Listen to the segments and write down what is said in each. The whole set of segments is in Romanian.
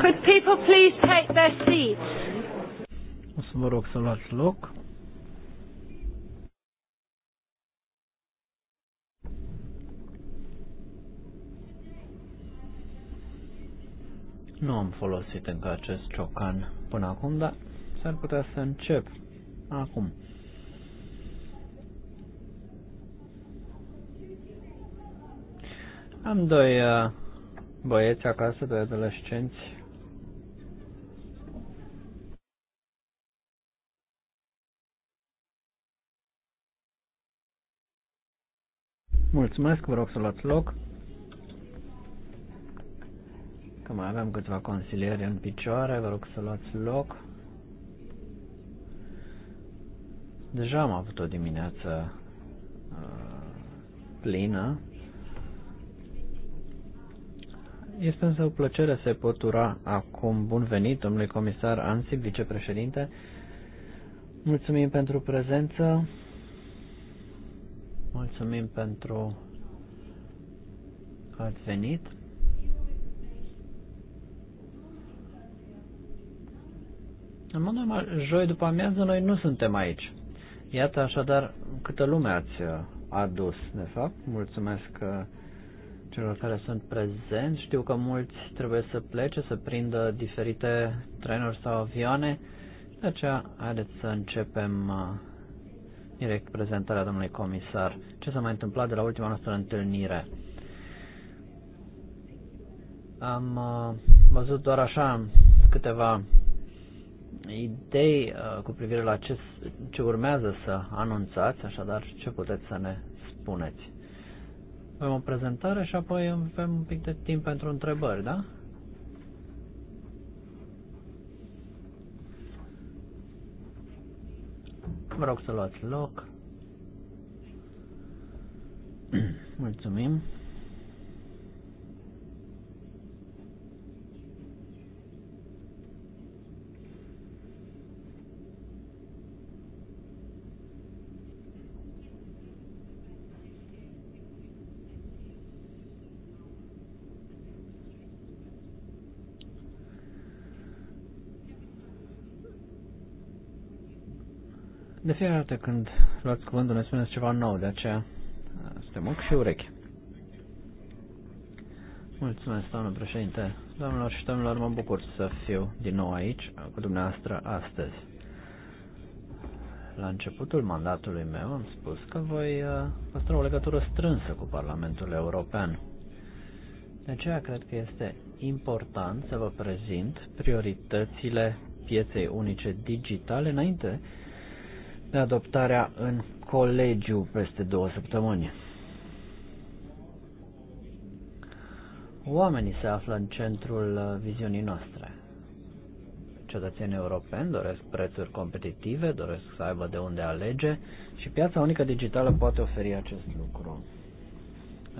Could people please take their seats? O să vă rog să luați loc. Nu am folosit încă acest ciocan până acum, dar s-ar putea să încep acum. Am doi uh, băieți acasă, doi adolescenți Mulțumesc, vă rog să luați loc. Că mai avem câțiva consilieri în picioare, vă rog să luați loc. Deja am avut o dimineață uh, plină. Este însă o plăcere să pot ura acum bun venit domnului comisar Ansip, vicepreședinte. Mulțumim pentru prezență. Mulțumim pentru că ați venit. În mod normal, joi după amiază noi nu suntem aici. Iată așadar câtă lume ați uh, adus, de fapt. Mulțumesc uh, celor care sunt prezenți. Știu că mulți trebuie să plece, să prindă diferite trenuri sau avioane. De aceea, haideți să începem uh, direct prezentarea domnului comisar. Ce s-a mai întâmplat de la ultima noastră întâlnire? Am uh, văzut doar așa câteva idei uh, cu privire la ce, ce urmează să anunțați, așadar ce puteți să ne spuneți. Avem o prezentare și apoi avem un pic de timp pentru întrebări, da? Vă rog să luați loc. Mulțumim. De fiecare dată când luați cuvântul ne spuneți ceva nou, de aceea uh, suntem ochi și urechi. Mulțumesc, doamnă președinte. Doamnelor și domnilor, mă bucur să fiu din nou aici, uh, cu dumneavoastră, astăzi. La începutul mandatului meu am spus că voi uh, păstra o legătură strânsă cu Parlamentul European. De aceea cred că este important să vă prezint prioritățile pieței unice digitale înainte de adoptarea în colegiu peste două săptămâni. Oamenii se află în centrul uh, viziunii noastre. Cetățenii europeni doresc prețuri competitive, doresc să aibă de unde alege și piața unică digitală poate oferi acest lucru.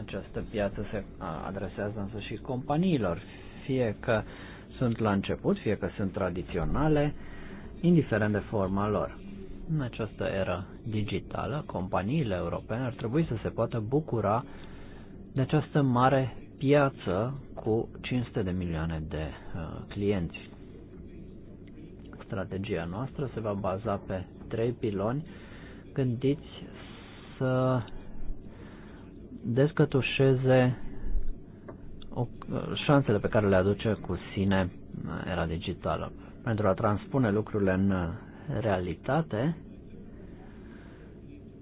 Această piață se adresează însă și companiilor, fie că sunt la început, fie că sunt tradiționale, indiferent de forma lor. În această era digitală, companiile europene ar trebui să se poată bucura de această mare piață cu 500 de milioane de uh, clienți. Strategia noastră se va baza pe trei piloni gândiți să descătușeze o, uh, șansele pe care le aduce cu sine uh, era digitală. Pentru a transpune lucrurile în uh, realitate,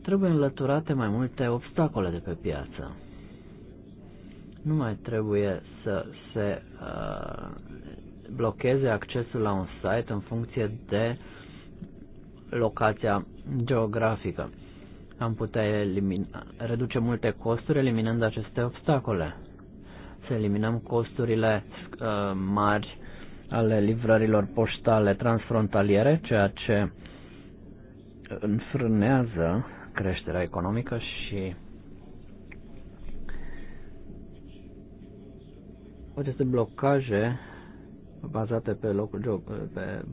trebuie înlăturate mai multe obstacole de pe piață. Nu mai trebuie să se uh, blocheze accesul la un site în funcție de locația geografică. Am putea elimina, reduce multe costuri eliminând aceste obstacole. Să eliminăm costurile uh, mari ale livrărilor poștale transfrontaliere, ceea ce înfrânează creșterea economică și aceste blocaje bazate pe, locul, pe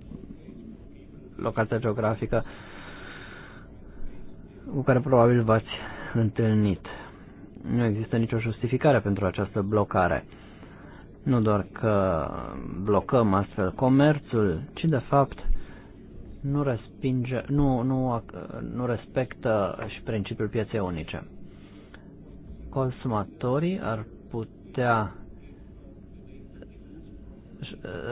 locația geografică cu care probabil v-ați întâlnit. Nu există nicio justificare pentru această blocare. Nu doar că blocăm astfel comerțul, ci de fapt nu, respinge, nu, nu, nu respectă și principiul pieței unice. Consumatorii ar putea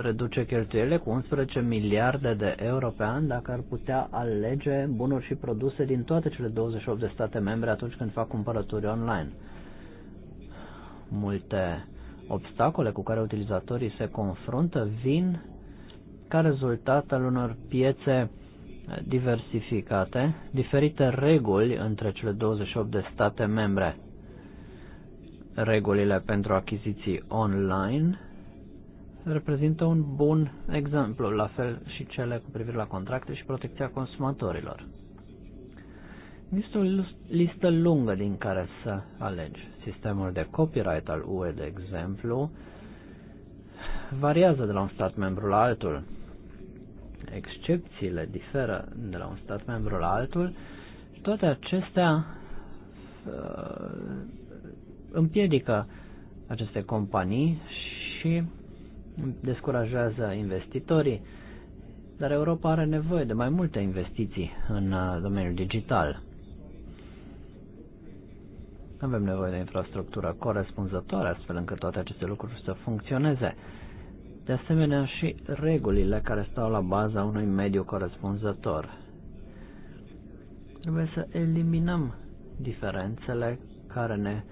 reduce cheltuielile cu 11 miliarde de euro pe an dacă ar putea alege bunuri și produse din toate cele 28 de state membre atunci când fac cumpărături online. Multe obstacole cu care utilizatorii se confruntă vin ca rezultat al unor piețe diversificate, diferite reguli între cele 28 de state membre. Regulile pentru achiziții online reprezintă un bun exemplu, la fel și cele cu privire la contracte și protecția consumatorilor. Este o listă lungă din care să alegi. Sistemul de copyright al UE, de exemplu, variază de la un stat membru la altul. Excepțiile diferă de la un stat membru la altul toate acestea uh, împiedică aceste companii și descurajează investitorii. Dar Europa are nevoie de mai multe investiții în uh, domeniul digital. Avem nevoie de infrastructura corespunzătoare, astfel încât toate aceste lucruri să funcționeze. De asemenea, și regulile care stau la baza unui mediu corespunzător. Trebuie să eliminăm diferențele care ne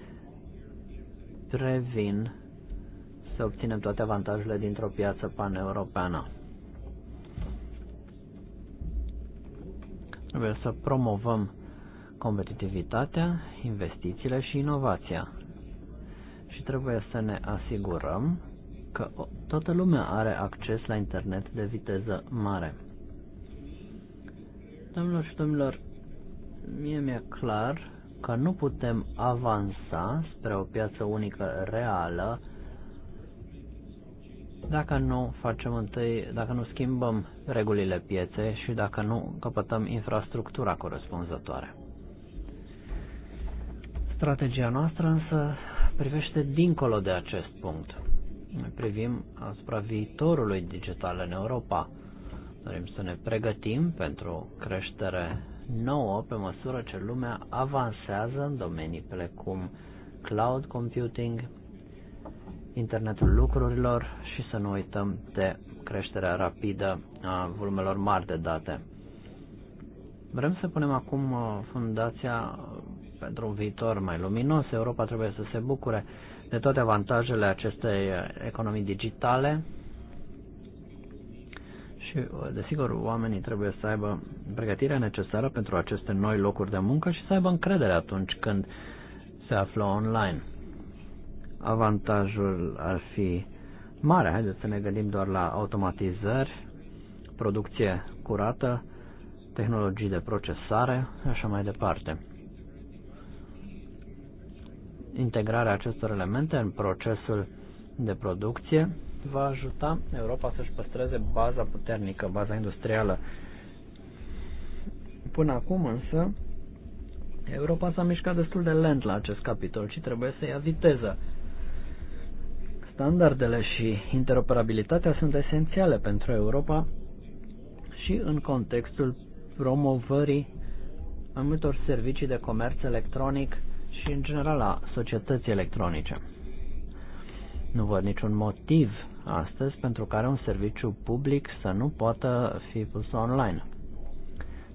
previn să obținem toate avantajele dintr-o piață paneuropeană. Trebuie să promovăm competitivitatea, investițiile și inovația. Și trebuie să ne asigurăm că toată lumea are acces la internet de viteză mare. Domnilor și domnilor, mie mi-e clar că nu putem avansa spre o piață unică reală dacă nu facem întâi, dacă nu schimbăm regulile pieței și dacă nu căpătăm infrastructura corespunzătoare. Strategia noastră însă privește dincolo de acest punct. Ne privim asupra viitorului digital în Europa. Dorim să ne pregătim pentru creștere nouă pe măsură ce lumea avansează în domenii precum cloud computing, internetul lucrurilor și să nu uităm de creșterea rapidă a volumelor mari de date. Vrem să punem acum uh, fundația pentru un viitor mai luminos, Europa trebuie să se bucure de toate avantajele acestei economii digitale și, desigur, oamenii trebuie să aibă pregătirea necesară pentru aceste noi locuri de muncă și să aibă încredere atunci când se află online. Avantajul ar fi mare. Haideți să ne gândim doar la automatizări, producție curată, tehnologii de procesare așa mai departe integrarea acestor elemente în procesul de producție va ajuta Europa să-și păstreze baza puternică, baza industrială. Până acum însă, Europa s-a mișcat destul de lent la acest capitol și trebuie să ia viteză. Standardele și interoperabilitatea sunt esențiale pentru Europa și în contextul promovării mai multor servicii de comerț electronic și în general a societății electronice. Nu văd niciun motiv astăzi pentru care un serviciu public să nu poată fi pus online.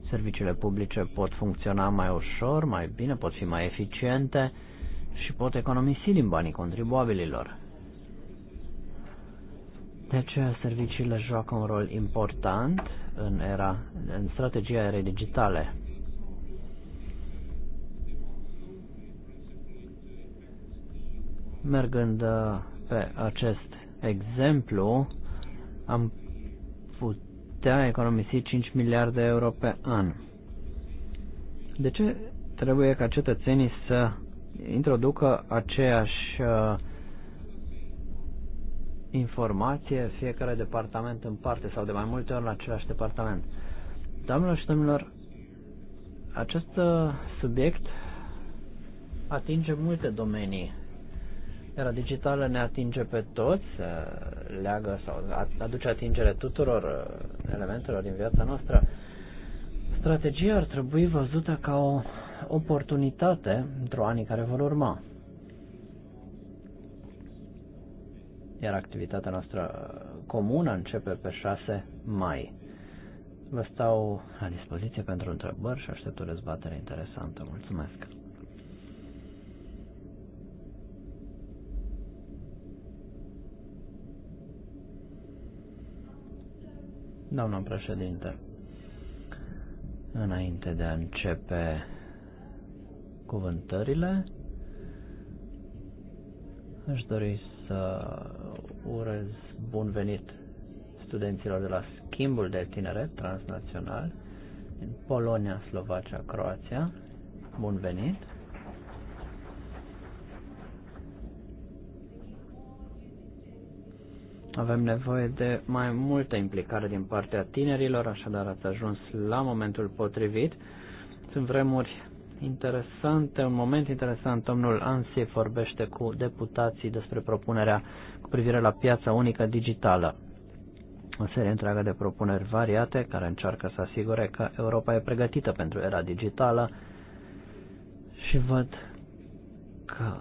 Serviciile publice pot funcționa mai ușor, mai bine, pot fi mai eficiente și pot economisi din banii contribuabililor. De Deci, serviciile joacă un rol important în, era, în strategia erei digitale. Mergând uh, pe acest exemplu, am putea economisi 5 miliarde de euro pe an. De ce trebuie ca cetățenii să introducă aceeași uh, informație fiecare departament în parte sau de mai multe ori la același departament? Doamnelor și domnilor, acest uh, subiect atinge multe domenii era digitală ne atinge pe toți, leagă sau aduce atingere tuturor uh, elementelor din viața noastră. Strategia ar trebui văzută ca o oportunitate într-o anii care vor urma. Iar activitatea noastră uh, comună începe pe 6 mai. Vă stau la dispoziție pentru întrebări și aștept o dezbatere interesantă. Mulțumesc! Doamna președinte, înainte de a începe cuvântările, aș dori să urez bun venit studenților de la schimbul de tineret transnațional din Polonia, Slovacia, Croația. Bun venit! Avem nevoie de mai multă implicare din partea tinerilor, așadar ați ajuns la momentul potrivit. Sunt vremuri interesante, un moment interesant. Domnul Ansie vorbește cu deputații despre propunerea cu privire la piața unică digitală. O serie întreagă de propuneri variate care încearcă să asigure că Europa e pregătită pentru era digitală și văd că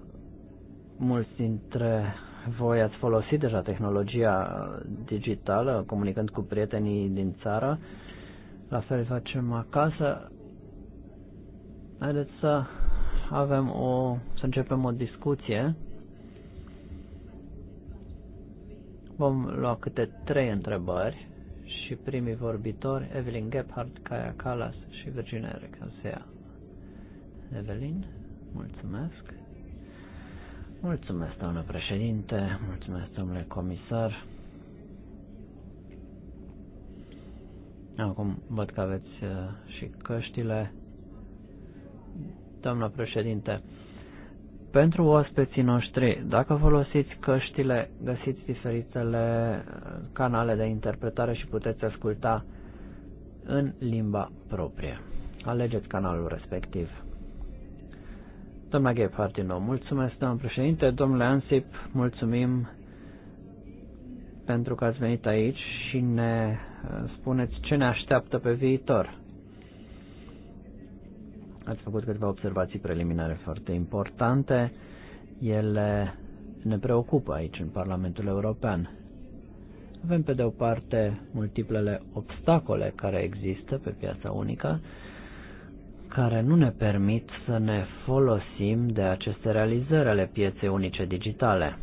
mulți dintre voi ați folosit deja tehnologia digitală, comunicând cu prietenii din țară. La fel facem acasă. Haideți să avem o, să începem o discuție. Vom lua câte trei întrebări și primii vorbitori, Evelyn Gephardt, Kaya Kalas și Virginia Recasea. Evelyn, mulțumesc. Mulțumesc, doamnă președinte, mulțumesc, domnule comisar. Acum văd că aveți uh, și căștile. Doamnă președinte, pentru oaspeții noștri, dacă folosiți căștile, găsiți diferitele uh, canale de interpretare și puteți asculta în limba proprie. Alegeți canalul respectiv. Doamna Gephardt din nou, mulțumesc, domnul președinte. Domnule Ansip, mulțumim pentru că ați venit aici și ne uh, spuneți ce ne așteaptă pe viitor. Ați făcut câteva observații preliminare foarte importante. Ele ne preocupă aici, în Parlamentul European. Avem, pe de o parte, multiplele obstacole care există pe piața unică, care nu ne permit să ne folosim de aceste realizări ale pieței unice digitale.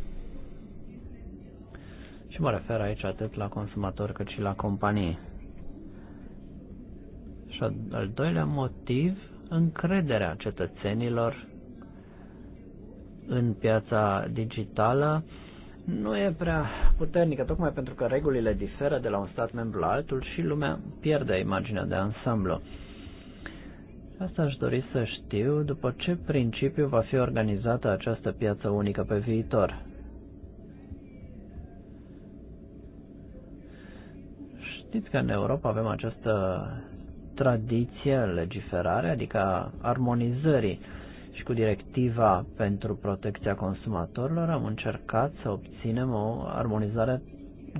Și mă refer aici atât la consumatori cât și la companii. Și al doilea motiv, încrederea cetățenilor în piața digitală nu e prea puternică, tocmai pentru că regulile diferă de la un stat membru la altul și lumea pierde imaginea de ansamblu. Asta aș dori să știu după ce principiu va fi organizată această piață unică pe viitor. Știți că în Europa avem această tradiție legiferare, adică a armonizării și cu directiva pentru protecția consumatorilor am încercat să obținem o armonizare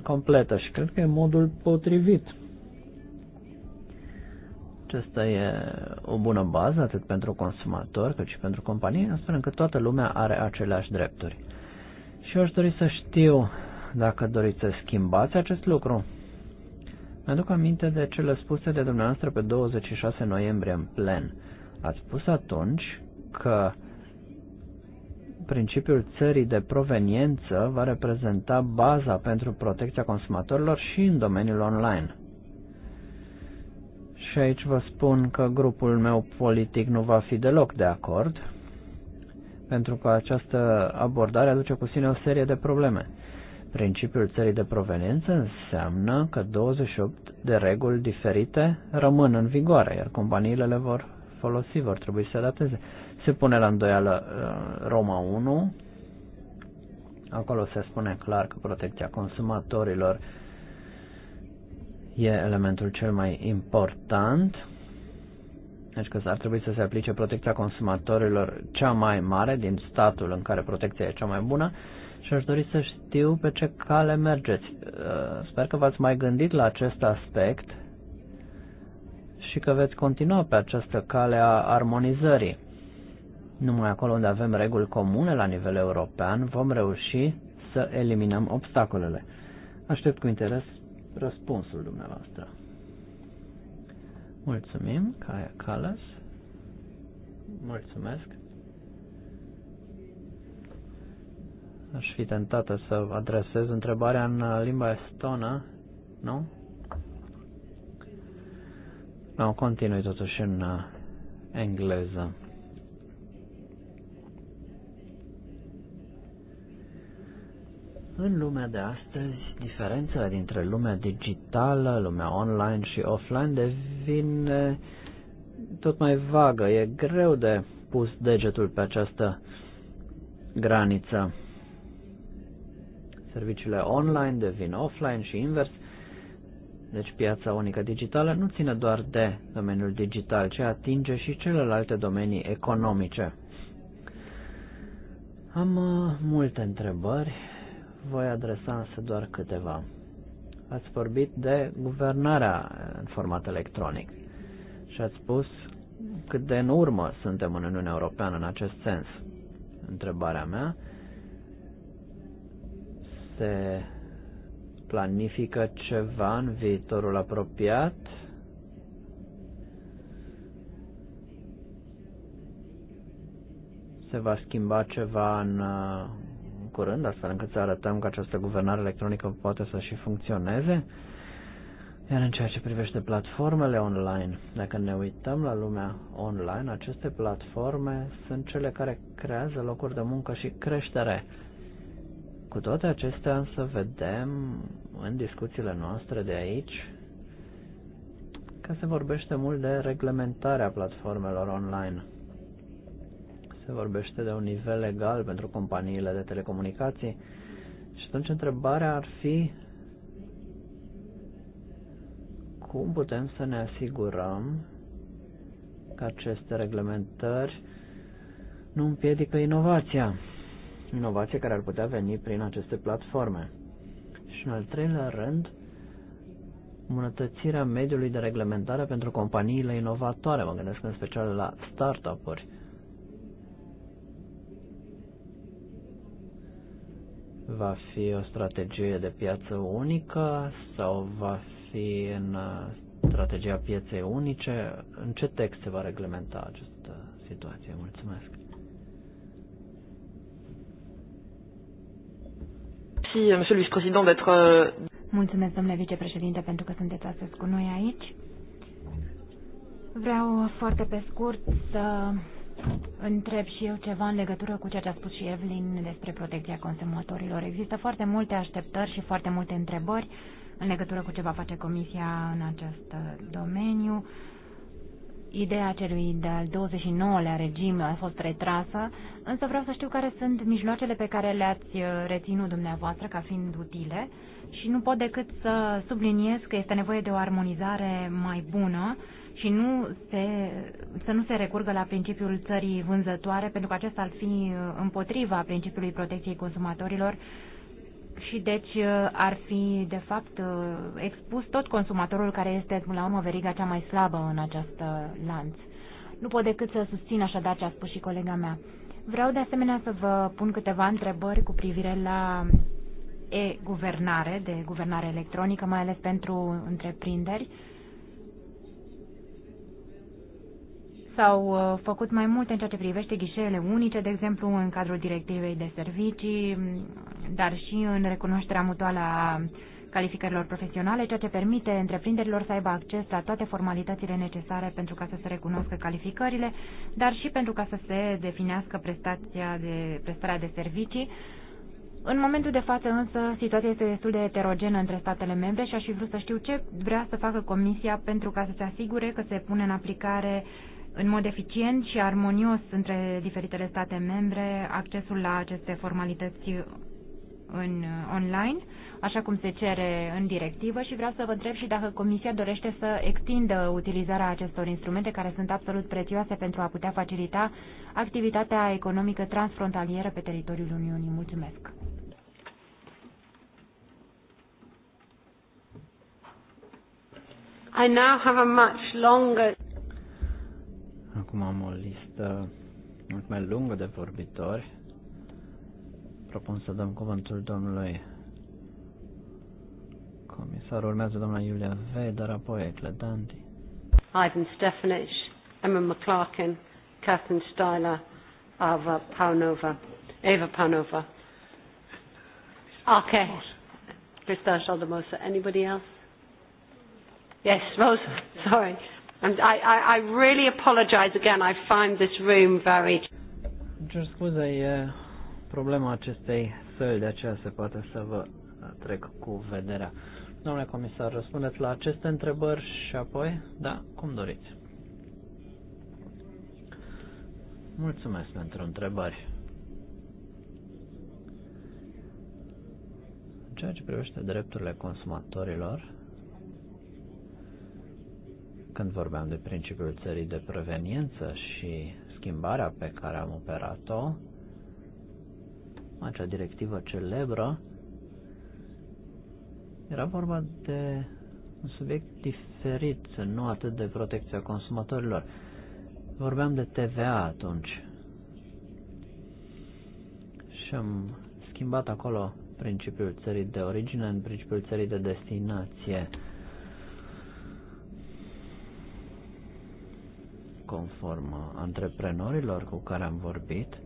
completă și cred că e modul potrivit acesta e o bună bază atât pentru consumator cât și pentru companie, astfel încât toată lumea are aceleași drepturi. Și eu aș dori să știu dacă doriți să schimbați acest lucru. Mi-aduc aminte de cele spuse de dumneavoastră pe 26 noiembrie în plen. Ați spus atunci că principiul țării de proveniență va reprezenta baza pentru protecția consumatorilor și în domeniul online. Și aici vă spun că grupul meu politic nu va fi deloc de acord, pentru că această abordare aduce cu sine o serie de probleme. Principiul țării de proveniență înseamnă că 28 de reguli diferite rămân în vigoare, iar companiile le vor folosi, vor trebui să dateze. Se pune la îndoială uh, Roma 1, acolo se spune clar că protecția consumatorilor e elementul cel mai important. Deci că ar trebui să se aplice protecția consumatorilor cea mai mare din statul în care protecția e cea mai bună și aș dori să știu pe ce cale mergeți. Uh, sper că v-ați mai gândit la acest aspect și că veți continua pe această cale a armonizării. Numai acolo unde avem reguli comune la nivel european vom reuși să eliminăm obstacolele. Aștept cu interes răspunsul dumneavoastră. Mulțumim, Kaya Kalas. Mulțumesc. Aș fi tentată să adresez întrebarea în limba estonă, nu? Nu, no, continui totuși în uh, engleză. În lumea de astăzi, diferențele dintre lumea digitală, lumea online și offline devin tot mai vagă. E greu de pus degetul pe această graniță. Serviciile online devin offline și invers. Deci piața unică digitală nu ține doar de domeniul digital, ci atinge și celelalte domenii economice. Am uh, multe întrebări voi adresa însă doar câteva. Ați vorbit de guvernarea în format electronic și ați spus cât de în urmă suntem în Uniunea Europeană în acest sens. Întrebarea mea se planifică ceva în viitorul apropiat? Se va schimba ceva în uh, curând, astfel încât să arătăm că această guvernare electronică poate să și funcționeze. Iar în ceea ce privește platformele online, dacă ne uităm la lumea online, aceste platforme sunt cele care creează locuri de muncă și creștere. Cu toate acestea însă vedem în discuțiile noastre de aici că se vorbește mult de reglementarea platformelor online se vorbește de un nivel legal pentru companiile de telecomunicații și atunci întrebarea ar fi cum putem să ne asigurăm că aceste reglementări nu împiedică inovația, inovație care ar putea veni prin aceste platforme. Și în al treilea rând, îmbunătățirea mediului de reglementare pentru companiile inovatoare, mă gândesc în special la startup-uri. va fi o strategie de piață unică sau va fi în uh, strategia pieței unice? În ce text se va reglementa această situație? Mulțumesc. Euh, euh, Mulțumesc, domnule vicepreședinte, pentru că sunteți astăzi cu noi aici. Vreau foarte pe scurt să întreb și eu ceva în legătură cu ceea ce a spus și Evelyn despre protecția consumatorilor. Există foarte multe așteptări și foarte multe întrebări în legătură cu ce va face Comisia în acest uh, domeniu. Ideea celui de-al 29-lea regim a fost retrasă, însă vreau să știu care sunt mijloacele pe care le-ați uh, reținut dumneavoastră ca fiind utile și nu pot decât să subliniez că este nevoie de o armonizare mai bună și nu se, să nu se recurgă la principiul țării vânzătoare, pentru că acesta ar fi uh, împotriva principiului protecției consumatorilor și deci uh, ar fi, de fapt, uh, expus tot consumatorul care este, până la urmă, veriga cea mai slabă în acest lanț. Nu pot decât să susțin așadar ce a spus și colega mea. Vreau de asemenea să vă pun câteva întrebări cu privire la e-guvernare, de guvernare electronică, mai ales pentru întreprinderi S-au uh, făcut mai multe în ceea ce privește ghișeele unice, de exemplu, în cadrul directivei de servicii, mm, dar și în recunoașterea mutuală a calificărilor profesionale, ceea ce permite întreprinderilor să aibă acces la toate formalitățile necesare pentru ca să se recunoască calificările, dar și pentru ca să se definească prestația de, prestarea de servicii. În momentul de față însă situația este destul de heterogenă între statele membre și aș fi vrut să știu ce vrea să facă Comisia pentru ca să se asigure că se pune în aplicare uh, în mod eficient și armonios între diferitele state membre accesul la aceste formalități în online, așa cum se cere în directivă și vreau să vă întreb și dacă Comisia dorește să extindă utilizarea acestor instrumente care sunt absolut prețioase pentru a putea facilita activitatea economică transfrontalieră pe teritoriul Uniunii. Mulțumesc! I now have a much longer Acum am o listă mult mai lungă de vorbitori. Propun să dăm cuvântul domnului comisar. Urmează doamna Iulia dar apoi Ecledanti. Ivan Stefanich, Emma McClarkin, Catherine Styler, Ava Paunova, Eva Paunova. Ok. Christa Shaldemosa. Anybody else? Yes, Rosa. Sorry. And I, I, I really apologize again. I find this room very... Cer scuze, e problema acestei săli, de aceea se poate să vă trec cu vederea. Domnule comisar, răspundeți la aceste întrebări și apoi, da, cum doriți. Mulțumesc pentru întrebări. În ceea ce privește drepturile consumatorilor, când vorbeam de principiul țării de proveniență și schimbarea pe care am operat-o, acea directivă celebră, era vorba de un subiect diferit, nu atât de protecția consumatorilor. Vorbeam de TVA atunci și am schimbat acolo principiul țării de origine în principiul țării de destinație. conform antreprenorilor cu care am vorbit,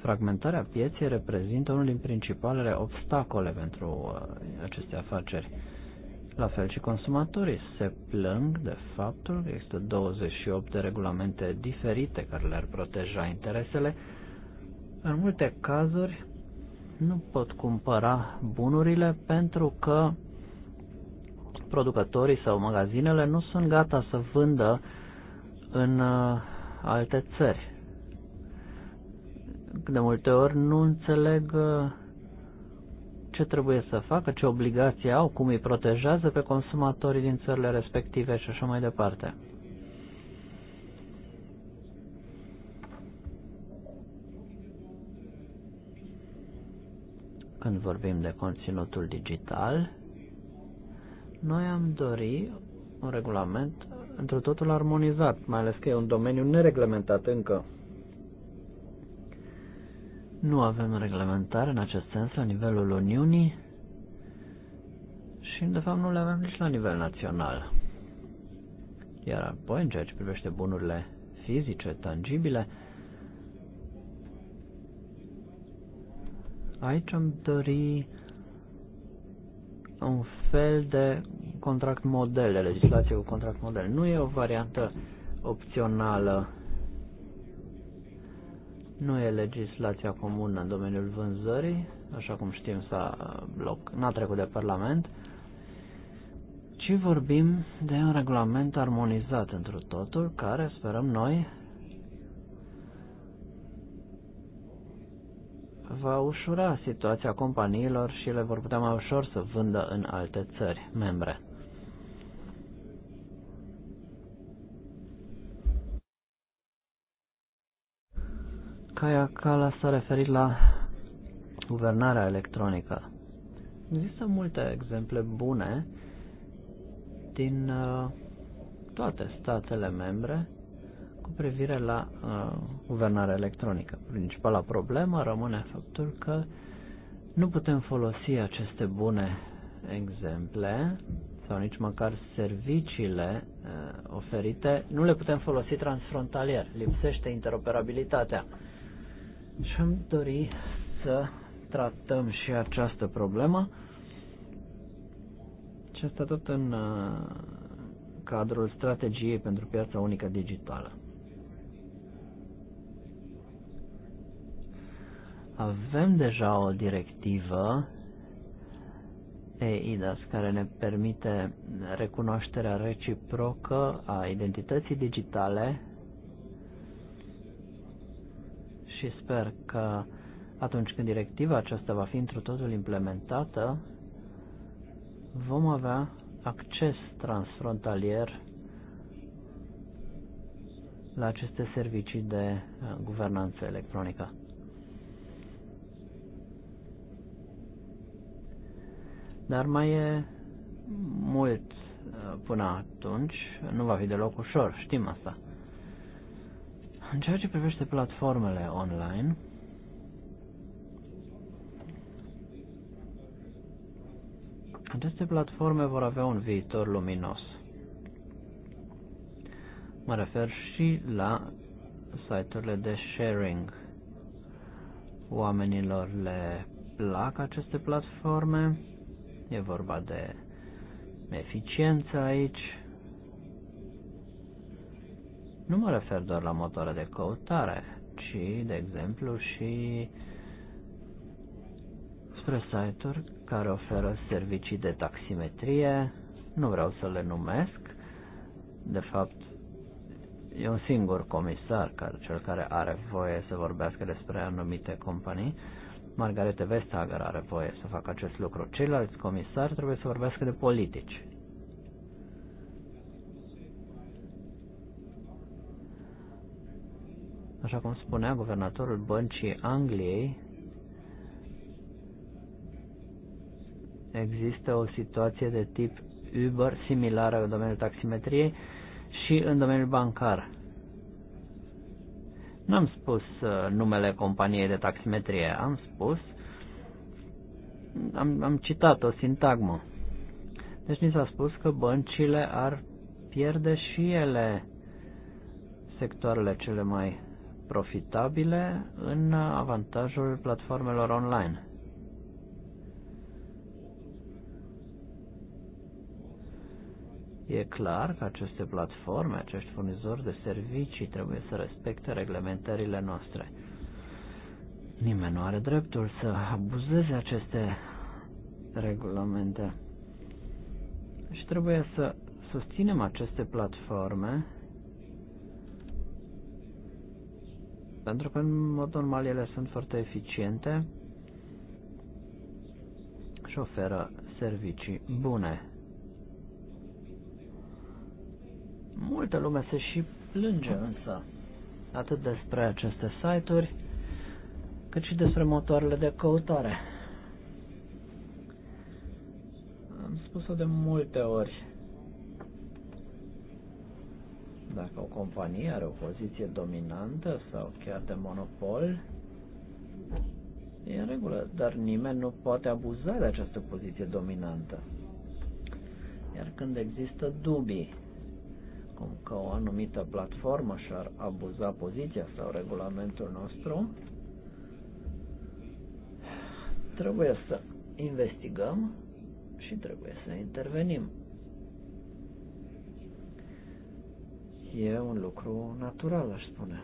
fragmentarea pieței reprezintă unul din principalele obstacole pentru uh, aceste afaceri. La fel și consumatorii se plâng de faptul că există 28 de regulamente diferite care le-ar proteja interesele. În multe cazuri nu pot cumpăra bunurile pentru că producătorii sau magazinele nu sunt gata să vândă uh, în uh, alte țări. De multe ori nu înțeleg uh, ce trebuie să facă, ce obligații au, cum îi protejează pe consumatorii din țările respective și așa mai departe. Când vorbim de conținutul digital, noi am dori un regulament într totul armonizat, mai ales că e un domeniu nereglementat încă. Nu avem reglementare în acest sens la nivelul Uniunii și, de fapt, nu le avem nici la nivel național. Iar apoi, în ceea ce privește bunurile fizice, tangibile, aici am dori un fel de contract model, legislație cu contract model. Nu e o variantă opțională. Nu e legislația comună în domeniul vânzării, așa cum știm s-a bloc, n-a trecut de Parlament, ci vorbim de un regulament armonizat întru totul, care sperăm noi va ușura situația companiilor și le vor putea mai ușor să vândă în alte țări membre. Caia Cala s-a referit la guvernarea electronică. Există multe exemple bune din uh, toate statele membre cu privire la uh, guvernarea electronică. Principala problemă rămâne faptul că nu putem folosi aceste bune exemple sau nici măcar serviciile uh, oferite, nu le putem folosi transfrontalier. Lipsește interoperabilitatea. Și am dori să tratăm și această problemă și asta tot în uh, cadrul strategiei pentru piața unică digitală. Avem deja o directivă EIDAS care ne permite recunoașterea reciprocă a identității digitale și sper că atunci când directiva aceasta va fi într totul implementată, vom avea acces transfrontalier la aceste servicii de uh, guvernanță electronică. Dar mai e mult uh, până atunci, nu va fi deloc ușor, știm asta. În ceea ce privește platformele online, aceste platforme vor avea un viitor luminos. Mă refer și la site-urile de sharing. Oamenilor le plac aceste platforme E vorba de eficiență aici. Nu mă refer doar la motoare de căutare, ci, de exemplu, și spre site-uri care oferă servicii de taximetrie. Nu vreau să le numesc. De fapt, e un singur comisar, care, cel care are voie să vorbească despre anumite companii Margarete Vestager are voie să facă acest lucru. Ceilalți comisari trebuie să vorbească de politici. Așa cum spunea guvernatorul băncii Angliei, există o situație de tip Uber similară în domeniul taximetriei și în domeniul bancar. Nu am spus uh, numele companiei de taximetrie, am spus, am, am citat o sintagmă. Deci ni s-a spus că băncile ar pierde și ele sectoarele cele mai profitabile în uh, avantajul platformelor online. E clar că aceste platforme, acești furnizori de servicii trebuie să respecte reglementările noastre. Nimeni nu are dreptul să abuzeze aceste regulamente. Și trebuie să susținem aceste platforme pentru că în mod normal ele sunt foarte eficiente și oferă servicii bune Multă lume se și plânge însă, atât despre aceste site-uri, cât și despre motoarele de căutare. Am spus-o de multe ori. Dacă o companie are o poziție dominantă sau chiar de monopol, e în regulă, dar nimeni nu poate abuza de această poziție dominantă. Iar când există dubii cum că o anumită platformă și-ar abuza poziția sau regulamentul nostru, trebuie să investigăm și trebuie să intervenim. E un lucru natural, aș spune.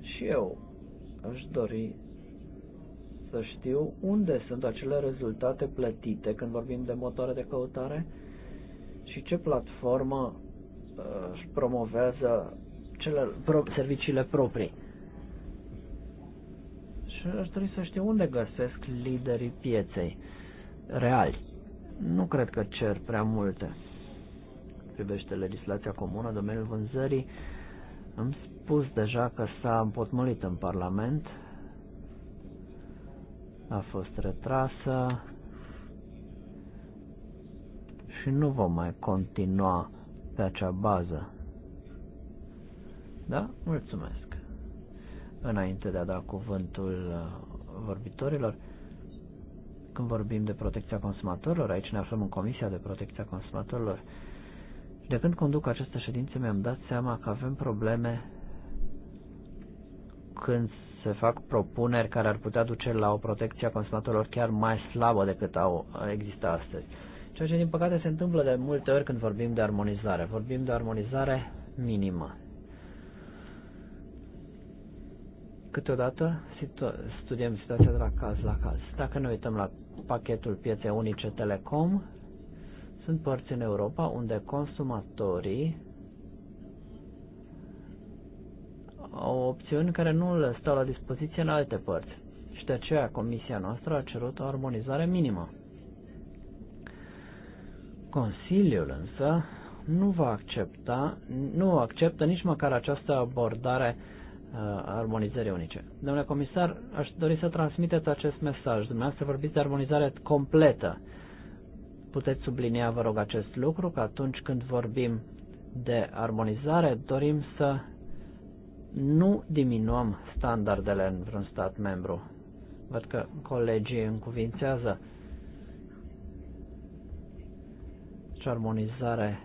Și eu aș dori să știu unde sunt acele rezultate plătite când vorbim de motoare de căutare și ce platformă uh, își promovează cele, pro, serviciile proprii. Și aș dori să știu unde găsesc liderii pieței reali. Nu cred că cer prea multe. Privește legislația comună, domeniul vânzării, am spus deja că s-a împotmolit în Parlament a fost retrasă și nu vom mai continua pe acea bază. Da? Mulțumesc. Înainte de a da cuvântul uh, vorbitorilor, când vorbim de protecția consumatorilor, aici ne aflăm în Comisia de Protecția Consumatorilor, de când conduc această ședință mi-am dat seama că avem probleme când se fac propuneri care ar putea duce la o protecție a consumatorilor chiar mai slabă decât au existat astăzi. Ceea ce, din păcate, se întâmplă de multe ori când vorbim de armonizare. Vorbim de armonizare minimă. Câteodată studiem situația de la caz la caz. Dacă ne uităm la pachetul pieței unice Telecom, sunt părți în Europa unde consumatorii au opțiuni care nu le stau la dispoziție în alte părți și de aceea comisia noastră a cerut o armonizare minimă. Consiliul însă nu va accepta, nu acceptă nici măcar această abordare uh, a armonizării unice. Domnule comisar, aș dori să transmiteți acest mesaj. Dumneavoastră vorbiți de armonizare completă. Puteți sublinia, vă rog, acest lucru, că atunci când vorbim de armonizare, dorim să nu diminuăm standardele în vreun stat membru. Văd că colegii încuvințează și deci armonizare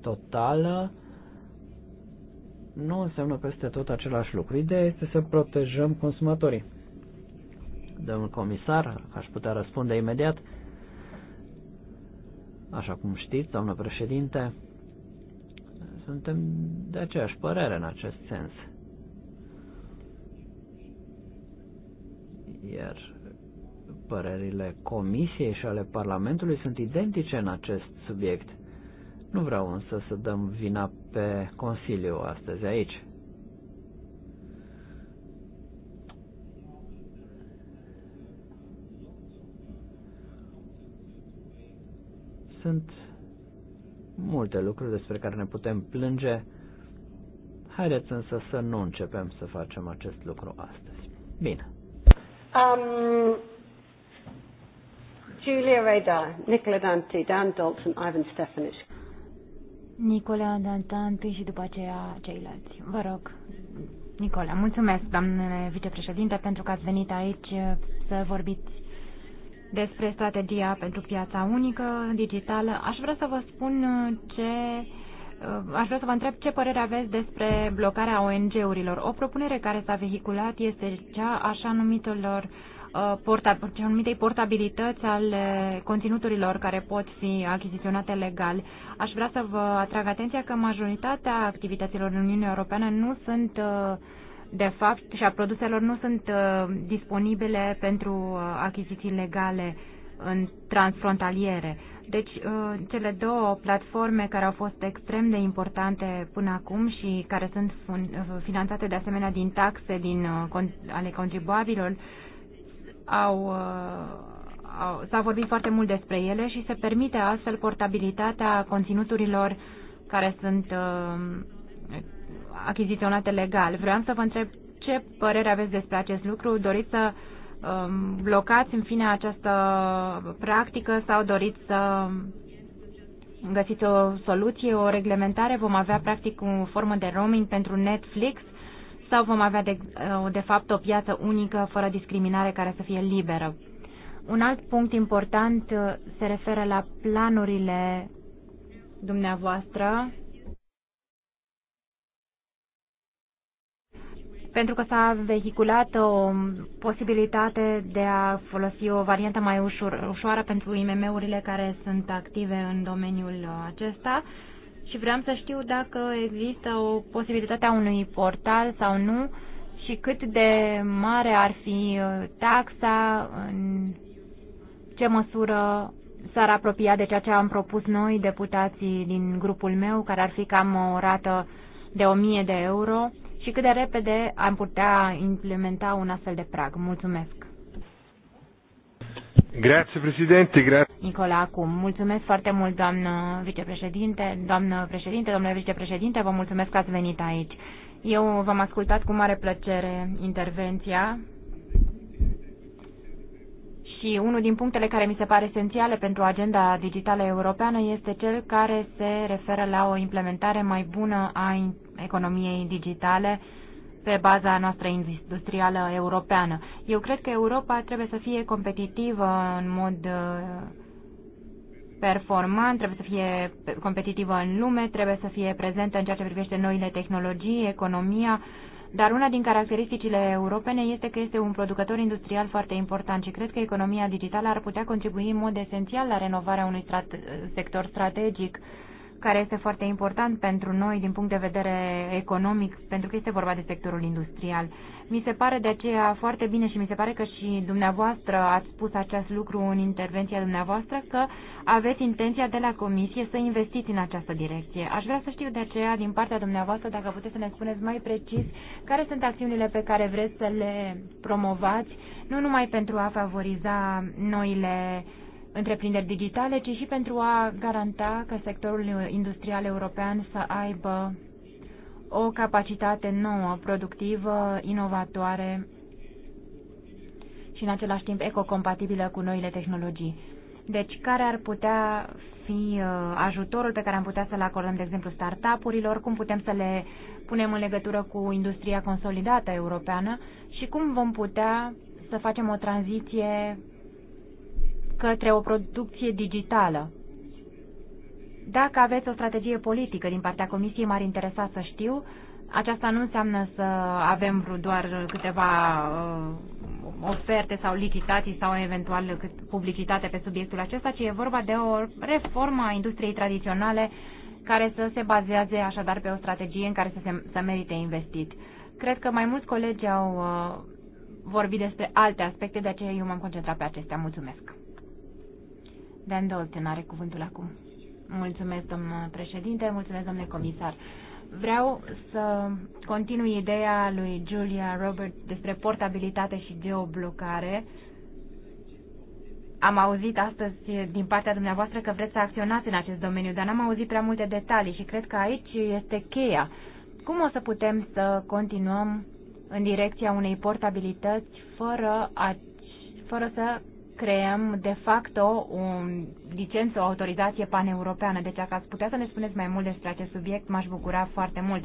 totală nu înseamnă peste tot același lucru. Ideea este să protejăm consumatorii. Domnul comisar, aș putea răspunde imediat, așa cum știți, domnul președinte, suntem de aceeași părere în acest sens. iar părerile Comisiei și ale Parlamentului sunt identice în acest subiect. Nu vreau însă să dăm vina pe Consiliu astăzi aici. Sunt multe lucruri despre care ne putem plânge. Haideți însă să nu începem să facem acest lucru astăzi. Bine. Um, Julia Reda, Nicola Dante, Dan Dalton, Ivan Stefanic. Nicola Dante și după aceea ceilalți. Vă rog, Nicola, mulțumesc, doamne vicepreședinte, pentru că ați venit aici să vorbiți despre strategia pentru piața unică digitală. Aș vrea să vă spun ce Aș vrea să vă întreb ce părere aveți despre blocarea ONG-urilor. O propunere care s-a vehiculat este cea așa numitelor uh, porta, anumitei portabilități ale conținuturilor care pot fi achiziționate legal. Aș vrea să vă atrag atenția că majoritatea activităților în Uniunea Europeană nu sunt uh, de fapt și a produselor nu sunt uh, disponibile pentru achiziții legale în transfrontaliere. Deci, uh, cele două platforme care au fost extrem de importante până acum și care sunt uh, finanțate de asemenea din taxe din, uh, ale contribuabilor, au, au, s-a vorbit foarte mult despre ele și se permite astfel portabilitatea conținuturilor care sunt achiziționate legal. Vreau să vă întreb ce părere aveți despre acest lucru. Doriți să uh, Um, blocați în fine această practică sau doriți să găsiți o soluție, o reglementare? Vom avea practic o formă de roaming pentru Netflix sau vom avea de, uh, de fapt o piață unică fără discriminare care să fie liberă? Un alt punct important uh, se referă la planurile dumneavoastră pentru că s-a vehiculat o posibilitate de a folosi o variantă mai ușor, ușoară pentru IMM-urile care sunt active în domeniul acesta și vreau să știu dacă există o posibilitate a unui portal sau nu și cât de mare ar fi uh, taxa, în ce măsură s-ar apropia de ceea ce am propus noi, deputații din grupul meu, care ar fi cam o rată de 1000 de euro și cât de repede am putea implementa un astfel de prag. Mulțumesc! Grazie, Presidente. Grazie. Nicola, acum. Mulțumesc foarte mult, doamnă vicepreședinte, doamnă președinte, domnule vicepreședinte, vă mulțumesc că ați venit aici. Eu v-am ascultat cu mare plăcere intervenția și unul din punctele care mi se pare esențiale pentru agenda digitală europeană este cel care se referă la o implementare mai bună a economiei digitale pe baza noastră industrială europeană. Eu cred că Europa trebuie să fie competitivă în mod uh, performant, trebuie să fie competitivă în lume, trebuie să fie prezentă în ceea ce privește noile tehnologii, economia, dar una din caracteristicile europene este că este un producător industrial foarte important și cred că economia digitală ar putea contribui în mod esențial la renovarea unui strat sector strategic care este foarte important pentru noi din punct de vedere economic, pentru că este vorba de sectorul industrial. Mi se pare de aceea foarte bine și mi se pare că și dumneavoastră ați spus acest lucru în intervenția dumneavoastră, că aveți intenția de la Comisie să investiți în această direcție. Aș vrea să știu de aceea din partea dumneavoastră dacă puteți să ne spuneți mai precis care sunt acțiunile pe care vreți să le promovați, nu numai pentru a favoriza noile întreprinderi digitale, ci și pentru a garanta că sectorul industrial european să aibă o capacitate nouă, productivă, inovatoare și în același timp ecocompatibilă cu noile tehnologii. Deci, care ar putea fi uh, ajutorul pe care am putea să-l acordăm, de exemplu, startup-urilor, cum putem să le punem în legătură cu industria consolidată europeană și cum vom putea să facem o tranziție către o producție digitală. Dacă aveți o strategie politică din partea Comisiei, m-ar interesa să știu. Aceasta nu înseamnă să avem doar câteva uh, oferte sau licitații sau eventual publicitate pe subiectul acesta, ci e vorba de o reformă a industriei tradiționale care să se bazeze așadar pe o strategie în care să, se, să merite investit. Cred că mai mulți colegi au uh, vorbit despre alte aspecte, de aceea eu m-am concentrat pe acestea. Mulțumesc! De Dolten are cuvântul acum. Mulțumesc, domnule președinte, mulțumesc, domnule comisar. Vreau să continui ideea lui Julia Robert despre portabilitate și geoblocare. Am auzit astăzi din partea dumneavoastră că vreți să acționați în acest domeniu, dar n-am auzit prea multe detalii și cred că aici este cheia. Cum o să putem să continuăm în direcția unei portabilități fără, a, fără să creăm de facto o licență, o autorizație paneuropeană. Deci dacă ați putea să ne spuneți mai mult despre acest subiect, m-aș bucura foarte mult.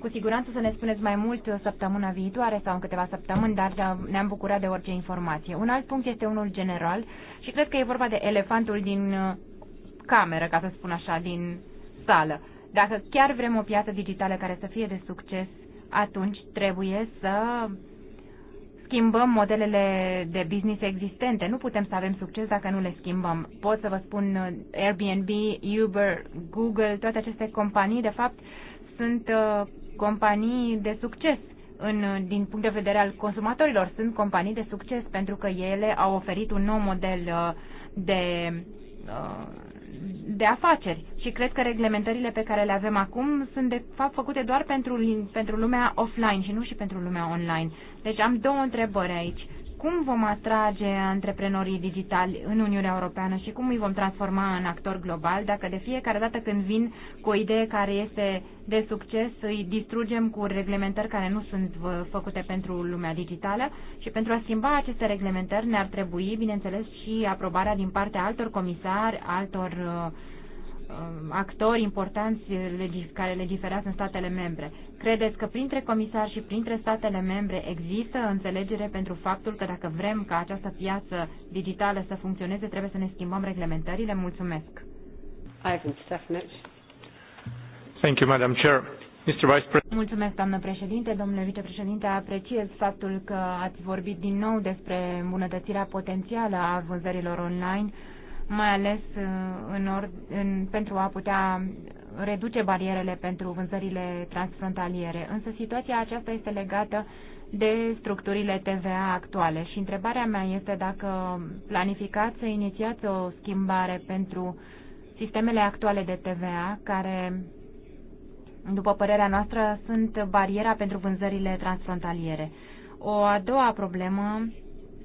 Cu siguranță să ne spuneți mai mult uh, săptămâna viitoare sau în câteva săptămâni, dar uh, ne-am bucurat de orice informație. Un alt punct este unul general și cred că e vorba de elefantul din uh, cameră, ca să spun așa, din sală. Dacă chiar vrem o piață digitală care să fie de succes, atunci trebuie să schimbăm modelele de business existente. Nu putem să avem succes dacă nu le schimbăm. Pot să vă spun uh, Airbnb, Uber, Google, toate aceste companii, de fapt, sunt uh, companii de succes în, uh, din punct de vedere al consumatorilor. Sunt companii de succes pentru că ele au oferit un nou model de de afaceri și cred că reglementările pe care le avem acum sunt de fapt făcute doar pentru, pentru lumea offline și nu și pentru lumea online. Deci am două întrebări aici cum vom atrage antreprenorii digitali în Uniunea Europeană și cum îi vom transforma în actor global dacă de fiecare dată când vin cu o idee care este de succes îi distrugem cu reglementări care nu sunt făcute pentru lumea digitală și pentru a schimba aceste reglementări ne-ar trebui, bineînțeles, și aprobarea din partea altor comisari, altor uh, Um, actori importanți care legiferează în statele membre. Credeți că printre comisari și printre statele membre există înțelegere pentru faptul că dacă vrem ca această piață digitală să funcționeze, trebuie să ne schimbăm reglementările? Mulțumesc! Thank you, Madam Chair. Mr. Vice President. Mulțumesc, doamnă președinte. Domnule vicepreședinte, apreciez faptul că ați vorbit din nou despre îmbunătățirea potențială a vânzărilor online mai ales uh, în or, în, pentru a putea reduce barierele pentru vânzările transfrontaliere. Însă situația aceasta este legată de structurile TVA actuale și întrebarea mea este dacă planificați să inițiați o schimbare pentru sistemele actuale de TVA care, după părerea noastră, sunt bariera pentru vânzările transfrontaliere. O a doua problemă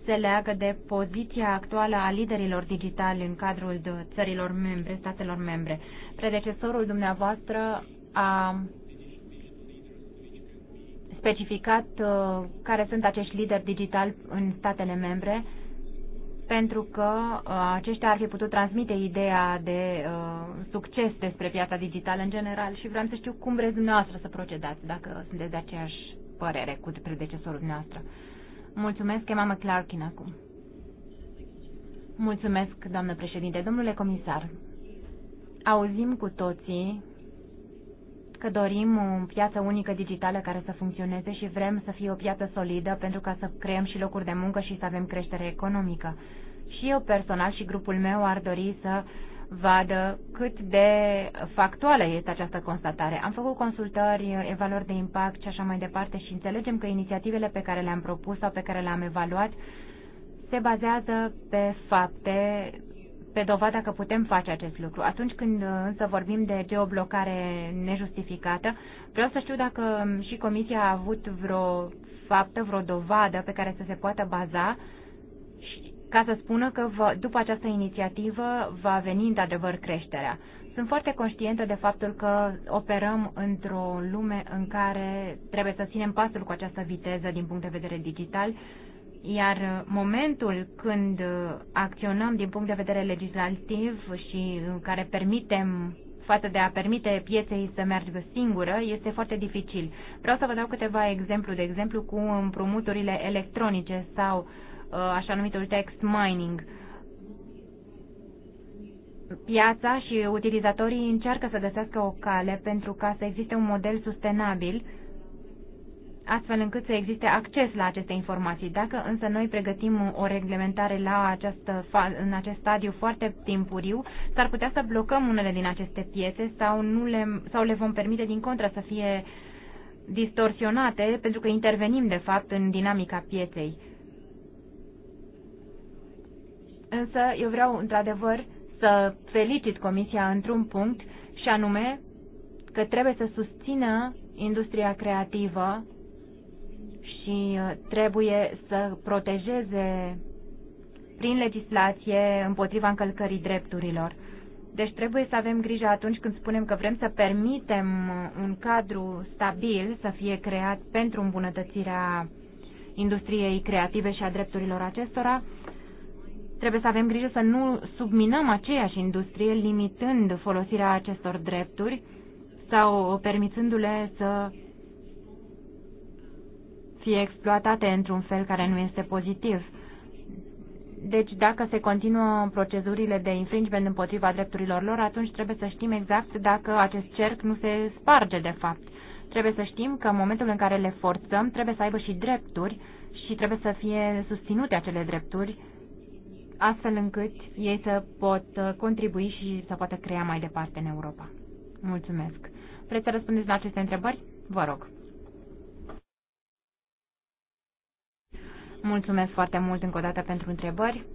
se leagă de poziția actuală a liderilor digitali în cadrul de țărilor membre, statelor membre. Predecesorul dumneavoastră a specificat uh, care sunt acești lideri digitali în statele membre, pentru că uh, aceștia ar fi putut transmite ideea de uh, succes despre piața digitală în general și vreau să știu cum vreți dumneavoastră să procedați, dacă sunteți de aceeași părere cu predecesorul dumneavoastră. Uh, Mulțumesc, Emma McClarkin acum. Mulțumesc, doamnă președinte. Domnule comisar, auzim cu toții că dorim o piață unică digitală care să funcționeze și vrem să fie o piață solidă pentru ca să creăm și locuri de muncă și să avem creștere economică. Și eu personal și grupul meu ar dori să uh, vadă cât de factuală este această constatare. Am făcut consultări, evaluări de impact și așa mai departe și înțelegem că inițiativele pe care le-am propus sau pe care le-am evaluat se bazează pe fapte, pe dovada că putem face acest lucru. Atunci când însă vorbim de geoblocare nejustificată, vreau să știu dacă și Comisia a avut vreo faptă, vreo dovadă pe care să se poată baza ca să spună că vă, după această inițiativă va veni într-adevăr creșterea. Sunt foarte conștientă de faptul că operăm într-o lume în care trebuie să ținem pasul cu această viteză din punct de vedere digital, iar momentul când acționăm din punct de vedere legislativ și care permitem față de a permite pieței să meargă singură, este foarte dificil. Vreau să vă dau câteva exemplu, de exemplu cu împrumuturile electronice sau uh, Uh, așa numitul text mining. Piața și utilizatorii încearcă să găsească o cale pentru ca să existe un model sustenabil, astfel încât să existe acces la aceste informații. Dacă însă noi pregătim o reglementare la această, în acest stadiu foarte timpuriu, s-ar putea să blocăm unele din aceste piețe sau, nu le, sau le vom permite din contră să fie distorsionate, pentru că intervenim de fapt în dinamica pieței. Însă eu vreau într-adevăr să felicit Comisia într-un punct și anume că trebuie să susțină industria creativă și uh, trebuie să protejeze prin legislație împotriva încălcării drepturilor. Deci trebuie să avem grijă atunci când spunem că vrem să permitem uh, un cadru stabil să fie creat pentru îmbunătățirea industriei creative și a drepturilor acestora, Trebuie să avem grijă să nu subminăm aceeași industrie, limitând folosirea acestor drepturi sau permițându-le să fie exploatate într-un fel care nu este pozitiv. Deci dacă se continuă procedurile de infringement împotriva drepturilor lor, atunci trebuie să știm exact dacă acest cerc nu se sparge de fapt. Trebuie să știm că în momentul în care le forțăm, trebuie să aibă și drepturi și trebuie să fie susținute acele drepturi astfel încât ei să pot uh, contribui și să poată crea mai departe în Europa. Mulțumesc. Vreți să răspundeți la aceste întrebări? Vă rog. Mulțumesc foarte mult încă o dată pentru întrebări.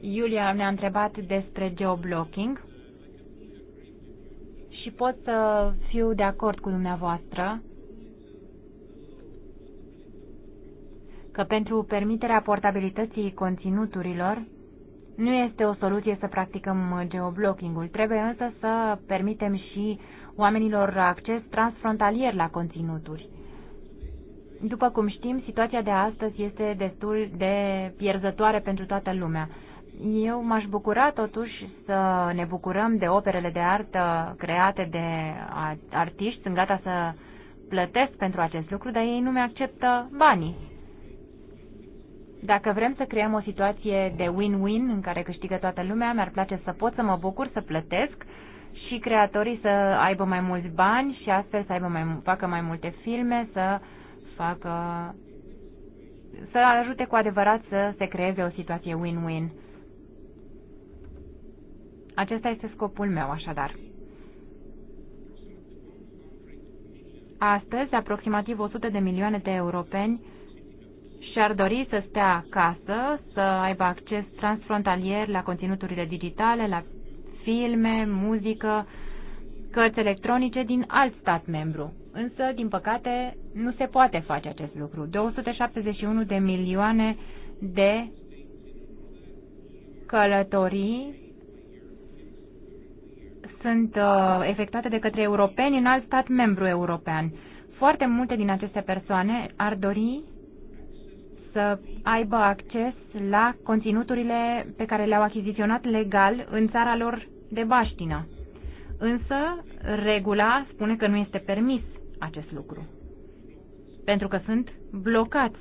Iulia ne-a întrebat despre geoblocking și pot să fiu de acord cu dumneavoastră că pentru permiterea portabilității conținuturilor nu este o soluție să practicăm geoblocking-ul. Trebuie însă să permitem și oamenilor acces transfrontalier la conținuturi. După cum știm, situația de astăzi este destul de pierzătoare pentru toată lumea. Eu m-aș bucura totuși să ne bucurăm de operele de artă create de artiști. Sunt gata să plătesc pentru acest lucru, dar ei nu mi acceptă banii. Dacă vrem să creăm o situație de win-win în care câștigă toată lumea, mi-ar place să pot să mă bucur, să plătesc și creatorii să aibă mai mulți bani și astfel să aibă mai, facă mai multe filme, să facă să ajute cu adevărat să se creeze o situație win-win. Acesta este scopul meu, așadar. Astăzi, aproximativ 100 de milioane de europeni și-ar dori să stea acasă, să aibă acces transfrontalier la conținuturile digitale, la filme, muzică, cărți electronice din alt stat membru. Însă, din păcate, nu se poate face acest lucru. 271 de milioane de călătorii sunt uh, efectuate de către europeni în alt stat membru european. Foarte multe din aceste persoane ar dori să aibă acces la conținuturile pe care le-au achiziționat legal în țara lor de baștină. Însă, regula spune că nu este permis acest lucru, pentru că sunt blocați.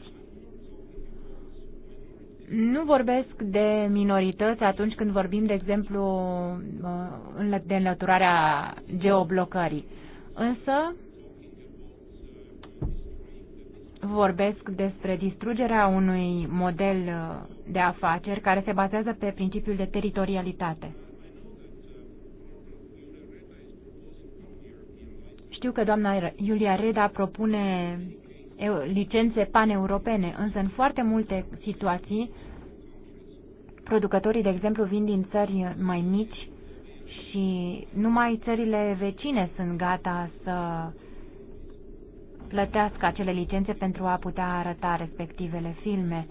Nu vorbesc de minorități atunci când vorbim, de exemplu, uh, de înlăturarea geoblocării. Însă, vorbesc despre distrugerea unui model uh, de afaceri care se bazează pe principiul de teritorialitate. Știu că doamna Iulia Reda propune licențe paneuropene, însă în foarte multe situații producătorii, de exemplu, vin din țări mai mici și numai țările vecine sunt gata să plătească acele licențe pentru a putea arăta respectivele filme.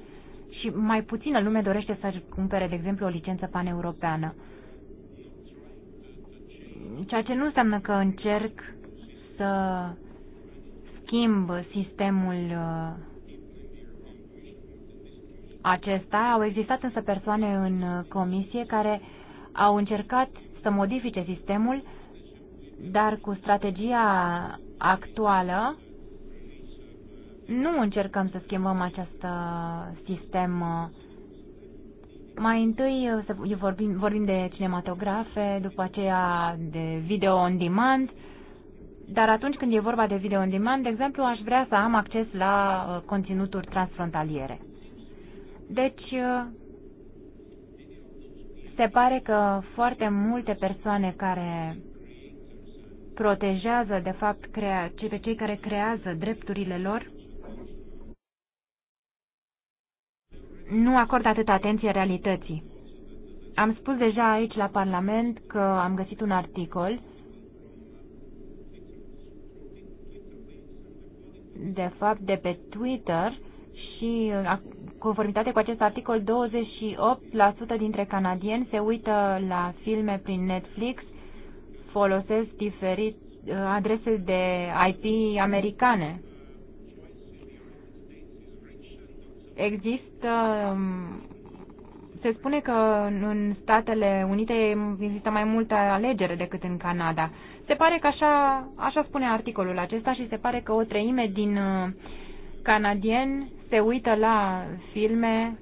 Și mai puțină lume dorește să-și cumpere, de exemplu, o licență paneuropeană. Ceea ce nu înseamnă că încerc să schimb sistemul uh, acesta. Au existat însă persoane în uh, comisie care au încercat să modifice sistemul, dar cu strategia actuală nu încercăm să schimbăm acest uh, sistem. Uh. Mai întâi uh, să vorbim, vorbim de cinematografe, după aceea de video on demand, dar atunci când e vorba de video on demand, de exemplu, aș vrea să am acces la conținuturi transfrontaliere. Deci, se pare că foarte multe persoane care protejează, de fapt, crea, pe cei care creează drepturile lor, nu acordă atâta atenție realității. Am spus deja aici la Parlament că am găsit un articol de fapt de pe Twitter și conformitate cu acest articol 28% dintre canadieni se uită la filme prin Netflix, folosesc diferit uh, adrese de IP americane există um, se spune că în Statele Unite există mai multă alegere decât în Canada. Se pare că așa, așa spune articolul acesta și se pare că o treime din uh, canadieni se uită la filme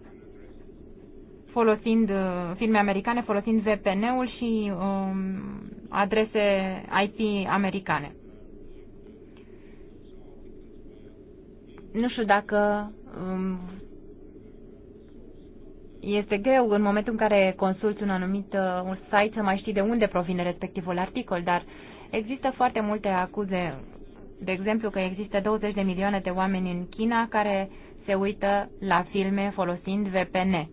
folosind uh, filme americane, folosind VPN-ul și um, adrese IP americane. Nu știu dacă um, este greu în momentul în care consulți un anumit uh, un site să mai știi de unde provine respectivul articol, dar există foarte multe acuze, de exemplu că există 20 de milioane de oameni în China care se uită la filme folosind VPN.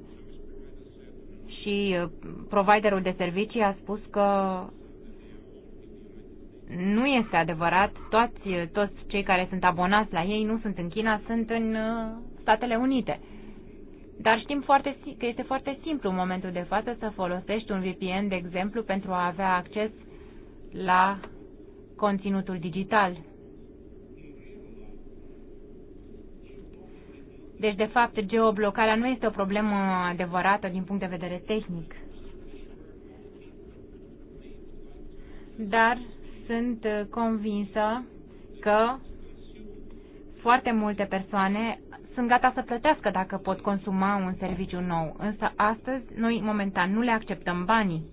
Și uh, providerul de servicii a spus că nu este adevărat, toți, toți cei care sunt abonați la ei nu sunt în China, sunt în uh, Statele Unite. Dar știm foarte, că este foarte simplu în momentul de față să folosești un VPN, de exemplu, pentru a avea acces la conținutul digital. Deci, de fapt, geoblocarea nu este o problemă adevărată din punct de vedere tehnic. Dar sunt convinsă că foarte multe persoane sunt gata să plătească dacă pot consuma un serviciu nou, însă astăzi noi momentan nu le acceptăm banii.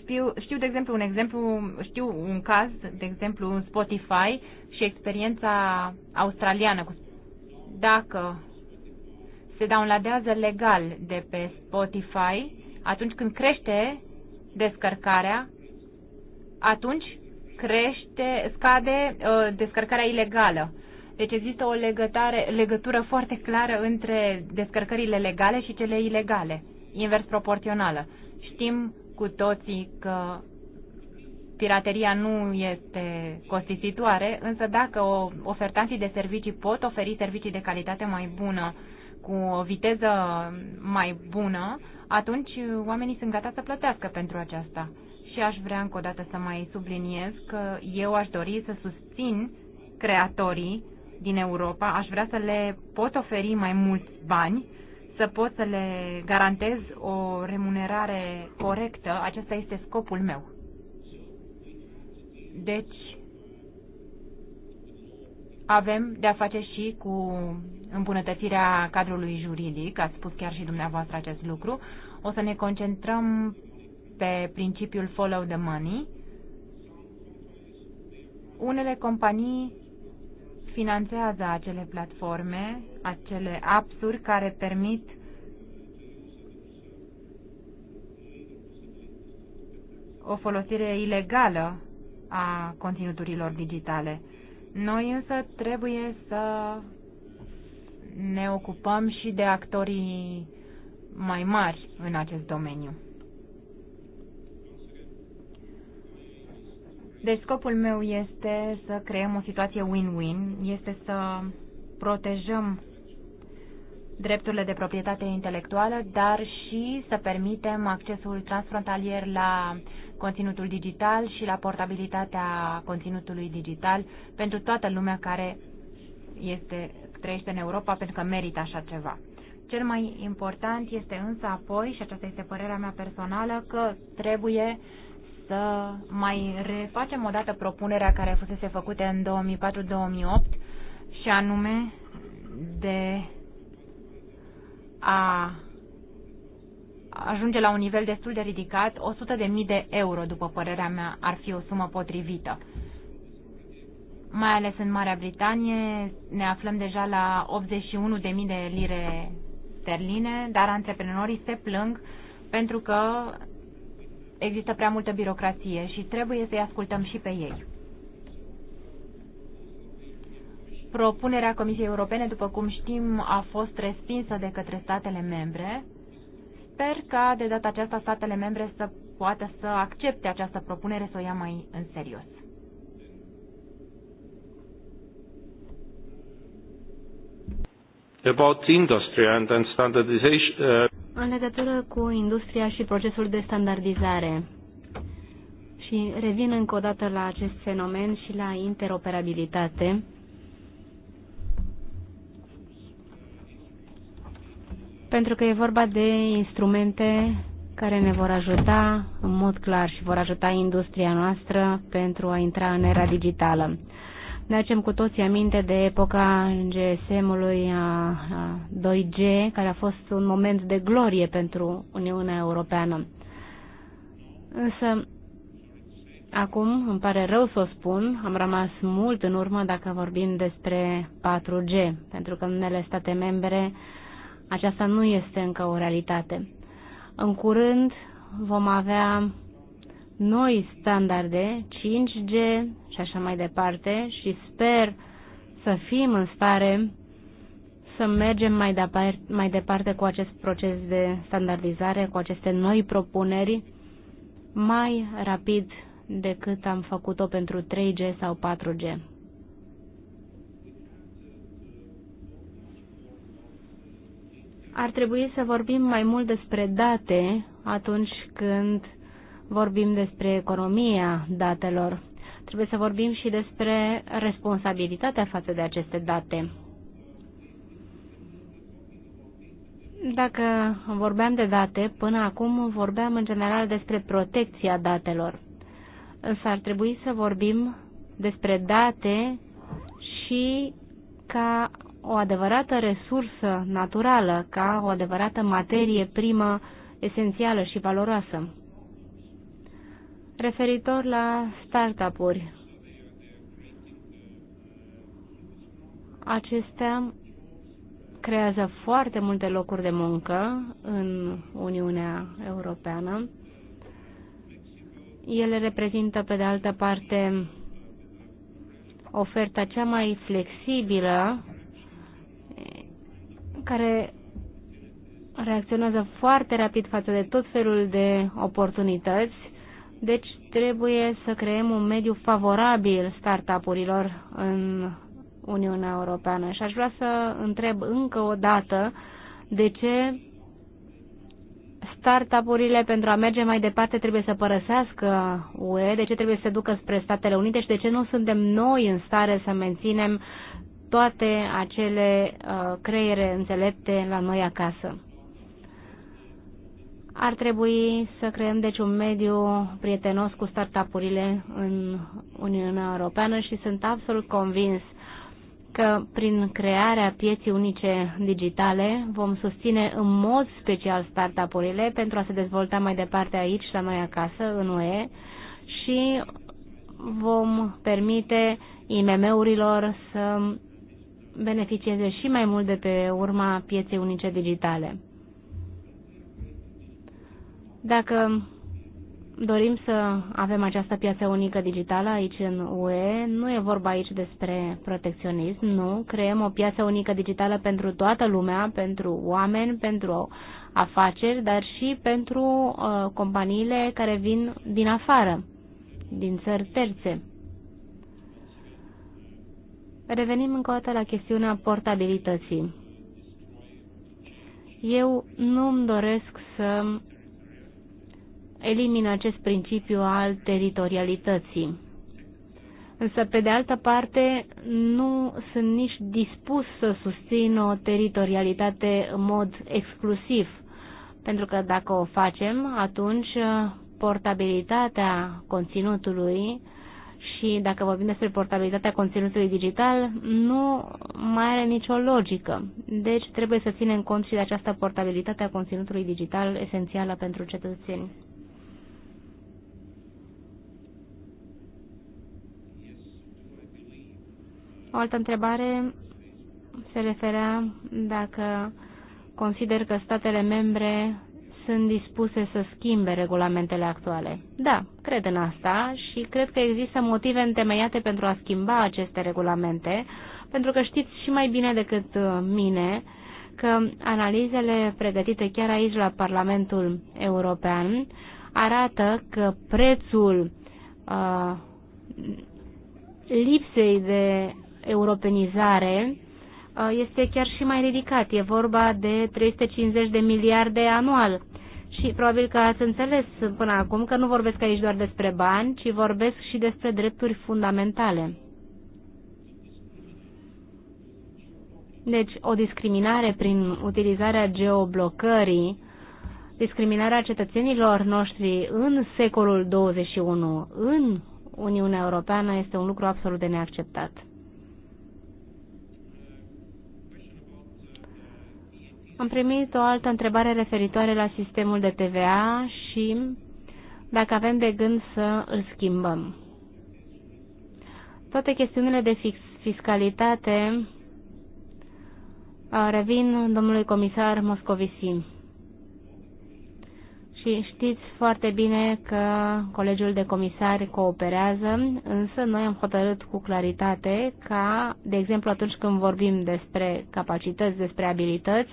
Știu, știu de exemplu un exemplu, știu un caz, de exemplu un Spotify și experiența australiană cu dacă se downloadează legal de pe Spotify, atunci când crește descărcarea, atunci crește, scade uh, descărcarea ilegală. Deci există o legătare, legătură foarte clară între descărcările legale și cele ilegale, invers proporțională. Știm cu toții că pirateria nu este costisitoare, însă dacă o, ofertanții de servicii pot oferi servicii de calitate mai bună, cu o viteză mai bună, atunci oamenii sunt gata să plătească pentru aceasta. Și aș vrea încă o dată să mai subliniez că eu aș dori să susțin creatorii din Europa, aș vrea să le pot oferi mai mulți bani, să pot să le garantez o remunerare corectă. Acesta este scopul meu. Deci, avem de-a face și cu îmbunătățirea cadrului juridic, ați spus chiar și dumneavoastră acest lucru. O să ne concentrăm pe principiul follow the money. Unele companii finanțează acele platforme, acele apsuri care permit o folosire ilegală a conținuturilor digitale. Noi însă trebuie să ne ocupăm și de actorii mai mari în acest domeniu. Deci scopul meu este să creăm o situație win-win, este să protejăm drepturile de proprietate intelectuală, dar și să permitem accesul transfrontalier la conținutul digital și la portabilitatea conținutului digital pentru toată lumea care este, trăiește în Europa pentru că merită așa ceva. Cel mai important este însă apoi, și aceasta este părerea mea personală, că trebuie uh, să mai refacem o dată propunerea care fusese făcută în 2004-2008 și anume de a ajunge la un nivel destul de ridicat, 100.000 de euro, după părerea mea, ar fi o sumă potrivită. Mai ales în Marea Britanie ne aflăm deja la 81.000 de lire sterline, dar antreprenorii se plâng pentru că există prea multă birocrație și trebuie să-i ascultăm și pe ei. Propunerea Comisiei Europene, după cum știm, a fost respinsă de către statele membre. Sper ca de data aceasta statele membre să poată să accepte această propunere, să o ia mai în serios. About industry and, and standardization. Uh în legătură cu industria și procesul de standardizare. Și revin încă o dată la acest fenomen și la interoperabilitate. Pentru că e vorba de instrumente care ne vor ajuta în mod clar și vor ajuta industria noastră pentru a intra în era digitală. Ne aducem cu toții aminte de epoca GSM-ului 2G, care a fost un moment de glorie pentru Uniunea Europeană. Însă, acum, îmi pare rău să o spun, am rămas mult în urmă dacă vorbim despre 4G, pentru că în unele state membre aceasta nu este încă o realitate. În curând vom avea noi standarde, 5G și așa mai departe și sper să fim în stare să mergem mai departe, mai departe cu acest proces de standardizare, cu aceste noi propuneri, mai rapid decât am făcut-o pentru 3G sau 4G. Ar trebui să vorbim mai mult despre date atunci când vorbim despre economia datelor, trebuie să vorbim și despre responsabilitatea față de aceste date. Dacă vorbeam de date, până acum vorbeam în general despre protecția datelor. Însă ar trebui să vorbim despre date și ca o adevărată resursă naturală, ca o adevărată materie primă esențială și valoroasă. Referitor la startup-uri, acestea creează foarte multe locuri de muncă în Uniunea Europeană. Ele reprezintă, pe de altă parte, oferta cea mai flexibilă care reacționează foarte rapid față de tot felul de oportunități deci trebuie să creăm un mediu favorabil startup-urilor în Uniunea Europeană. Și aș vrea să întreb încă o dată de ce startup-urile pentru a merge mai departe trebuie să părăsească UE, de ce trebuie să se ducă spre Statele Unite și de ce nu suntem noi în stare să menținem toate acele uh, creiere înțelepte la noi acasă. Ar trebui să creăm deci un mediu prietenos cu startup-urile în Uniunea Europeană și sunt absolut convins că prin crearea pieții unice digitale vom susține în mod special startup-urile pentru a se dezvolta mai departe aici, la noi acasă, în UE și vom permite IMM-urilor să beneficieze și mai mult de pe urma pieței unice digitale. Dacă dorim să avem această piață unică digitală aici în UE, nu e vorba aici despre protecționism, nu. Creăm o piață unică digitală pentru toată lumea, pentru oameni, pentru afaceri, dar și pentru uh, companiile care vin din afară, din țări terțe. Revenim încă o dată la chestiunea portabilității. Eu nu îmi doresc să elimină acest principiu al teritorialității. Însă, pe de altă parte, nu sunt nici dispus să susțin o teritorialitate în mod exclusiv, pentru că dacă o facem, atunci uh, portabilitatea conținutului și dacă vorbim despre portabilitatea conținutului digital, nu mai are nicio logică. Deci trebuie să ținem cont și de această portabilitate a conținutului digital esențială pentru cetățeni. O altă întrebare se referea dacă consider că statele membre sunt dispuse să schimbe regulamentele actuale. Da, cred în asta și cred că există motive întemeiate pentru a schimba aceste regulamente, pentru că știți și mai bine decât uh, mine că analizele pregătite chiar aici la Parlamentul European arată că prețul uh, lipsei de europenizare uh, este chiar și mai ridicat. E vorba de 350 de miliarde anual. Și probabil că ați înțeles până acum că nu vorbesc aici doar despre bani, ci vorbesc și despre drepturi fundamentale. Deci, o discriminare prin utilizarea geoblocării, discriminarea cetățenilor noștri în secolul 21 în Uniunea Europeană este un lucru absolut de neacceptat. Am primit o altă întrebare referitoare la sistemul de TVA și dacă avem de gând să îl schimbăm. Toate chestiunile de fiscalitate uh, revin domnului comisar Moscovici. Și știți foarte bine că colegiul de comisari cooperează, însă noi am hotărât cu claritate ca, de exemplu, atunci când vorbim despre capacități, despre abilități,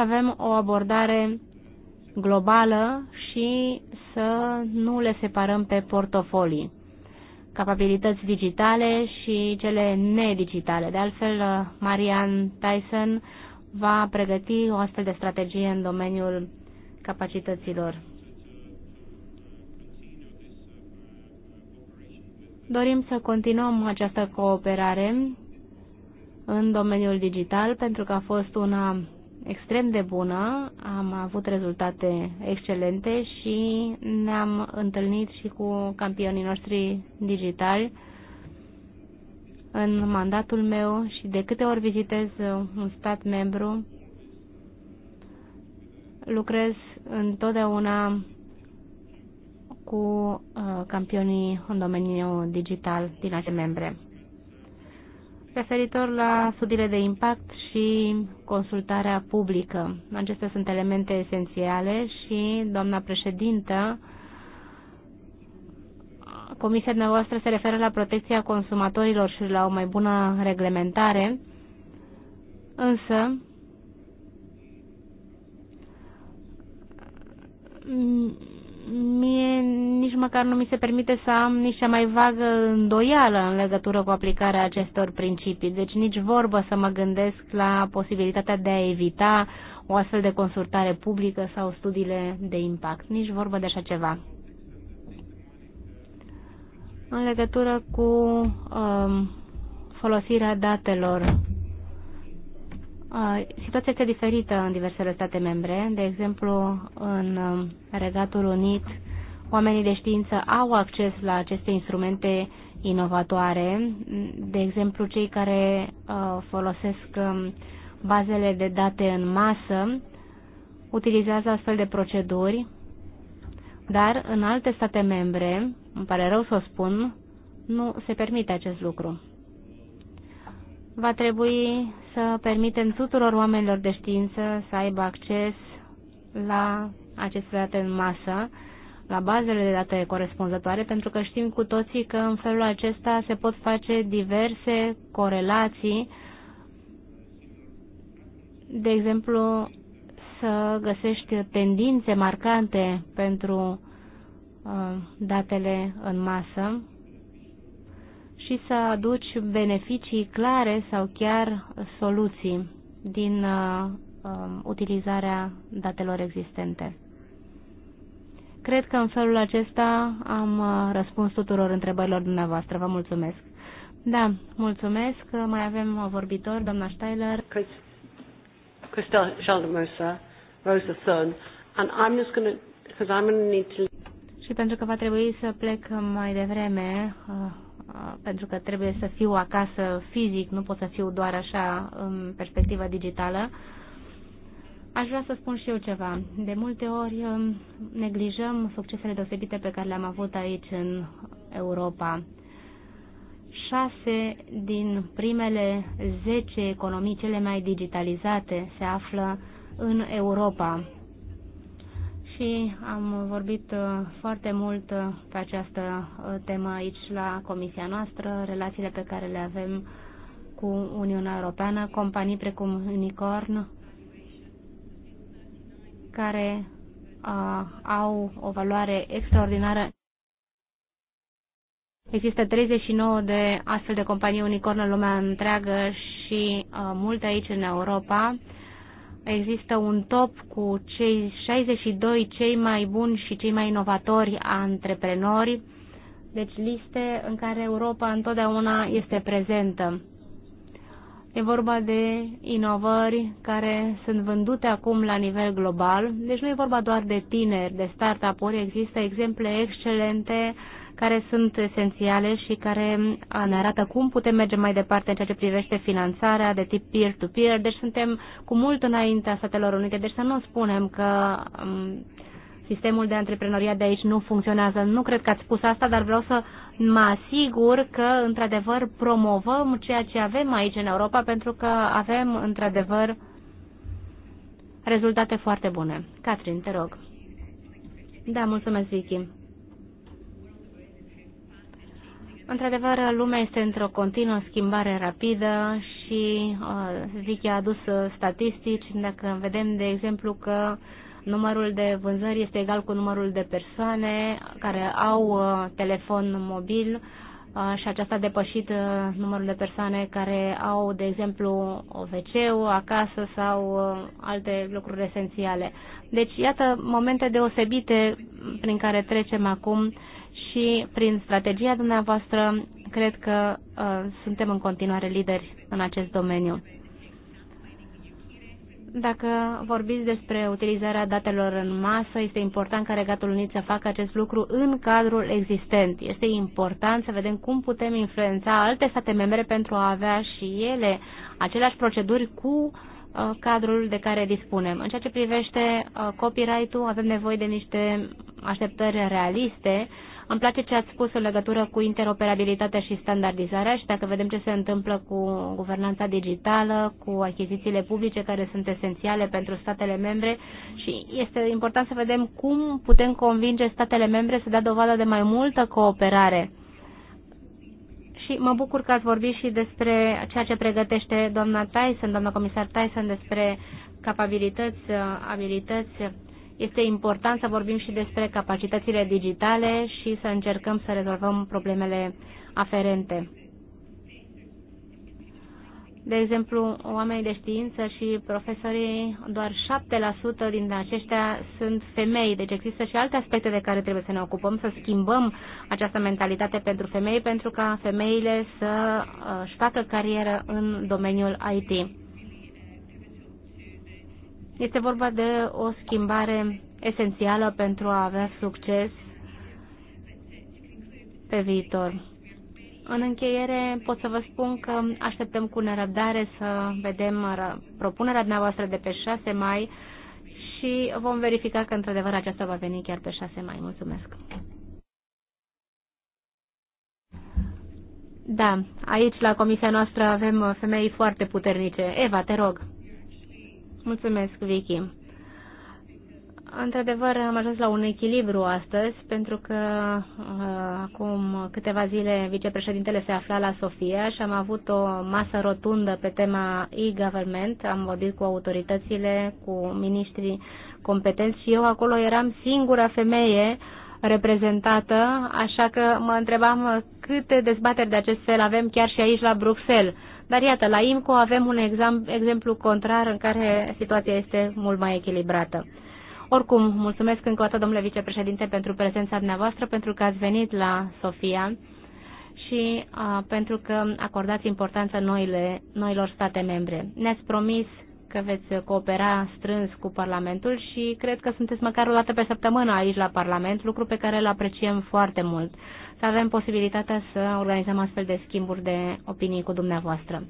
să avem o abordare globală și să nu le separăm pe portofolii. Capabilități digitale și cele nedigitale. De altfel, Marian Tyson va pregăti o astfel de strategie în domeniul capacităților. Dorim să continuăm această cooperare în domeniul digital pentru că a fost una extrem de bună, am avut rezultate excelente și ne-am întâlnit și cu campionii noștri digitali în mandatul meu și de câte ori vizitez un stat membru, lucrez întotdeauna cu uh, campionii în domeniul digital din acele membre referitor la studiile de impact și consultarea publică. Acestea sunt elemente esențiale și, doamna președintă, comisia noastră se referă la protecția consumatorilor și la o mai bună reglementare, însă mie nici măcar nu mi se permite să am nici cea mai vagă îndoială în legătură cu aplicarea acestor principii. Deci nici vorbă să mă gândesc la posibilitatea de a evita o astfel de consultare publică sau studiile de impact. Nici vorbă de așa ceva. În legătură cu um, folosirea datelor Situația este diferită în diversele state membre. De exemplu, în um, Regatul Unit, oamenii de știință au acces la aceste instrumente inovatoare. De exemplu, cei care uh, folosesc um, bazele de date în masă utilizează astfel de proceduri, dar în alte state membre, îmi pare rău să o spun, nu se permite acest lucru. Va trebui să permitem tuturor oamenilor de știință să aibă acces la aceste date în masă, la bazele de date corespunzătoare, pentru că știm cu toții că în felul acesta se pot face diverse corelații, de exemplu, să găsești tendințe marcante pentru uh, datele în masă și să aduci beneficii clare sau chiar soluții din uh, um, utilizarea datelor existente. Cred că în felul acesta am uh, răspuns tuturor întrebărilor dumneavoastră. Vă mulțumesc. Da, mulțumesc. Mai avem vorbitor, doamna Steiler. Chris, Christel Schaldemosa, Rosa Thun, and I'm just going to, because I'm going to need to... Și pentru că va trebui să plec mai devreme, uh, Ah, pentru că trebuie să fiu acasă fizic, nu pot să fiu doar așa în perspectiva digitală. Aș vrea să spun și eu ceva. De multe ori um, neglijăm succesele deosebite pe care le-am avut aici în Europa. Șase din primele zece economii cele mai digitalizate se află în Europa și am vorbit uh, foarte mult uh, pe această uh, temă aici la comisia noastră, relațiile pe care le avem cu Uniunea Europeană, companii precum Unicorn, care uh, au o valoare extraordinară. Există 39 de astfel de companii unicorn în lumea întreagă și uh, multe aici în Europa există un top cu cei 62 cei mai buni și cei mai inovatori antreprenori, deci liste în care Europa întotdeauna este prezentă. E vorba de inovări care sunt vândute acum la nivel global, deci nu e vorba doar de tineri, de startup-uri, există exemple excelente uh, care sunt esențiale și care ne arată cum putem merge mai departe în ceea ce privește finanțarea de tip peer-to-peer. -peer. Deci suntem cu mult înaintea Statelor Unite, deci să nu spunem că um, sistemul de antreprenoriat de aici nu funcționează. Nu cred că ați spus asta, dar vreau să mă asigur că, într-adevăr, promovăm ceea ce avem aici în Europa, pentru că avem, într-adevăr, rezultate foarte bune. Catrin, te rog. Da, mulțumesc, Vicky. Într-adevăr, lumea este într-o continuă schimbare rapidă și uh, zic, a adus uh, statistici. Dacă vedem, de exemplu, că numărul de vânzări este egal cu numărul de persoane care au uh, telefon mobil și aceasta a depășit numărul de persoane care au, de exemplu, ovc o acasă sau alte lucruri esențiale. Deci, iată momente deosebite prin care trecem acum și prin strategia dumneavoastră cred că uh, suntem în continuare lideri în acest domeniu. Dacă vorbiți despre utilizarea datelor în masă, este important ca Regatul Unit să facă acest lucru în cadrul existent. Este important să vedem cum putem influența alte state membre pentru a avea și ele aceleași proceduri cu uh, cadrul de care dispunem. În ceea ce privește uh, copyright-ul, avem nevoie de niște așteptări realiste uh, îmi place ce ați spus în legătură cu interoperabilitatea și standardizarea și dacă vedem ce se întâmplă cu guvernanța digitală, cu achizițiile publice care sunt esențiale pentru statele membre și este important să vedem cum putem convinge statele membre să dea dovadă de mai multă cooperare și mă bucur că ați vorbit și despre ceea ce pregătește doamna Tyson, doamna comisar Tyson, despre capabilități, abilități este important să vorbim și despre capacitățile digitale și să încercăm să rezolvăm problemele aferente. De exemplu, oamenii de știință și profesorii, doar 7% din aceștia sunt femei, deci există și alte aspecte de care trebuie să ne ocupăm, să schimbăm această mentalitate pentru femei, pentru ca femeile să uh, își facă carieră în domeniul IT. Este vorba de o schimbare esențială pentru a avea succes pe viitor. În încheiere pot să vă spun că așteptăm cu nerăbdare să vedem propunerea dumneavoastră de pe 6 mai și vom verifica că într-adevăr aceasta va veni chiar pe 6 mai. Mulțumesc! Da, aici la comisia noastră avem femei foarte puternice. Eva, te rog! Mulțumesc, Vicky. Într-adevăr, am ajuns la un echilibru astăzi, pentru că uh, acum câteva zile vicepreședintele se afla la Sofia și am avut o masă rotundă pe tema e-government. Am vorbit cu autoritățile, cu ministrii competenți și eu acolo eram singura femeie reprezentată, așa că mă întrebam câte dezbateri de acest fel avem chiar și aici la Bruxelles dar iată, la IMCO avem un exam, exemplu contrar în care situația este mult mai echilibrată. Oricum, mulțumesc încă o dată, domnule vicepreședinte, pentru prezența dumneavoastră, pentru că ați venit la Sofia și a, pentru că acordați importanță noile, noilor state membre. Ne-ați promis că veți coopera strâns cu Parlamentul și cred că sunteți măcar o dată pe săptămână aici la Parlament, lucru pe care îl apreciem foarte mult să avem posibilitatea să organizăm astfel de schimburi de opinii cu dumneavoastră.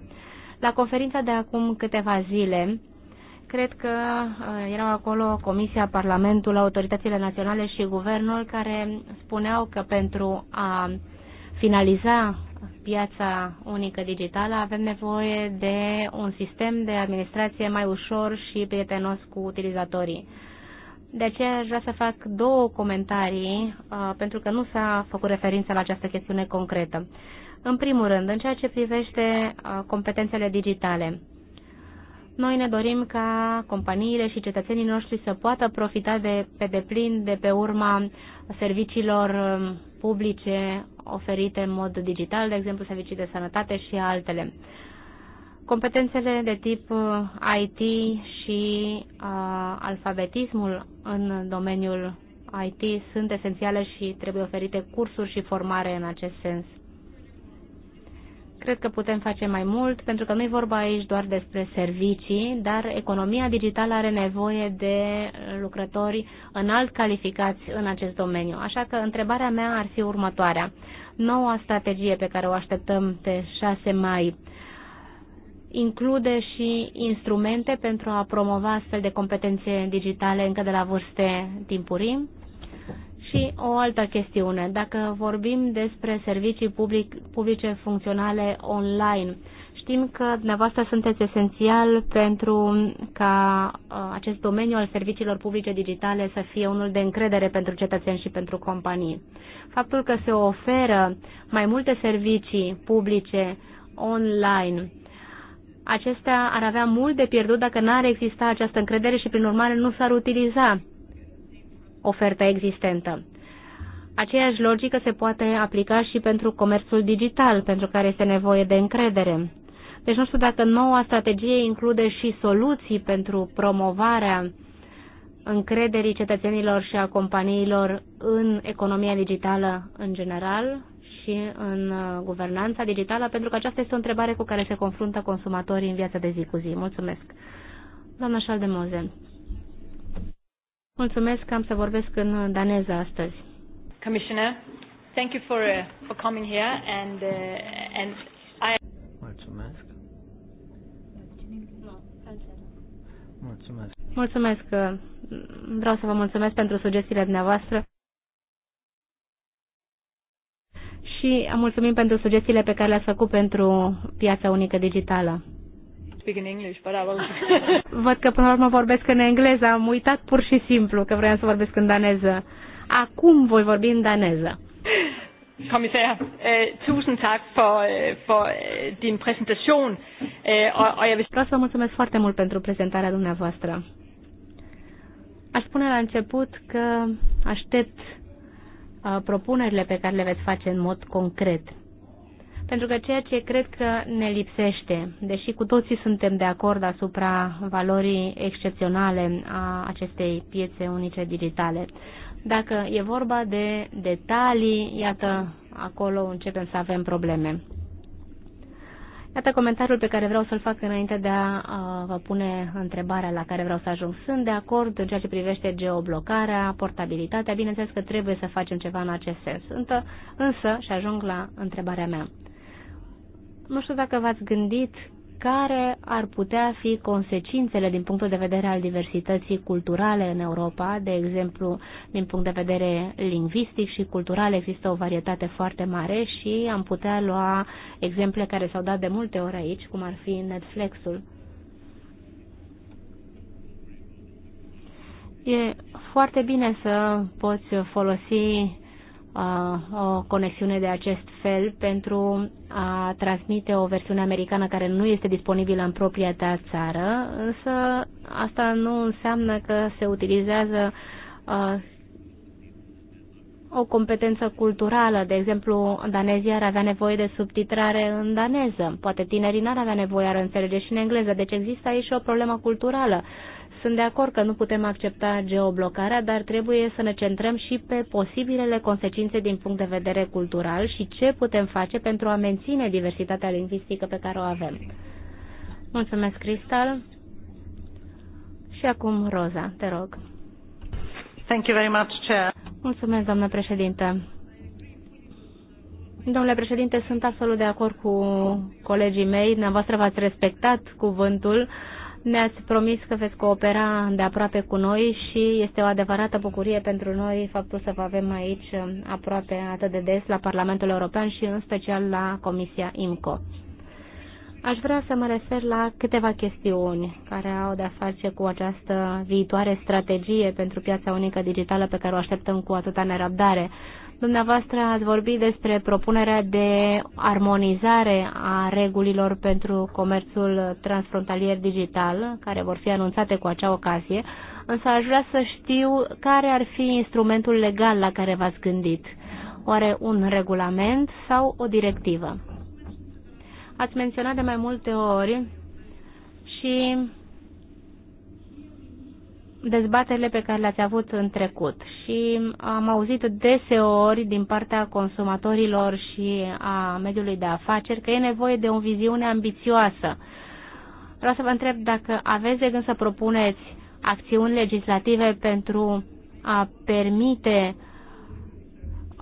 La conferința de acum câteva zile, cred că uh, erau acolo Comisia, Parlamentul, autoritățile naționale și guvernul care spuneau că pentru a finaliza piața unică digitală avem nevoie de un sistem de administrație mai ușor și prietenos cu utilizatorii. De aceea aș vrea să fac două comentarii, uh, pentru că nu s-a făcut referință la această chestiune concretă. În primul rând, în ceea ce privește uh, competențele digitale. Noi ne dorim ca companiile și cetățenii noștri să poată profita de, pe deplin de pe urma serviciilor um, publice oferite în mod digital, de exemplu servicii de sănătate și altele. Competențele de tip uh, IT și uh, alfabetismul în domeniul IT sunt esențiale și trebuie oferite cursuri și formare în acest sens. Cred că putem face mai mult, pentru că nu e vorba aici doar despre servicii, dar economia digitală are nevoie de lucrători înalt calificați în acest domeniu. Așa că întrebarea mea ar fi următoarea. Noua strategie pe care o așteptăm pe 6 mai include și instrumente pentru a promova astfel de competențe digitale încă de la vârste timpurii. Și o altă chestiune, dacă vorbim despre servicii public, publice funcționale online, știm că dumneavoastră sunteți esențial pentru ca uh, acest domeniu al serviciilor publice digitale să fie unul de încredere pentru cetățeni și pentru companii. Faptul că se oferă mai multe servicii publice online acestea ar avea mult de pierdut dacă n-ar exista această încredere și, prin urmare, nu s-ar utiliza oferta existentă. Aceeași logică se poate aplica și pentru comerțul digital, pentru care este nevoie de încredere. Deci nu știu dacă noua strategie include și soluții pentru promovarea încrederii cetățenilor și a companiilor în economia digitală în general și în uh, guvernanța digitală, pentru că aceasta este o întrebare cu care se confruntă consumatorii în viața de zi cu zi. Mulțumesc. Doamna Șaldemoze. Mulțumesc că am să vorbesc în daneză astăzi. Commissioner, thank you for, uh, for coming here and, uh, and I... Mulțumesc. Mulțumesc. Mulțumesc. Vreau să vă mulțumesc pentru sugestiile dumneavoastră. și mulțumim pentru sugestiile pe care le-ați făcut pentru piața unică digitală. English, Văd că până la urmă vorbesc în engleză, am uitat pur și simplu că vreau să vorbesc în daneză. Acum voi vorbi în daneză. Comisar, uh, tusind tak for, eh, for eh, din prezentation. Uh, uh, uh, Vreau să vă mulțumesc foarte mult pentru prezentarea dumneavoastră. Aș spune la început că aștept propunerile pe care le veți face în mod concret. Pentru că ceea ce cred că ne lipsește, deși cu toții suntem de acord asupra valorii excepționale a acestei piețe unice digitale, dacă e vorba de detalii, iată, acolo începem să avem probleme. Iată comentariul pe care vreau să-l fac înainte de a vă pune întrebarea la care vreau să ajung. Sunt de acord în ceea ce privește geoblocarea, portabilitatea. Bineînțeles că trebuie să facem ceva în acest sens. Însă, și ajung la întrebarea mea. Nu știu dacă v-ați gândit care ar putea fi consecințele din punctul de vedere al diversității culturale în Europa, de exemplu, din punct de vedere lingvistic și cultural există o varietate foarte mare și am putea lua exemple care s-au dat de multe ori aici, cum ar fi Netflix-ul. E foarte bine să poți folosi o conexiune de acest fel pentru a transmite o versiune americană care nu este disponibilă în propria ta țară, însă asta nu înseamnă că se utilizează o competență culturală. De exemplu, danezii ar avea nevoie de subtitrare în daneză. Poate tinerii n-ar avea nevoie, ar înțelege și în engleză. Deci există aici o problemă culturală sunt de acord că nu putem accepta geoblocarea, dar trebuie să ne centrăm și pe posibilele consecințe din punct de vedere cultural și ce putem face pentru a menține diversitatea lingvistică pe care o avem. Mulțumesc, Cristal. Și acum, Roza, te rog. Thank you very much, Chair. Mulțumesc, doamnă președintă. Domnule președinte, sunt absolut de acord cu colegii mei. Dumneavoastră v-ați respectat cuvântul ne-ați promis că veți coopera de aproape cu noi și este o adevărată bucurie pentru noi faptul să vă avem aici uh, aproape atât de des la Parlamentul European și în special la Comisia IMCO. Aș vrea să mă refer la câteva chestiuni care au de-a face cu această viitoare strategie pentru piața unică digitală pe care o așteptăm cu atâta nerăbdare. Dumneavoastră ați vorbit despre propunerea de armonizare a regulilor pentru comerțul transfrontalier digital, care vor fi anunțate cu acea ocazie, însă aș vrea să știu care ar fi instrumentul legal la care v-ați gândit. Oare un regulament sau o directivă? Ați menționat de mai multe ori și dezbaterile pe care le-ați avut în trecut și am auzit deseori din partea consumatorilor și a mediului de afaceri că e nevoie de o viziune ambițioasă. Vreau să vă întreb dacă aveți de gând să propuneți acțiuni legislative pentru a permite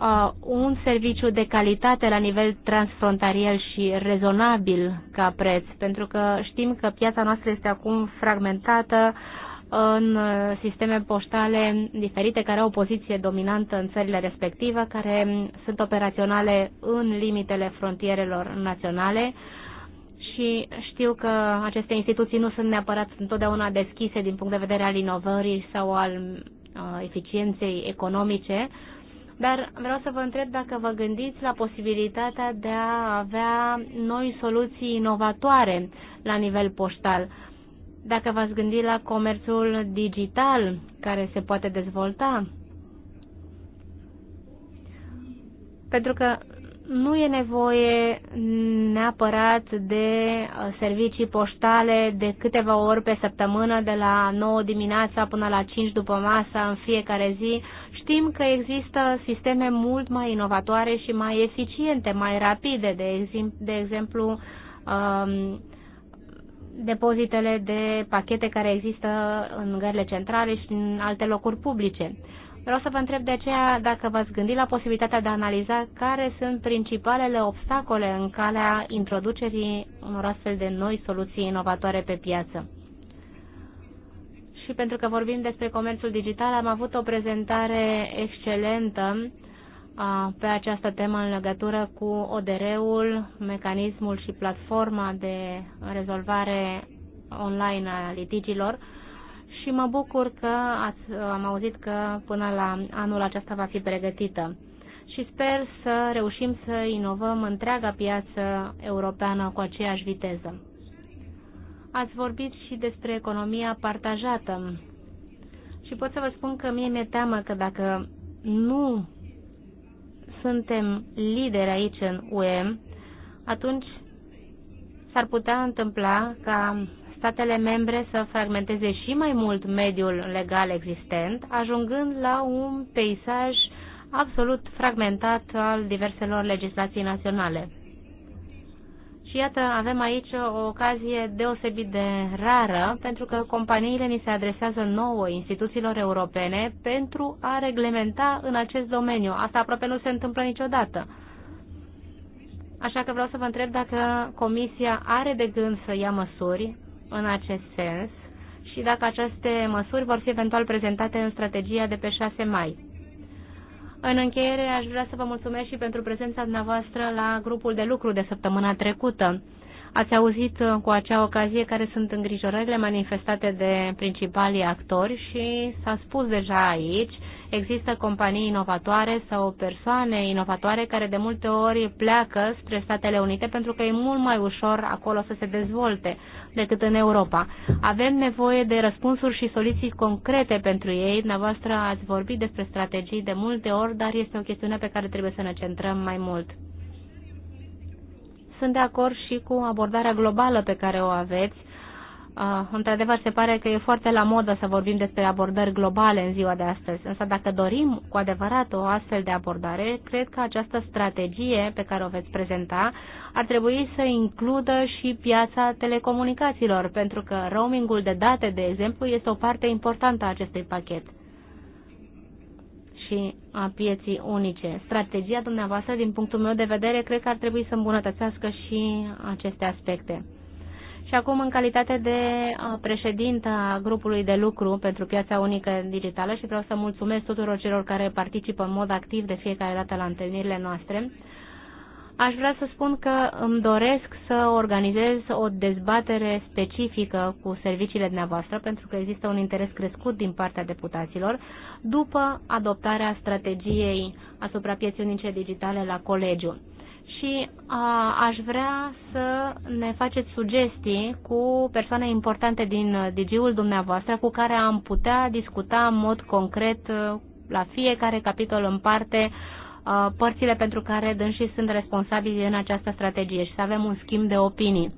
uh, un serviciu de calitate la nivel transfrontalier și rezonabil ca preț, pentru că știm că piața noastră este acum fragmentată, uh, în uh, sisteme poștale diferite care au o poziție dominantă în țările respective, care mm, sunt operaționale în limitele frontierelor naționale și știu că aceste instituții nu sunt neapărat întotdeauna deschise din punct de vedere al inovării sau al mm, uh, eficienței economice, dar vreau să vă întreb dacă vă gândiți la posibilitatea de a avea noi soluții inovatoare la nivel poștal dacă v-ați gândit la comerțul digital care se poate dezvolta, pentru că nu e nevoie neapărat de uh, servicii poștale de câteva ori pe săptămână, de la 9 dimineața până la 5 după masa în fiecare zi. Știm că există sisteme mult mai inovatoare și mai eficiente, mai rapide, de, de exemplu um, depozitele de pachete care există în gările centrale și în alte locuri publice. Vreau să vă întreb de aceea dacă v-ați gândit la posibilitatea de a analiza care sunt principalele obstacole în calea introducerii unor astfel de noi soluții inovatoare pe piață. Și pentru că vorbim despre comerțul digital, am avut o prezentare excelentă pe această temă în legătură cu ODR-ul, mecanismul și platforma de rezolvare online a litigilor și mă bucur că ați, am auzit că până la anul acesta va fi pregătită și sper să reușim să inovăm întreaga piață europeană cu aceeași viteză. Ați vorbit și despre economia partajată și pot să vă spun că mie mi-e teamă că dacă nu suntem lideri aici în UE, atunci s-ar putea întâmpla ca statele membre să fragmenteze și mai mult mediul legal existent, ajungând la un peisaj absolut fragmentat al diverselor legislații naționale. Și iată, avem aici o ocazie deosebit de rară, pentru că companiile ni se adresează nouă instituțiilor europene pentru a reglementa în acest domeniu. Asta aproape nu se întâmplă niciodată. Așa că vreau să vă întreb dacă Comisia are de gând să ia măsuri în acest sens și dacă aceste măsuri vor fi eventual prezentate în strategia de pe 6 mai. În încheiere, aș vrea să vă mulțumesc și pentru prezența dumneavoastră la grupul de lucru de săptămâna trecută. Ați auzit uh, cu acea ocazie care sunt îngrijorările manifestate de principalii actori și s-a spus deja aici Există companii inovatoare sau persoane inovatoare care de multe ori pleacă spre Statele Unite pentru că e mult mai ușor acolo să se dezvolte decât în Europa. Avem nevoie de răspunsuri și soluții concrete pentru ei. Dumneavoastră ați vorbit despre strategii de multe ori, dar este o chestiune pe care trebuie să ne centrăm mai mult sunt de acord și cu abordarea globală pe care o aveți Într-adevăr, se pare că e foarte la modă să vorbim despre abordări globale în ziua de astăzi, însă dacă dorim cu adevărat o astfel de abordare, cred că această strategie pe care o veți prezenta ar trebui să includă și piața telecomunicațiilor, pentru că roamingul de date, de exemplu, este o parte importantă a acestui pachet și a pieții unice. Strategia dumneavoastră, din punctul meu de vedere, cred că ar trebui să îmbunătățească și aceste aspecte. Și acum, în calitate de președintă a grupului de lucru pentru piața unică digitală și vreau să mulțumesc tuturor celor care participă în mod activ de fiecare dată la întâlnirile noastre, aș vrea să spun că îmi doresc să organizez o dezbatere specifică cu serviciile dumneavoastră, pentru că există un interes crescut din partea deputaților, după adoptarea strategiei asupra pieții unice digitale la colegiu și a, aș vrea să ne faceți sugestii cu persoane importante din uh, DG-ul dumneavoastră cu care am putea discuta în mod concret uh, la fiecare capitol în parte uh, părțile pentru care dânsii sunt responsabili în această strategie și să avem un schimb de opinii.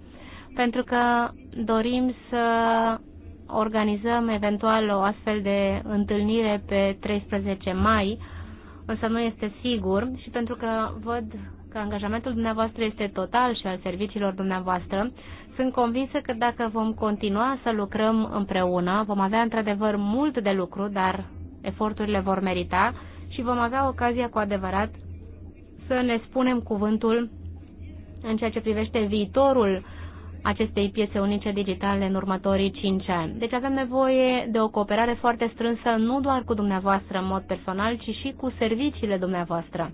Pentru că dorim să organizăm eventual o astfel de întâlnire pe 13 mai, însă nu este sigur și pentru că văd că angajamentul dumneavoastră este total și al serviciilor dumneavoastră. Sunt convinsă că dacă vom continua să lucrăm împreună, vom avea într-adevăr mult de lucru, dar eforturile vor merita și vom avea ocazia cu adevărat să ne spunem cuvântul în ceea ce privește viitorul acestei piețe unice digitale în următorii 5 ani. Deci avem nevoie de o cooperare foarte strânsă, nu doar cu dumneavoastră în mod personal, ci și cu serviciile dumneavoastră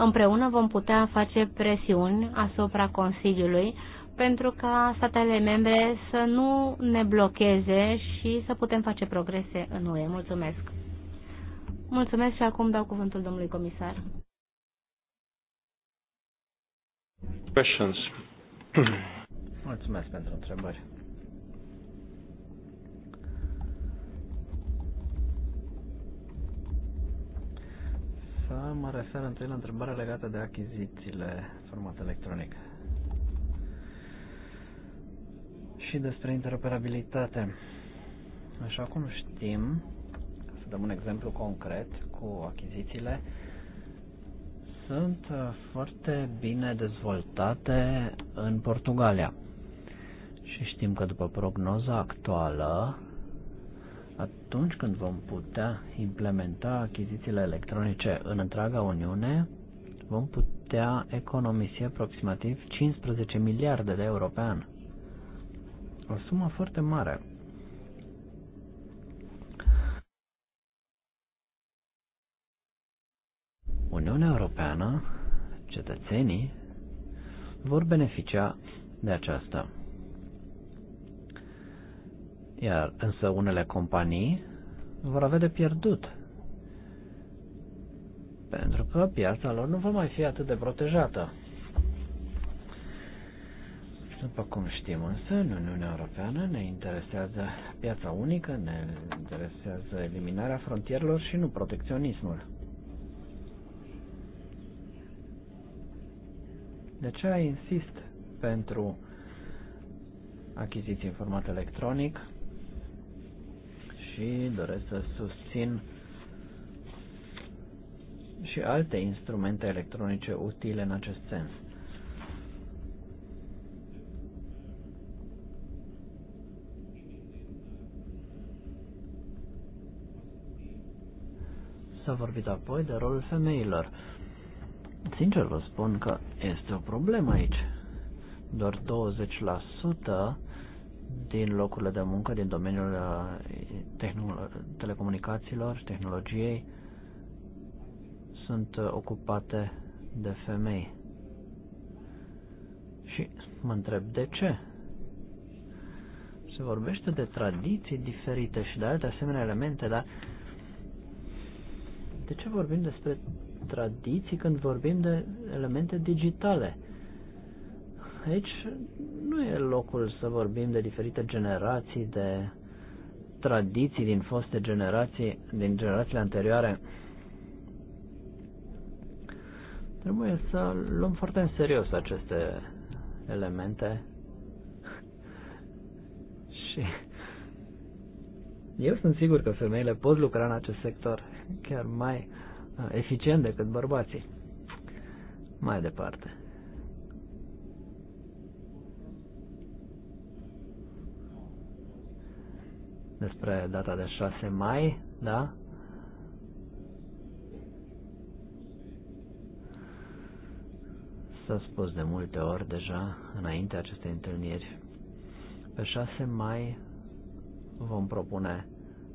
împreună vom putea face presiuni asupra Consiliului pentru ca statele membre să nu ne blocheze și să putem face progrese în UE. Mulțumesc! Mulțumesc și acum dau cuvântul domnului comisar. Questions. Mulțumesc pentru întrebări. să mă refer întâi la întrebarea legată de achizițiile format electronic și despre interoperabilitate. Așa cum știm, să dăm un exemplu concret cu achizițiile, sunt uh, foarte bine dezvoltate în Portugalia. Și știm că după prognoza actuală, atunci când vom putea implementa achizițiile electronice în întreaga Uniune, vom putea economisi aproximativ 15 miliarde de euro pe an. O sumă foarte mare. Uniunea Europeană, cetățenii, vor beneficia de aceasta. Iar însă unele companii vor avea de pierdut. Pentru că piața lor nu va mai fi atât de protejată. După cum știm însă, în Uniunea Europeană ne interesează piața unică, ne interesează eliminarea frontierelor și nu protecționismul. De ce insist pentru achiziții în format electronic, și doresc să susțin și alte instrumente electronice utile în acest sens. S-a vorbit apoi de rolul femeilor. Sincer vă spun că este o problemă aici. Doar 20% din locurile de muncă, din domeniul uh, telecomunicațiilor și tehnologiei, sunt uh, ocupate de femei. Și mă întreb de ce. Se vorbește de tradiții diferite și de alte asemenea elemente, dar de ce vorbim despre tradiții când vorbim de elemente digitale? Aici nu e locul să vorbim de diferite generații, de tradiții din foste generații, din generațiile anterioare. Trebuie să luăm foarte în serios aceste elemente și eu sunt sigur că femeile pot lucra în acest sector chiar mai uh, eficient decât bărbații. Mai departe. despre data de 6 mai, da? S-a spus de multe ori deja înainte acestei întâlniri. Pe 6 mai vom propune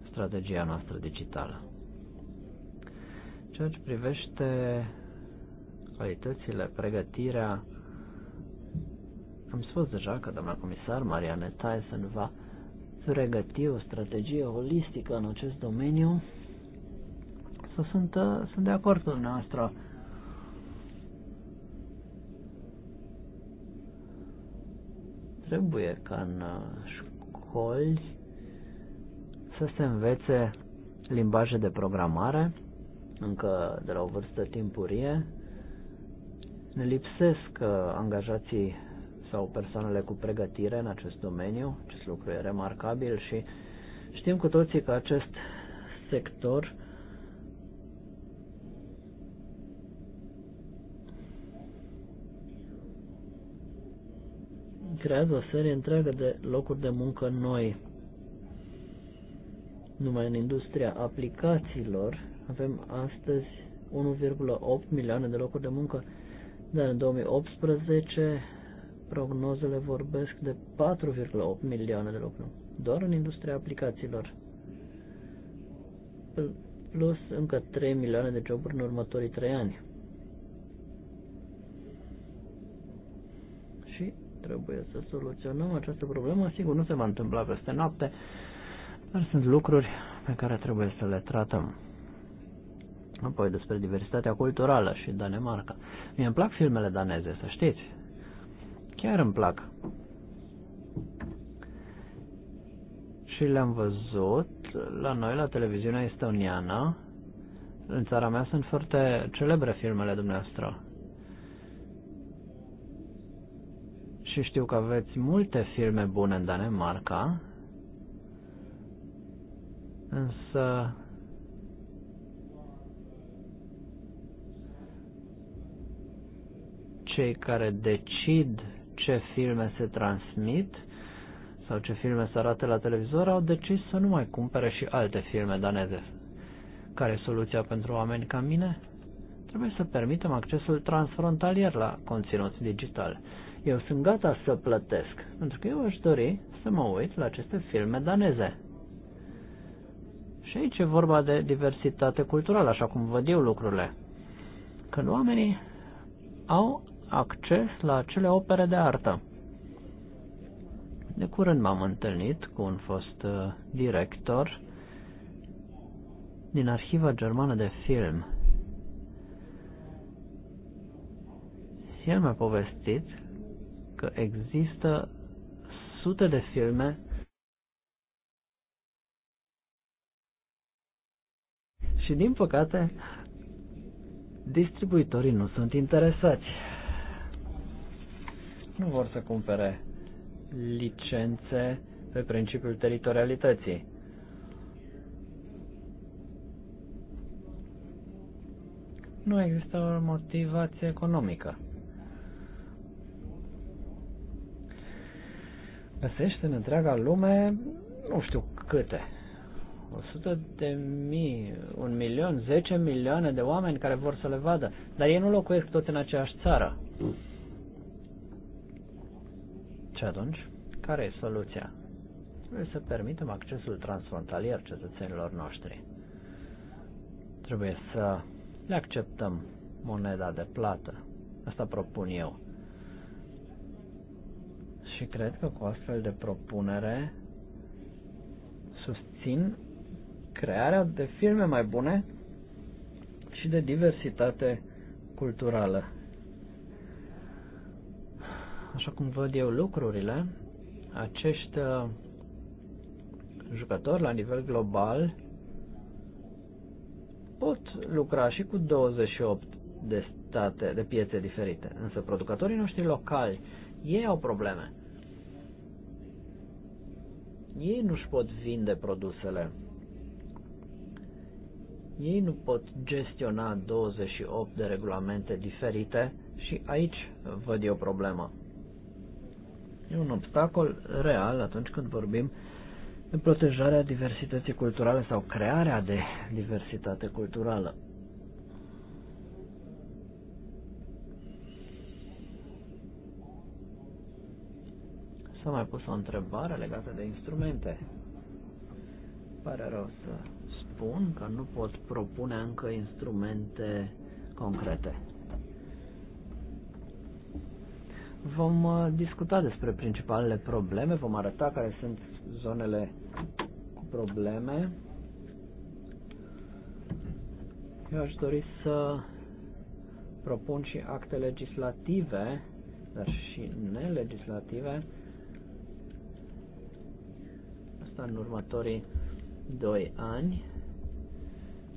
strategia noastră digitală. Ceea ce privește calitățile, pregătirea, am spus deja că doamna comisar Marianne Tyson va pregăti o strategie holistică în acest domeniu, să sunt, uh, sunt de acord cu dumneavoastră. Trebuie ca în uh, școli să se învețe limbaje de programare, încă de la o vârstă timpurie. Ne lipsesc uh, angajații sau persoanele cu pregătire în acest domeniu. Acest lucru e remarcabil și știm cu toții că acest sector creează o serie întreagă de locuri de muncă noi. Numai în industria aplicațiilor avem astăzi 1,8 milioane de locuri de muncă, dar în 2018 prognozele vorbesc de 4,8 milioane de locuri, doar în industria aplicațiilor. Plus încă 3 milioane de joburi în următorii 3 ani. Și trebuie să soluționăm această problemă. Sigur, nu se va întâmpla peste noapte, dar sunt lucruri pe care trebuie să le tratăm. Apoi despre diversitatea culturală și Danemarca. Mie îmi plac filmele daneze, să știți Chiar îmi plac. Și le-am văzut la noi, la televiziunea estoniană. În țara mea sunt foarte celebre filmele dumneavoastră. Și știu că aveți multe filme bune în Danemarca, însă cei care decid ce filme se transmit sau ce filme se arată la televizor, au decis să nu mai cumpere și alte filme daneze. Care e soluția pentru oameni ca mine? Trebuie să permitem accesul transfrontalier la conținut digital. Eu sunt gata să plătesc, pentru că eu aș dori să mă uit la aceste filme daneze. Și aici e vorba de diversitate culturală, așa cum văd eu lucrurile. Când oamenii au acces la acele opere de artă. De curând m-am întâlnit cu un fost uh, director din Arhiva Germană de Film. El mi-a povestit că există sute de filme și din păcate distribuitorii nu sunt interesați nu vor să cumpere licențe pe principiul teritorialității. Nu există o motivație economică. Găsește în întreaga lume, nu știu câte, 100 de mii, un milion, 10 milioane de oameni care vor să le vadă, dar ei nu locuiesc toți în aceeași țară. Mm. Și atunci, care e soluția? Trebuie să permitem accesul transfrontalier cetățenilor noștri. Trebuie să le acceptăm moneda de plată. Asta propun eu. Și cred că cu astfel de propunere susțin crearea de firme mai bune și de diversitate culturală așa cum văd eu lucrurile, acești uh, jucători la nivel global pot lucra și cu 28 de state, de piețe diferite, însă producătorii noștri locali, ei au probleme. Ei nu-și pot vinde produsele. Ei nu pot gestiona 28 de regulamente diferite și aici văd eu problema. E un obstacol real atunci când vorbim de protejarea diversității culturale sau crearea de diversitate culturală. S-a mai pus o întrebare legată de instrumente. Pare rău să spun că nu pot propune încă instrumente concrete. Vom uh, discuta despre principalele probleme, vom arăta care sunt zonele cu probleme. Eu aș dori să propun și acte legislative, dar și nelegislative, asta în următorii doi ani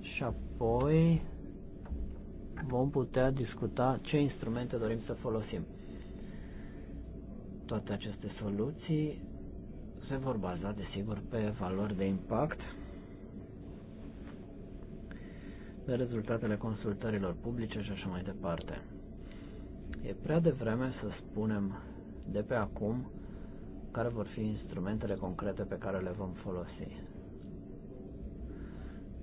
și apoi vom putea discuta ce instrumente dorim să folosim. Toate aceste soluții se vor baza, desigur, pe valori de impact, de rezultatele consultărilor publice și așa mai departe. E prea devreme să spunem de pe acum care vor fi instrumentele concrete pe care le vom folosi.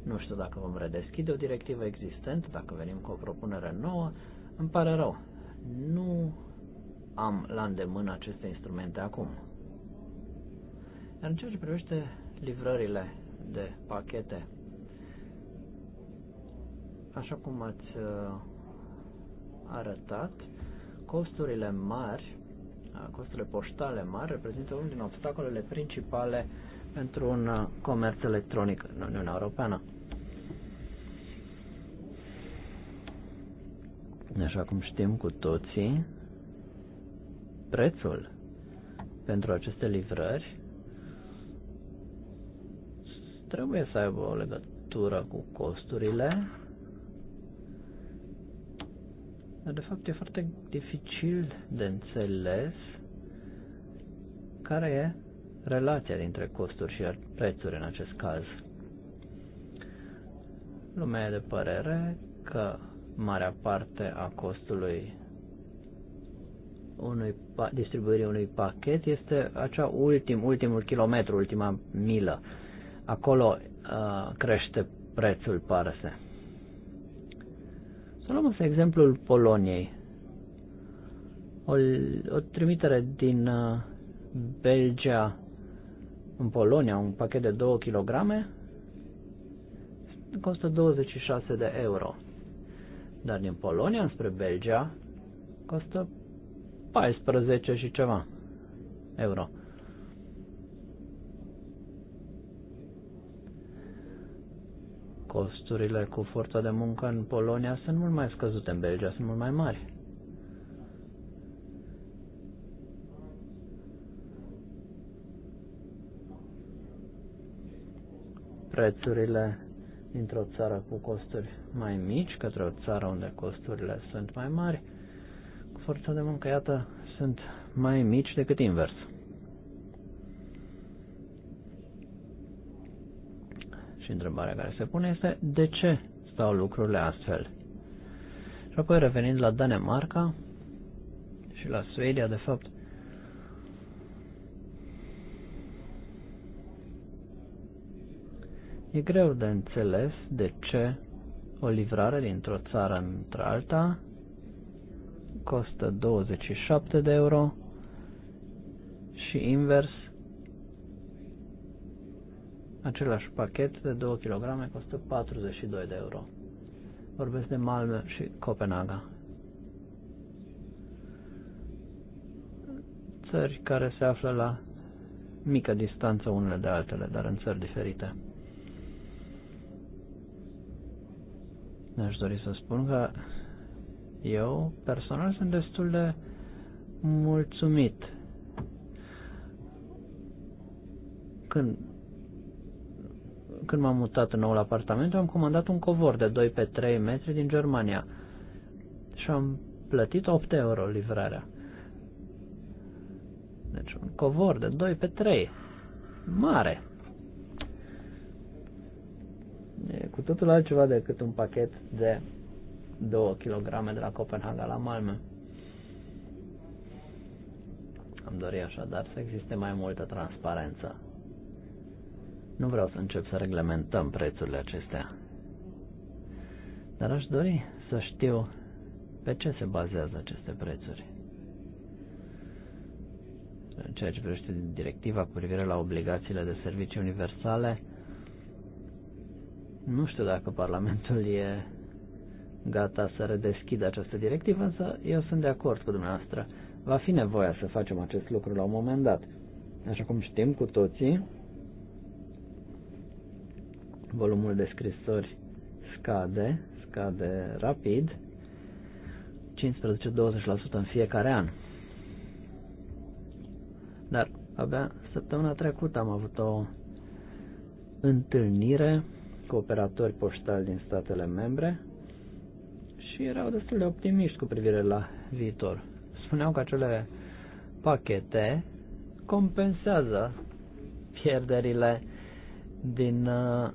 Nu știu dacă vom redeschide o directivă existentă, dacă venim cu o propunere nouă, îmi pare rău. Nu am la îndemână aceste instrumente acum. în ceea ce privește livrările de pachete, așa cum ați uh, arătat, costurile mari, uh, costurile poștale mari, reprezintă unul din obstacolele principale pentru un uh, comerț electronic în Uniunea Europeană. Așa cum știm cu toții, prețul pentru aceste livrări trebuie să aibă o legătură cu costurile, dar de fapt e foarte dificil de înțeles care e relația dintre costuri și prețuri în acest caz. Lumea e de părere că marea parte a costului unui, distribuirii unui pachet este acea ultim, ultimul kilometru, ultima milă. Acolo uh, crește prețul, pare să. Să luăm însă exemplul Poloniei. O, o trimitere din uh, Belgia în Polonia, un pachet de 2 kg, costă 26 de euro. Dar din Polonia spre Belgia costă 14 și ceva euro. Costurile cu forța de muncă în Polonia sunt mult mai scăzute, în Belgia sunt mult mai mari. Prețurile dintr-o țară cu costuri mai mici către o țară unde costurile sunt mai mari forța de muncă, iată, sunt mai mici decât invers. Și întrebarea care se pune este de ce stau lucrurile astfel? Și apoi revenind la Danemarca și la Suedia, de fapt, E greu de înțeles de ce o livrare dintr-o țară într-alta costă 27 de euro și invers același pachet de 2 kg costă 42 de euro. Vorbesc de Malmö și Copenhaga. Țări care se află la mică distanță unele de altele, dar în țări diferite. Aș dori să spun că eu, personal, sunt destul de mulțumit. Când, când m-am mutat în noul apartament, am comandat un covor de 2 pe 3 metri din Germania și am plătit 8 euro livrarea. Deci un covor de 2 pe 3. Mare. E cu totul altceva decât un pachet de 2 kg de la Copenhaga la Malmö. Am dorit așadar să existe mai multă transparență. Nu vreau să încep să reglementăm prețurile acestea, dar aș dori să știu pe ce se bazează aceste prețuri. În ceea ce privește directiva cu privire la obligațiile de servicii universale, nu știu dacă Parlamentul e gata să redeschid această directivă, însă eu sunt de acord cu dumneavoastră. Va fi nevoia să facem acest lucru la un moment dat. Așa cum știm cu toții, volumul de scrisori scade, scade rapid, 15-20% în fiecare an. Dar abia săptămâna trecută am avut o întâlnire cu operatori poștali din statele membre și erau destul de optimiști cu privire la viitor. Spuneau că acele pachete compensează pierderile din uh,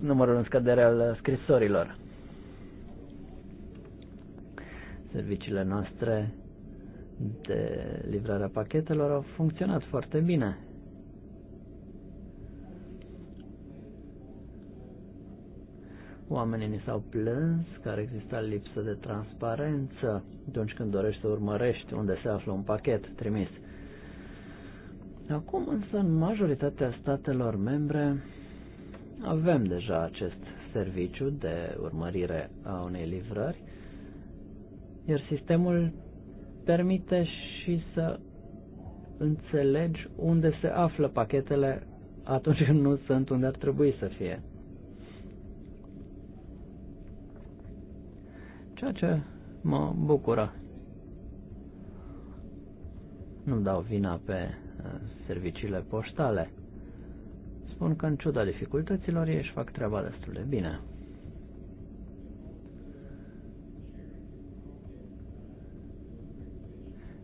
numărul în scădere al scrisorilor. Serviciile noastre de livrarea pachetelor au funcționat foarte bine Oamenii mi s-au plâns că ar exista lipsă de transparență atunci când dorești să urmărești unde se află un pachet trimis. Acum însă în majoritatea statelor membre avem deja acest serviciu de urmărire a unei livrări, iar sistemul permite și să înțelegi unde se află pachetele atunci când nu sunt unde ar trebui să fie. ceea ce mă bucură. Nu dau vina pe uh, serviciile poștale. Spun că în ciuda dificultăților ei își fac treaba destul de bine.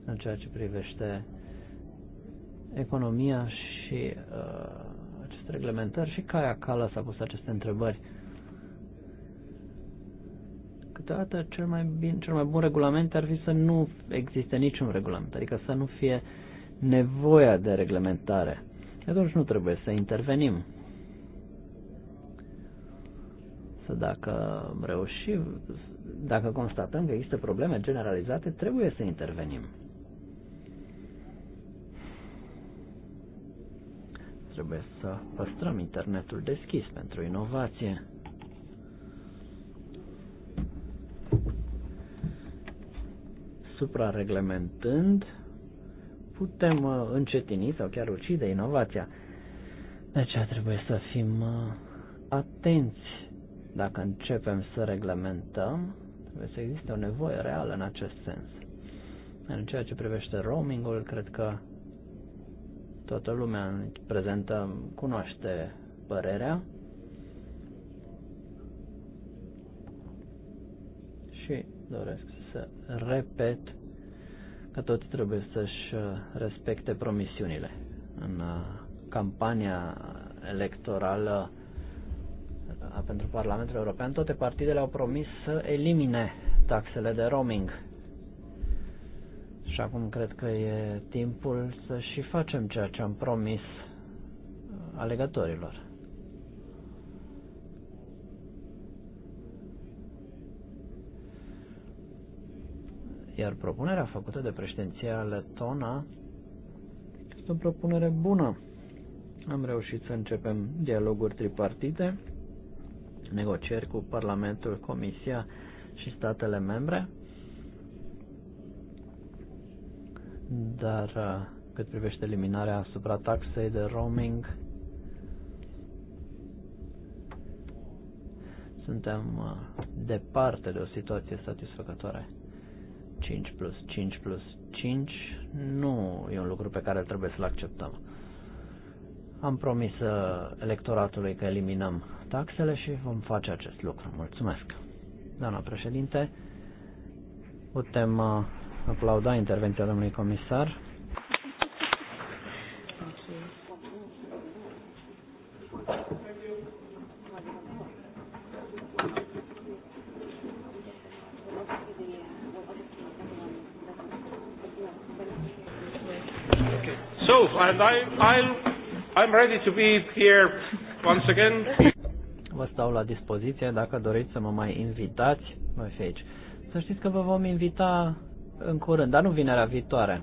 În ceea ce privește economia și uh, aceste reglementări și Caia Cala s-a pus aceste întrebări. Uh, dată, cel mai, bine, cel mai bun regulament ar fi să nu existe niciun regulament, adică să nu fie nevoia de reglementare. Atunci nu trebuie să intervenim. Să dacă reușim, dacă constatăm că există probleme generalizate, trebuie să intervenim. Trebuie să păstrăm internetul deschis pentru inovație. suprareglementând, putem uh, încetini sau chiar ucide inovația. De deci, aceea trebuie să fim uh, atenți dacă începem să reglementăm, trebuie să existe o nevoie reală în acest sens. În ceea ce privește roamingul, cred că toată lumea în prezentă cunoaște părerea și doresc să repet că toți trebuie să-și uh, respecte promisiunile. În uh, campania electorală uh, pentru Parlamentul European, toate partidele au promis să elimine taxele de roaming. Și acum cred că e timpul să și facem ceea ce am promis alegătorilor. Iar propunerea făcută de președinția letona este o propunere bună. Am reușit să începem dialoguri tripartite, negocieri cu Parlamentul, Comisia și statele membre, dar cât privește eliminarea asupra taxei de roaming, suntem uh, departe de o situație satisfăcătoare. 5 plus 5 plus 5 nu e un lucru pe care trebuie să-l acceptăm. Am promis uh, electoratului că eliminăm taxele și vom face acest lucru. Mulțumesc. Doamna președinte, putem uh, aplauda intervenția domnului comisar. and I, I'll, I'm ready to be here once again. Vă stau la dispoziție dacă doriți să mă mai invitați, voi fi aici. Să știți că vă vom invita în curând, dar nu vinerea viitoare.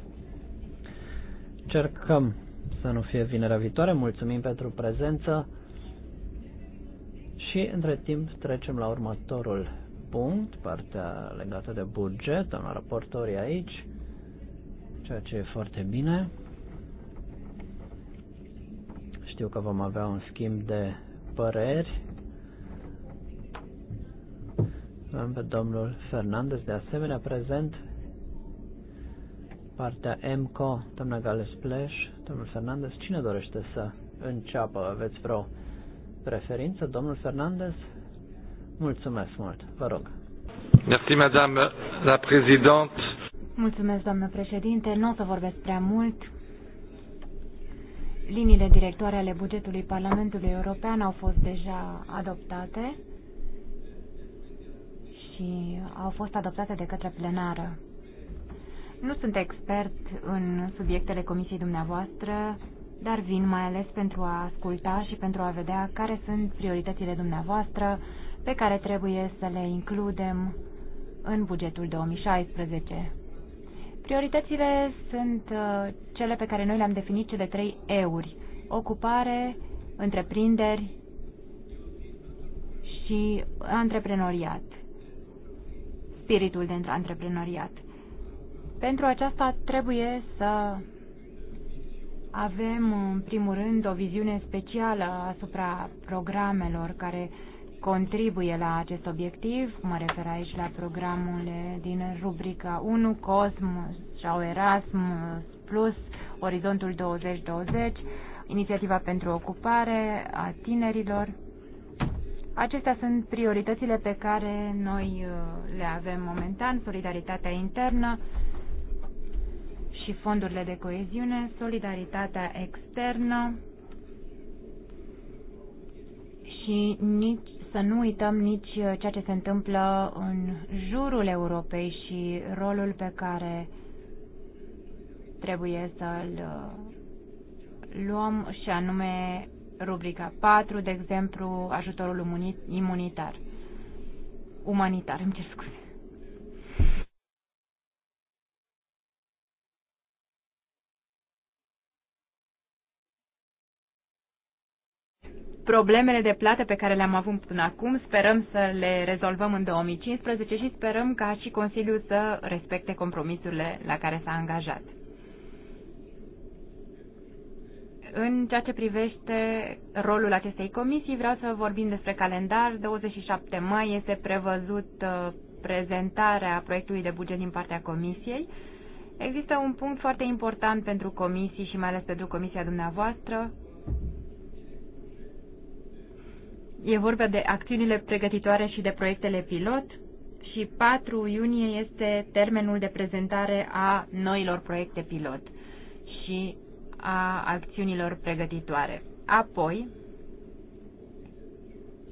Cercăm să nu fie vinerea viitoare, mulțumim pentru prezență și între timp trecem la următorul punct, partea legată de buget, am raportorii aici, ceea ce e foarte bine. Știu că vom avea un schimb de păreri. Avem pe domnul Fernandez de asemenea prezent. Partea MCO, doamna Gales Pleș, domnul Fernandez, cine dorește să înceapă? Aveți vreo preferință? Domnul Fernandez? Mulțumesc mult, vă rog. Merci, madame la Mulțumesc, doamnă președinte. Nu o să vorbesc prea mult liniile directoare ale bugetului Parlamentului European au fost deja adoptate și au fost adoptate de către plenară. Nu sunt expert în subiectele comisiei dumneavoastră, dar vin mai ales pentru a asculta și pentru a vedea care sunt prioritățile dumneavoastră pe care trebuie să le includem în bugetul 2016. Prioritățile sunt uh, cele pe care noi le-am definit, cele trei euri. Ocupare, întreprinderi și antreprenoriat. Spiritul de antreprenoriat. Pentru aceasta trebuie să avem, în primul rând, o viziune specială asupra programelor care uh, contribuie la acest obiectiv. Mă refer aici la programele din rubrica 1, COSM sau Erasmus+, Plus, Orizontul 2020, Inițiativa pentru Ocupare a Tinerilor. Acestea sunt prioritățile pe care noi uh, le avem momentan, solidaritatea internă și fondurile de coeziune, solidaritatea externă, și nici să nu uităm nici uh, ceea ce se întâmplă în jurul Europei și rolul pe care trebuie să-l uh, luăm și anume rubrica 4, de exemplu, ajutorul imunitar. Umanitar, îmi cer scuze. problemele de plată pe care le-am avut până acum. Sperăm să le rezolvăm în 2015 și sperăm ca și Consiliul să respecte compromisurile la care s-a angajat. În ceea ce privește rolul acestei comisii, vreau să vorbim despre calendar. 27 mai este prevăzut uh, prezentarea proiectului de buget din partea comisiei. Există un punct foarte important pentru comisii și mai ales pentru comisia dumneavoastră, E vorba de acțiunile pregătitoare și de proiectele pilot și 4 iunie este termenul de prezentare a noilor proiecte pilot și a acțiunilor pregătitoare. Apoi,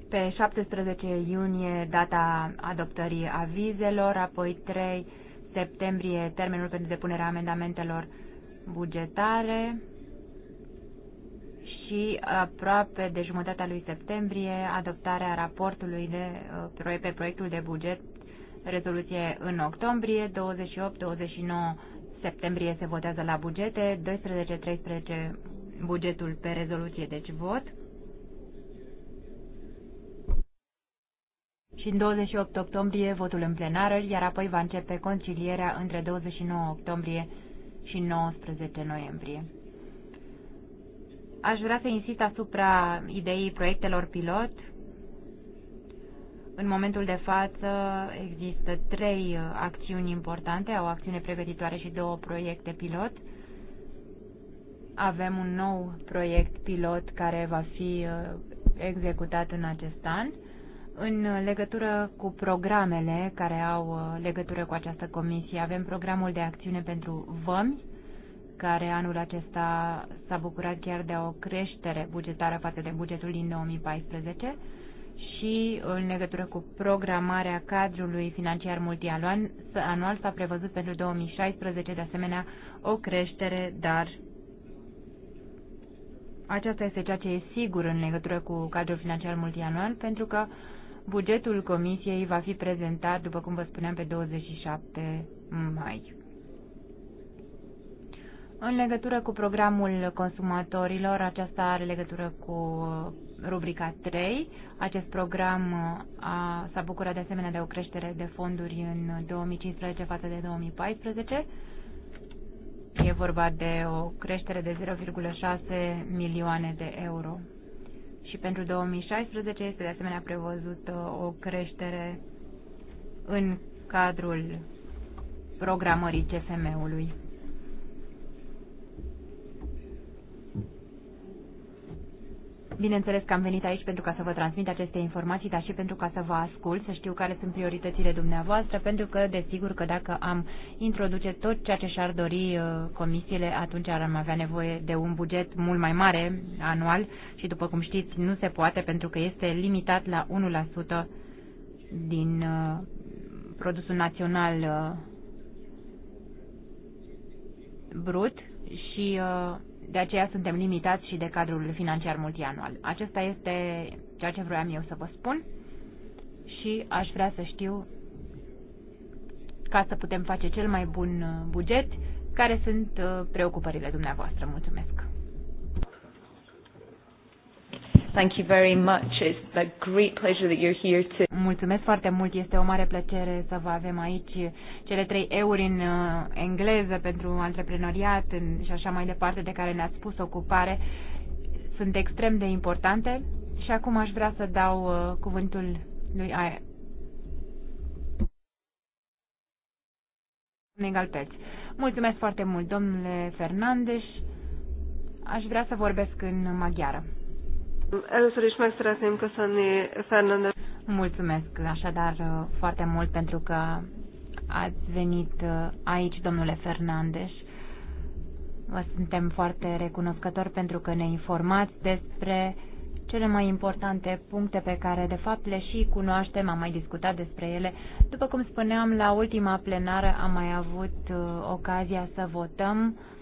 pe 17 iunie, data adoptării avizelor, apoi 3 septembrie, termenul pentru depunerea amendamentelor bugetare, și aproape de jumătatea lui septembrie adoptarea raportului de, uh, pe proiectul de buget, rezoluție în octombrie, 28-29 septembrie se votează la bugete, 12-13 bugetul pe rezoluție, deci vot. și în 28 octombrie votul în plenară, iar apoi va începe concilierea între 29 octombrie și 19 noiembrie. Aș vrea să insist asupra ideii proiectelor pilot. În momentul de față există trei uh, acțiuni importante, o acțiune pregătitoare și două proiecte pilot. Avem un nou proiect pilot care va fi uh, executat în acest an. În legătură cu programele care au uh, legătură cu această comisie, avem programul de acțiune pentru vămi, care anul acesta s-a bucurat chiar de o creștere bugetară față de bugetul din 2014 și în legătură cu programarea cadrului financiar multianual anual s-a prevăzut pentru 2016 de asemenea o creștere, dar aceasta este ceea ce e sigur în legătură cu cadrul financiar multianual pentru că bugetul comisiei va fi prezentat, după cum vă spuneam, pe 27 mai. În legătură cu programul consumatorilor, aceasta are legătură cu uh, rubrica 3. Acest program uh, a, s-a bucurat de asemenea de o creștere de fonduri în 2015 față de 2014. E vorba de o creștere de 0,6 milioane de euro. Și pentru 2016 este de asemenea prevăzută uh, o creștere în cadrul programării CFM-ului. Bineînțeles că am venit aici pentru ca să vă transmit aceste informații, dar și pentru ca să vă ascult, să știu care sunt prioritățile dumneavoastră, pentru că, desigur, că dacă am introduce tot ceea ce și-ar dori uh, comisiile, atunci ar avea nevoie de un buget mult mai mare anual și, după cum știți, nu se poate pentru că este limitat la 1% din uh, produsul național uh, brut și uh, de aceea suntem limitați și de cadrul financiar multianual. Acesta este ceea ce vroiam eu să vă spun și aș vrea să știu ca să putem face cel mai bun uh, buget, care sunt uh, preocupările dumneavoastră. Mulțumesc! Thank you very much. It's a great pleasure that you're here to... Mulțumesc foarte mult. Este o mare plăcere să vă avem aici cele trei euri în uh, engleză pentru antreprenoriat în, și așa mai departe de care ne-ați spus ocupare. Sunt extrem de importante și acum aș vrea să dau uh, cuvântul lui A. Galpeți. Mulțumesc foarte mult, domnule Fernandes. Aș vrea să vorbesc în maghiară. Először is meg szeretném köszönni Fernandez. Mulțumesc așadar uh, foarte mult pentru că ați venit uh, aici, domnule Fernandes. Vă suntem foarte recunoscători pentru că ne informați despre cele mai importante puncte pe care de fapt le și cunoaștem, am mai discutat despre ele. După cum spuneam, la ultima plenară am mai avut uh, ocazia să votăm uh,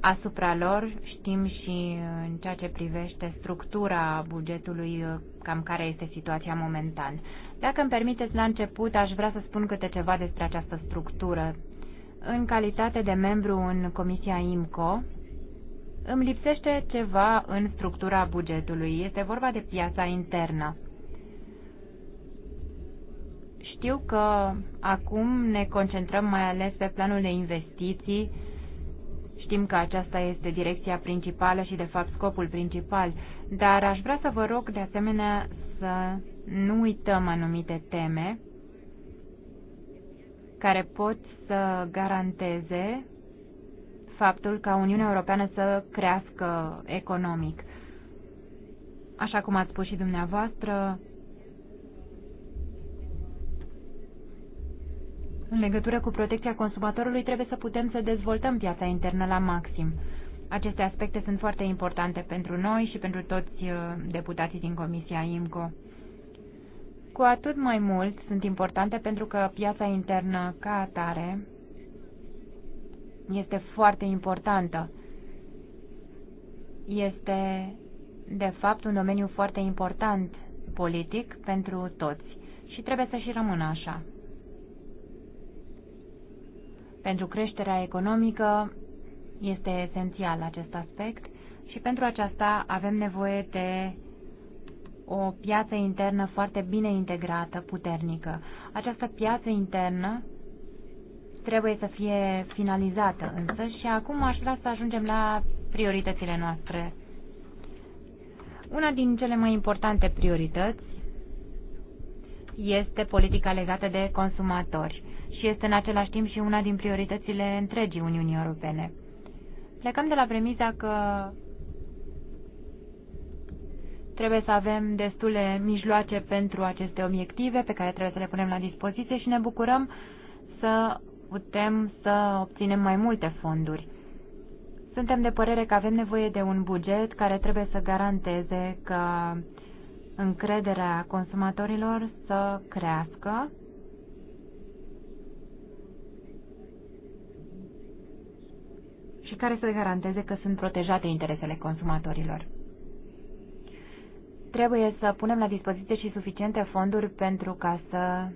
asupra lor. Știm și uh, în ceea ce privește structura bugetului, uh, cam care este situația momentan. Dacă îmi permiteți, la început aș vrea să spun câte ceva despre această structură. În calitate de membru în Comisia IMCO, îmi lipsește ceva în structura bugetului. Este vorba de piața internă. Știu că acum ne concentrăm mai ales pe planul de investiții, Știm că aceasta este direcția principală și, de fapt, scopul principal, dar aș vrea să vă rog, de asemenea, să nu uităm anumite teme care pot să garanteze faptul ca Uniunea Europeană să crească economic. Așa cum ați spus și dumneavoastră, În legătură cu protecția consumatorului trebuie să putem să dezvoltăm piața internă la maxim. Aceste aspecte sunt foarte importante pentru noi și pentru toți uh, deputații din Comisia IMCO. Cu atât mai mult sunt importante pentru că piața internă ca atare este foarte importantă. Este, de fapt, un domeniu foarte important politic pentru toți și trebuie să și rămână așa. Pentru creșterea economică este esențial acest aspect și pentru aceasta avem nevoie de o piață internă foarte bine integrată, puternică. Această piață internă trebuie să fie finalizată însă și acum aș vrea să ajungem la prioritățile noastre. Una din cele mai importante priorități este politica legată de consumatori și este în același timp și una din prioritățile întregii Uniunii Europene. Plecăm de la premisa că trebuie să avem destule mijloace pentru aceste obiective pe care trebuie să le punem la dispoziție și ne bucurăm să putem să obținem mai multe fonduri. Suntem de părere că avem nevoie de un buget care trebuie să garanteze că încrederea consumatorilor să crească și care să garanteze că sunt protejate interesele consumatorilor. Trebuie să punem la dispoziție și suficiente fonduri pentru ca să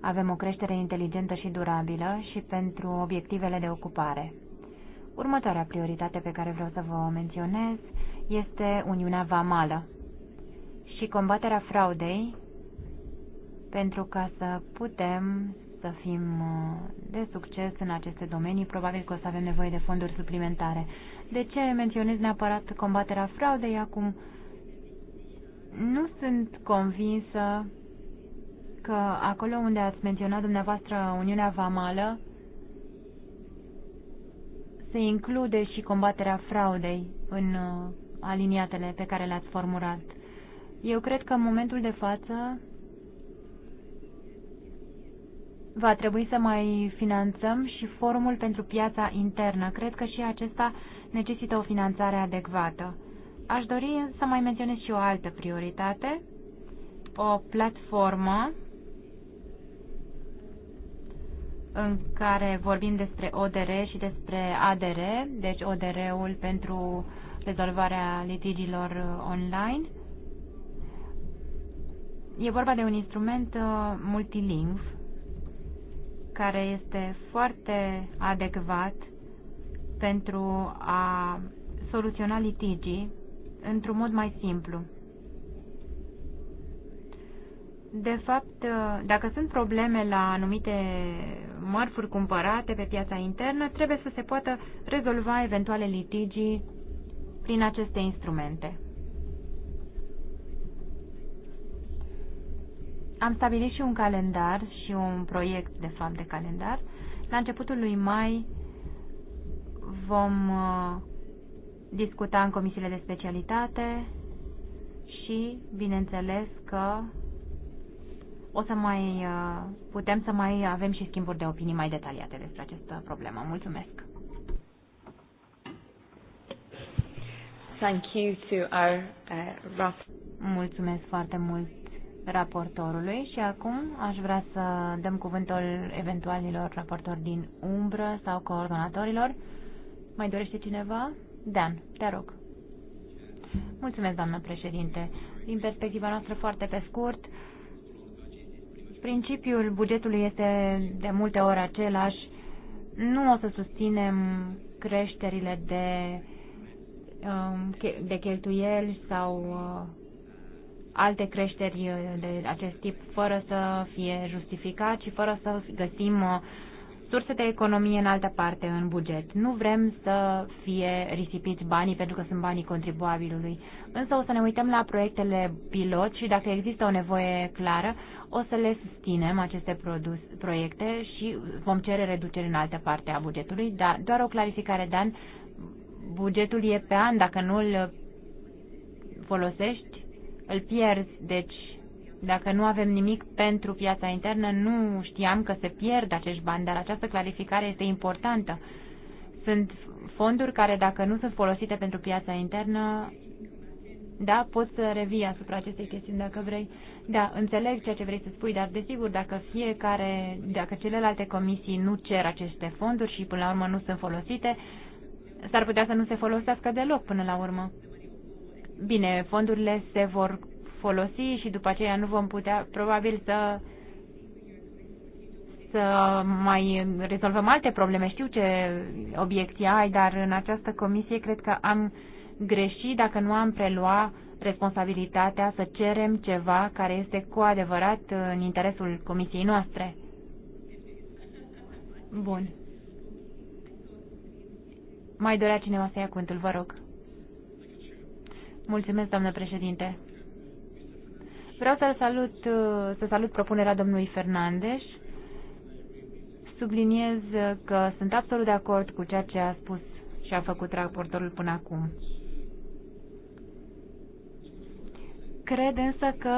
avem o creștere inteligentă și durabilă și pentru obiectivele de ocupare. Următoarea prioritate pe care vreau să vă o menționez este Uniunea Vamală și combaterea fraudei pentru ca să putem să fim uh, de succes în aceste domenii, probabil că o să avem nevoie de fonduri suplimentare. De ce menționez neapărat combaterea fraudei acum? Nu sunt convinsă că acolo unde ați menționat dumneavoastră Uniunea Vamală se include și combaterea fraudei în uh, aliniatele pe care le-ați formulat. Eu cred că în momentul de față va trebui să mai finanțăm și forumul pentru piața internă. Cred că și acesta necesită o finanțare adecvată. Aș dori să mai menționez și o altă prioritate, o platformă în care vorbim despre ODR și despre ADR, deci ODR-ul pentru rezolvarea litigilor online. E vorba de un instrument uh, multilingv care este foarte adecvat pentru a soluționa litigii într-un mod mai simplu. De fapt, dacă sunt probleme la anumite mărfuri cumpărate pe piața internă, trebuie să se poată rezolva eventuale litigii prin aceste instrumente. Am stabilit și un calendar și un proiect, de fapt, de calendar. La începutul lui mai vom uh, discuta în comisiile de specialitate și, bineînțeles, că o să mai uh, putem să mai avem și schimburi de opinii mai detaliate despre această problemă. Mulțumesc! Thank you to our, uh, Mulțumesc foarte mult raportorului și acum aș vrea să dăm cuvântul eventualilor raportori din umbră sau coordonatorilor. Mai dorește cineva? Dan, te rog. Mulțumesc, doamnă președinte. Din perspectiva noastră, foarte pe scurt, principiul bugetului este de multe ori același. Nu o să susținem creșterile de, um, de cheltuieli sau uh, alte creșteri uh, de acest tip fără să fie justificat și fără să găsim uh, surse de economie în altă parte în buget. Nu vrem să fie risipiți banii pentru că sunt banii contribuabilului. Însă o să ne uităm la proiectele pilot și dacă există o nevoie clară, o să le susținem aceste produs, proiecte și vom cere reduceri în altă parte a bugetului. Dar doar o clarificare, Dan, bugetul e pe an, dacă nu îl folosești, îl pierzi. Deci, dacă nu avem nimic pentru piața internă, nu știam că se pierd acești bani, dar această clarificare este importantă. Sunt fonduri care, dacă nu sunt folosite pentru piața internă, da, poți să revii asupra acestei chestiuni dacă vrei. Da, înțeleg ceea ce vrei să spui, dar desigur, dacă fiecare, dacă celelalte comisii nu cer aceste fonduri și până la urmă nu sunt folosite, s-ar putea să nu se folosească deloc până la urmă. Bine, fondurile se vor folosi și după aceea nu vom putea, probabil, să să mai rezolvăm alte probleme. Știu ce obiecții ai, dar în această comisie cred că am greșit dacă nu am preluat responsabilitatea să cerem ceva care este cu adevărat în interesul comisiei noastre. Bun. Mai dorea cineva să ia cuvântul, vă rog. Mulțumesc, doamnă președinte. Vreau să salut, să salut propunerea domnului Fernandes. Subliniez că sunt absolut de acord cu ceea ce a spus și a făcut raportorul până acum. Cred însă că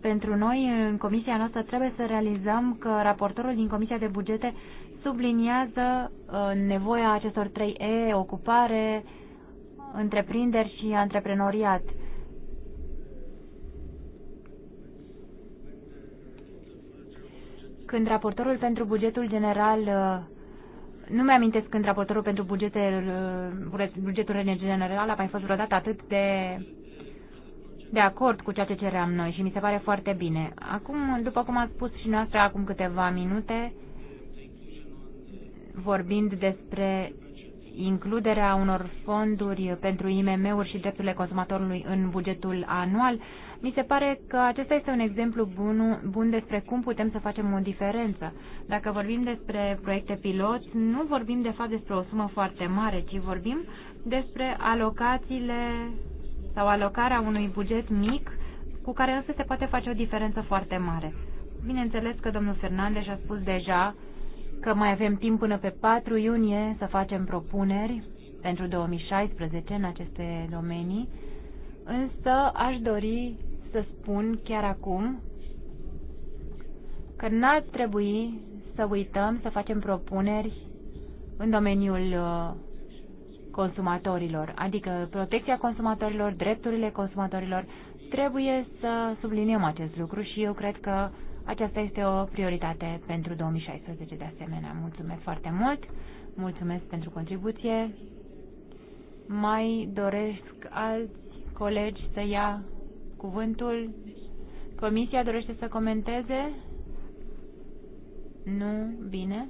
pentru noi, în comisia noastră, trebuie să realizăm că raportorul din Comisia de Bugete subliniază uh, nevoia acestor trei E, ocupare, întreprinderi și antreprenoriat. Când raportorul pentru bugetul general uh, nu mi-amintesc când raportorul pentru uh, bugetul bugetul general a mai fost vreodată atât de, de acord cu ceea ce ceream noi și mi se pare foarte bine. Acum, după cum a spus și noastră acum câteva minute, vorbind despre includerea unor fonduri pentru IMM-uri și drepturile consumatorului în bugetul anual, mi se pare că acesta este un exemplu bun, bun despre cum putem să facem o diferență. Dacă vorbim despre proiecte pilot, nu vorbim de fapt despre o sumă foarte mare, ci vorbim despre alocațiile sau alocarea unui buget mic cu care însă se poate face o diferență foarte mare. Bineînțeles că domnul Fernandez a spus deja că mai avem timp până pe 4 iunie să facem propuneri pentru 2016 în aceste domenii, însă aș dori să spun chiar acum că n-ar trebui să uităm să facem propuneri în domeniul uh, consumatorilor, adică protecția consumatorilor, drepturile consumatorilor. Trebuie să subliniem acest lucru și eu cred că aceasta este o prioritate pentru 2016 de asemenea. Mulțumesc foarte mult, mulțumesc pentru contribuție. Mai doresc alți colegi să ia cuvântul? Comisia dorește să comenteze? Nu? Bine.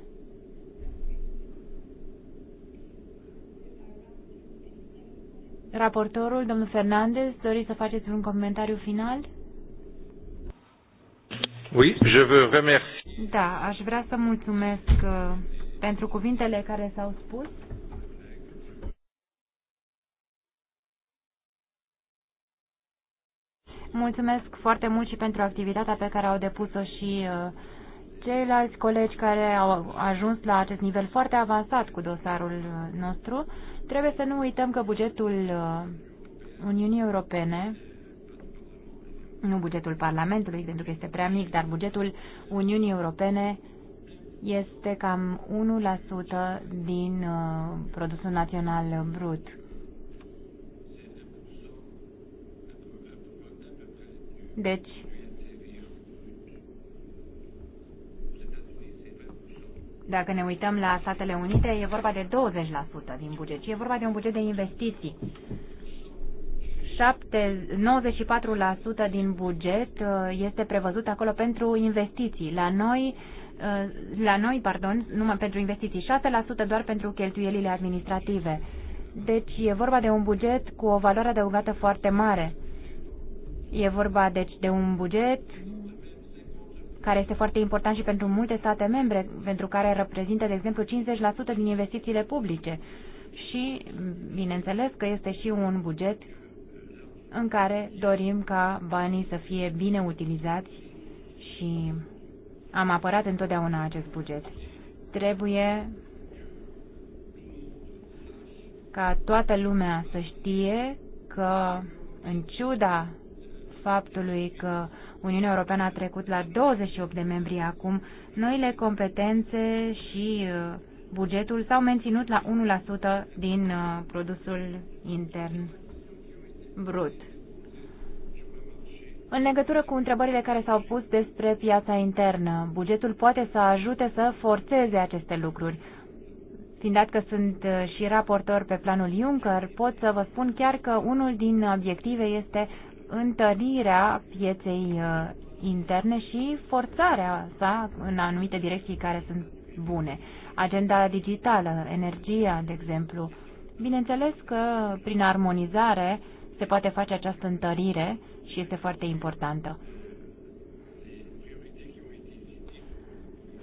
Raportorul, domnul Fernandez, doriți să faceți un comentariu final? Oui, je veux remercier. Da, aș vrea să mulțumesc uh, pentru cuvintele care s-au spus. Mulțumesc foarte mult și pentru activitatea pe care au depus-o și uh, ceilalți colegi care au ajuns la acest nivel foarte avansat cu dosarul uh, nostru. Trebuie să nu uităm că bugetul uh, Uniunii Europene nu bugetul Parlamentului, pentru că este prea mic, dar bugetul Uniunii Europene este cam 1% din uh, produsul național brut. Deci, dacă ne uităm la Statele Unite, e vorba de 20% din buget ci e vorba de un buget de investiții. 7, 94% din buget uh, este prevăzut acolo pentru investiții. La noi, uh, la noi, pardon, numai pentru investiții, 6% doar pentru cheltuielile administrative. Deci e vorba de un buget cu o valoare adăugată foarte mare. E vorba deci de un buget care este foarte important și pentru multe state membre, pentru care reprezintă, de exemplu, 50% din investițiile publice. Și, bineînțeles, că este și un buget în care dorim ca banii să fie bine utilizați și am apărat întotdeauna acest buget. Trebuie ca toată lumea să știe că, în ciuda faptului că Uniunea Europeană a trecut la 28 de membri acum, noile competențe și uh, bugetul s-au menținut la 1% din uh, produsul intern brut. În legătură cu întrebările care s-au pus despre piața internă, bugetul poate să ajute să forțeze aceste lucruri. Fiind dat că sunt uh, și raportor pe planul Juncker, pot să vă spun chiar că unul din obiective este întărirea pieței uh, interne și forțarea sa în anumite direcții care sunt bune. Agenda digitală, energia, de exemplu. Bineînțeles că prin armonizare se poate face această întărire și este foarte importantă.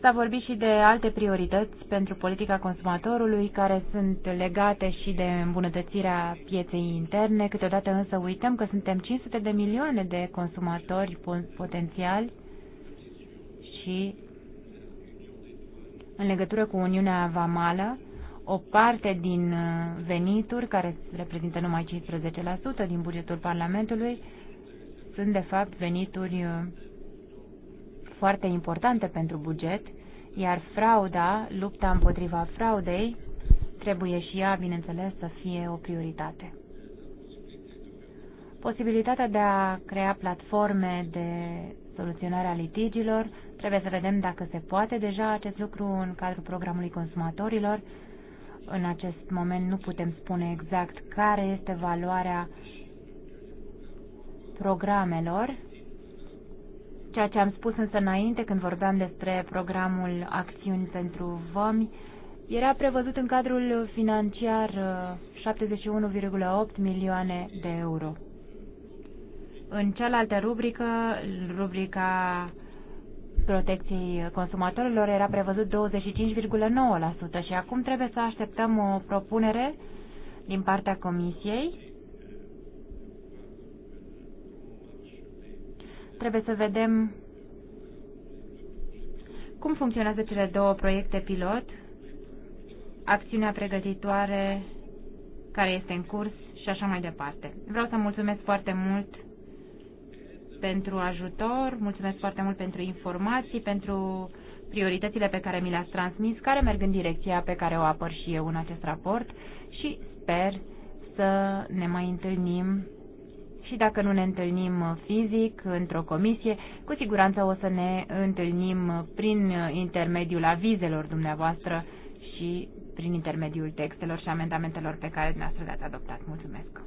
S-a vorbit și de alte priorități pentru politica consumatorului care sunt legate și de îmbunătățirea pieței interne. Câteodată însă uităm că suntem 500 de milioane de consumatori potențiali și în legătură cu Uniunea Vamală o parte din uh, venituri, care reprezintă numai 15% din bugetul Parlamentului, sunt de fapt venituri uh, foarte importante pentru buget, iar frauda, lupta împotriva fraudei, trebuie și ea, bineînțeles, să fie o prioritate. Posibilitatea de a crea platforme de soluționare a litigilor, trebuie să vedem dacă se poate deja acest lucru în cadrul programului consumatorilor, în acest moment nu putem spune exact care este valoarea programelor. Ceea ce am spus însă înainte când vorbeam despre programul Acțiuni pentru Vămi era prevăzut în cadrul financiar 71,8 uh, milioane de euro. În cealaltă rubrică, rubrica protecției consumatorilor era prevăzut 25,9% și acum trebuie să așteptăm o propunere din partea Comisiei. Trebuie să vedem cum funcționează cele două proiecte pilot, acțiunea pregătitoare care este în curs și așa mai departe. Vreau să mulțumesc foarte mult pentru ajutor, mulțumesc foarte mult pentru informații, pentru prioritățile pe care mi le-ați transmis, care merg în direcția pe care o apăr și eu în acest raport și sper să ne mai întâlnim și dacă nu ne întâlnim fizic într-o comisie, cu siguranță o să ne întâlnim prin intermediul avizelor dumneavoastră și prin intermediul textelor și amendamentelor pe care dumneavoastră le-ați adoptat. Mulțumesc!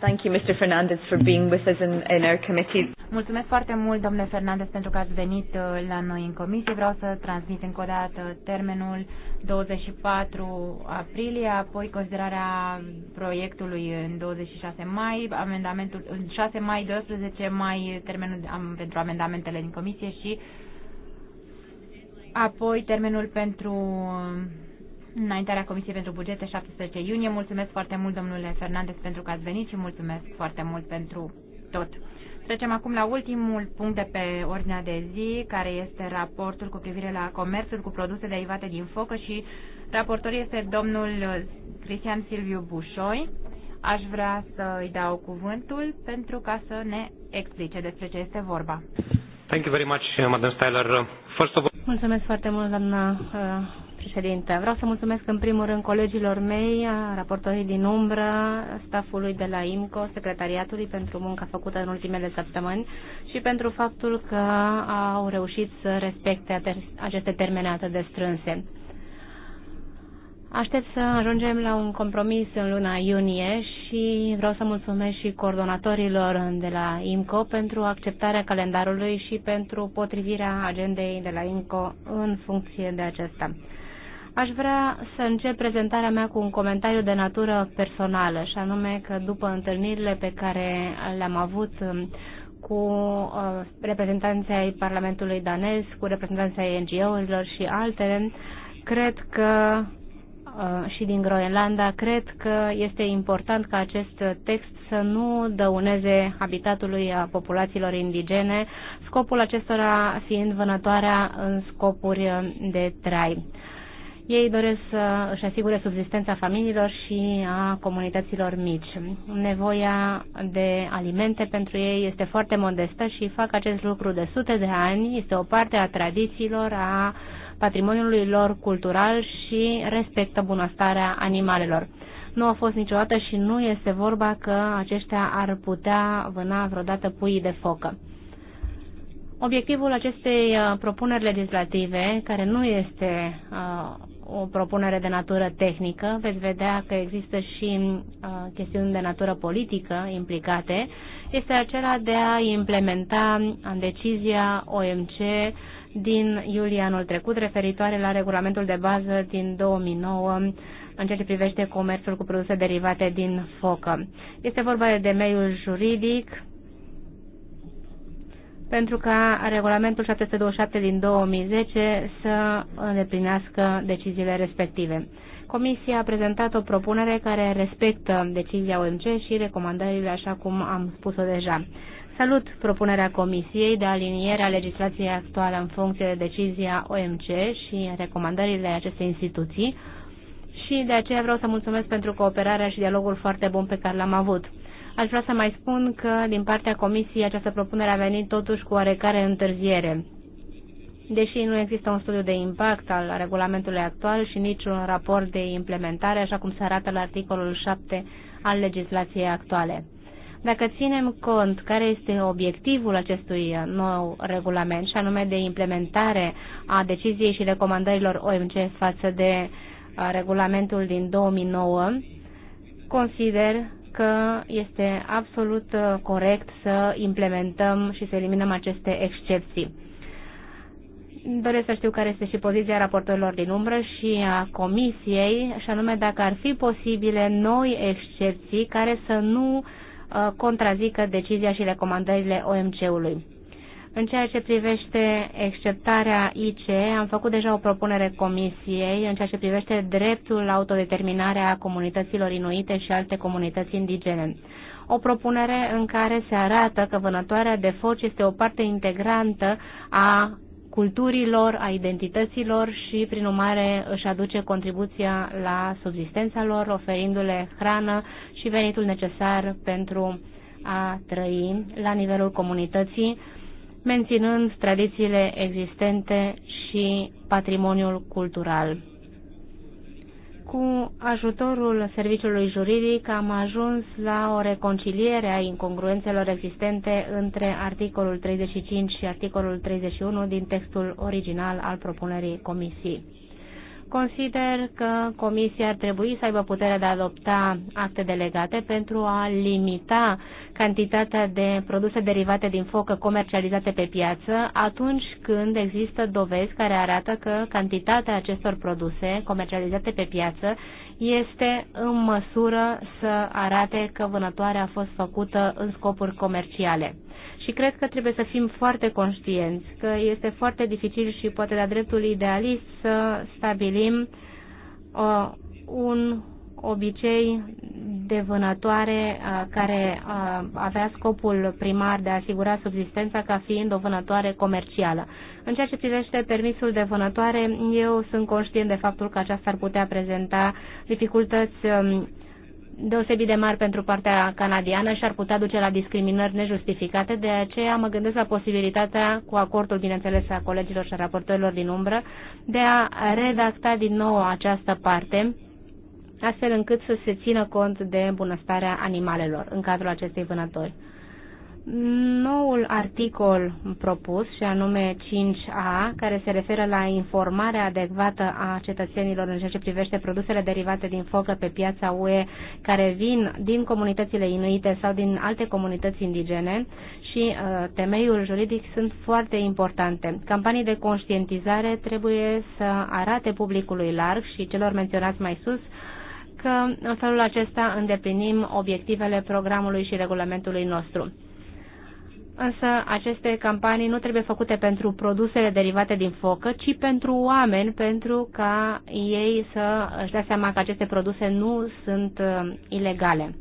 Thank you, Mr. Fernandez, for being with us in, in our committee. Mulțumesc foarte mult, domnule Fernandez, pentru că ați venit uh, la noi în comisie. Vreau să transmit încă o dată termenul 24 aprilie, apoi considerarea proiectului în 26 mai, amendamentul în 6 mai, 12 mai, termenul pentru amendamentele din comisie și apoi termenul pentru uh, înaintarea Comisiei pentru Bugete 17 iunie. Mulțumesc foarte mult, domnule Fernandez, pentru că ați venit și mulțumesc foarte mult pentru tot. Trecem acum la ultimul punct de pe ordinea de zi, care este raportul cu privire la comerțul cu produse derivate din focă și raportorul este domnul Cristian Silviu Bușoi. Aș vrea să îi dau cuvântul pentru ca să ne explice despre ce este vorba. Thank you very much, Madam Styler. First of all... Mulțumesc foarte mult, doamna uh, președinte. Vreau să mulțumesc în primul rând colegilor mei, raportorii din umbră, stafului de la IMCO, secretariatului pentru munca făcută în ultimele săptămâni și pentru faptul că au reușit să respecte aceste termene atât de strânse. Aștept să ajungem la un compromis în luna iunie și vreau să mulțumesc și coordonatorilor de la IMCO pentru acceptarea calendarului și pentru potrivirea agendei de la IMCO în funcție de acesta. Aș vrea să încep prezentarea mea cu un comentariu de natură personală, și anume că după întâlnirile pe care le-am avut um, cu uh, reprezentanții ai Parlamentului danez, cu reprezentanții ai NGO-urilor și altele, cred că uh, și din Groenlanda, cred că este important ca acest text să nu dăuneze habitatului a populațiilor indigene, scopul acestora fiind vânătoarea în scopuri de trai. Ei doresc să își asigure subsistența familiilor și a comunităților mici. Nevoia de alimente pentru ei este foarte modestă și fac acest lucru de sute de ani. Este o parte a tradițiilor, a patrimoniului lor cultural și respectă bunăstarea animalelor. Nu a fost niciodată și nu este vorba că aceștia ar putea vâna vreodată puii de focă. Obiectivul acestei uh, propuneri legislative, care nu este uh, o propunere de natură tehnică, veți vedea că există și uh, chestiuni de natură politică implicate, este acela de a implementa în decizia OMC din iulie anul trecut referitoare la regulamentul de bază din 2009 în ceea ce privește comerțul cu produse derivate din focă. Este vorba de mediul juridic, pentru ca regulamentul 727 din 2010 să îndeplinească deciziile respective. Comisia a prezentat o propunere care respectă decizia OMC și recomandările, așa cum am spus-o deja. Salut propunerea Comisiei de aliniere a legislației actuale în funcție de decizia OMC și recomandările acestei instituții și de aceea vreau să mulțumesc pentru cooperarea și dialogul foarte bun pe care l-am avut. Aș vrea să mai spun că din partea Comisiei această propunere a venit totuși cu oarecare întârziere. Deși nu există un studiu de impact al regulamentului actual și niciun raport de implementare, așa cum se arată la articolul 7 al legislației actuale. Dacă ținem cont care este obiectivul acestui nou regulament, și anume de implementare a deciziei și recomandărilor OMC față de regulamentul din 2009, consider că este absolut uh, corect să implementăm și să eliminăm aceste excepții. Doresc să știu care este și poziția raportorilor din umbră și a comisiei, și anume dacă ar fi posibile noi excepții care să nu uh, contrazică decizia și recomandările OMC-ului. În ceea ce privește exceptarea IC, am făcut deja o propunere comisiei în ceea ce privește dreptul la autodeterminare a comunităților inuite și alte comunități indigene. O propunere în care se arată că vânătoarea de foci este o parte integrantă a culturilor, a identităților și, prin urmare, își aduce contribuția la subsistența lor, oferindu-le hrană și venitul necesar pentru a trăi la nivelul comunității menținând tradițiile existente și patrimoniul cultural. Cu ajutorul serviciului juridic am ajuns la o reconciliere a incongruențelor existente între articolul 35 și articolul 31 din textul original al propunerii comisiei. Consider că Comisia ar trebui să aibă puterea de a adopta acte delegate pentru a limita cantitatea de produse derivate din foc comercializate pe piață atunci când există dovezi care arată că cantitatea acestor produse comercializate pe piață este în măsură să arate că vânătoarea a fost făcută în scopuri comerciale. Și cred că trebuie să fim foarte conștienți că este foarte dificil și poate de-a dreptul idealist să stabilim uh, un obicei de vânătoare uh, care uh, avea scopul primar de a asigura subsistența ca fiind o vânătoare comercială. În ceea ce privește permisul de vânătoare, eu sunt conștient de faptul că aceasta ar putea prezenta dificultăți um, deosebit de mari pentru partea canadiană și ar putea duce la discriminări nejustificate, de aceea mă gândesc la posibilitatea, cu acordul, bineînțeles, a colegilor și a raportorilor din umbră, de a redacta din nou această parte, astfel încât să se țină cont de bunăstarea animalelor în cadrul acestei vânători noul articol propus, și anume 5A, care se referă la informarea adecvată a cetățenilor în ceea ce privește produsele derivate din focă pe piața UE, care vin din comunitățile inuite sau din alte comunități indigene și uh, temeiul juridic sunt foarte importante. Campanii de conștientizare trebuie să arate publicului larg și celor menționați mai sus că în felul acesta îndeplinim obiectivele programului și regulamentului nostru. Însă aceste campanii nu trebuie făcute pentru produsele derivate din focă, ci pentru oameni, pentru ca ei să își dea seama că aceste produse nu sunt uh, ilegale.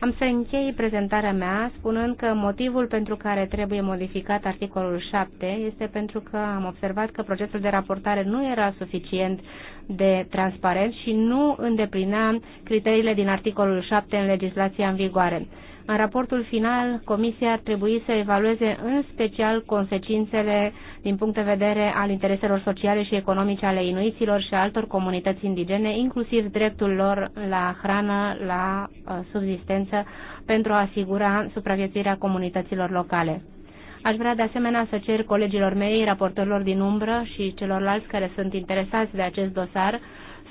Am să închei prezentarea mea spunând că motivul pentru care trebuie modificat articolul 7 este pentru că am observat că procesul de raportare nu era suficient de transparent și nu îndeplinea criteriile din articolul 7 în legislația în vigoare. În raportul final, Comisia ar trebui să evalueze în special consecințele din punct de vedere al intereselor sociale și economice ale inuiților și altor comunități indigene, inclusiv dreptul lor la hrană, la uh, subsistență, pentru a asigura supraviețuirea comunităților locale. Aș vrea de asemenea să cer colegilor mei, raportorilor din umbră și celorlalți care sunt interesați de acest dosar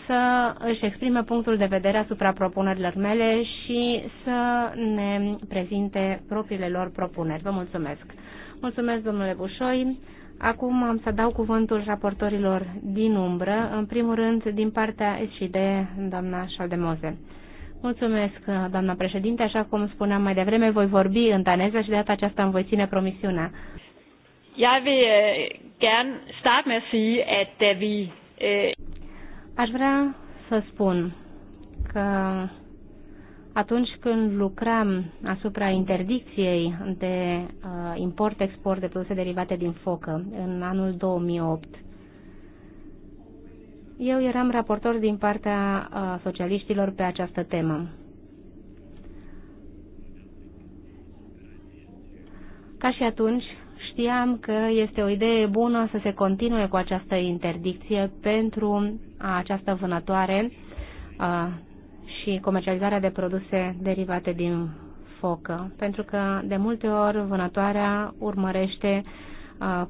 să își exprime punctul de vedere asupra propunerilor mele și să ne prezinte propriile lor propuneri. Vă mulțumesc! Mulțumesc, domnule Bușoi! Acum am să dau cuvântul raportorilor din umbră, în primul rând din partea SCD, doamna Șaldemoze. Mulțumesc, doamna președinte. Așa cum spuneam mai devreme, voi vorbi în taneză și de data aceasta îmi voi ține promisiunea. Jeg vil øh, gerne starte med at sige, at da vi... Eh, Aș vrea să spun că atunci când lucram asupra interdicției de uh, import-export de produse derivate din focă în anul 2008, eu eram raportor din partea uh, socialiștilor pe această temă. Ca și atunci, Știam că este o idee bună să se continue cu această interdicție pentru această vânătoare și comercializarea de produse derivate din focă, pentru că de multe ori vânătoarea urmărește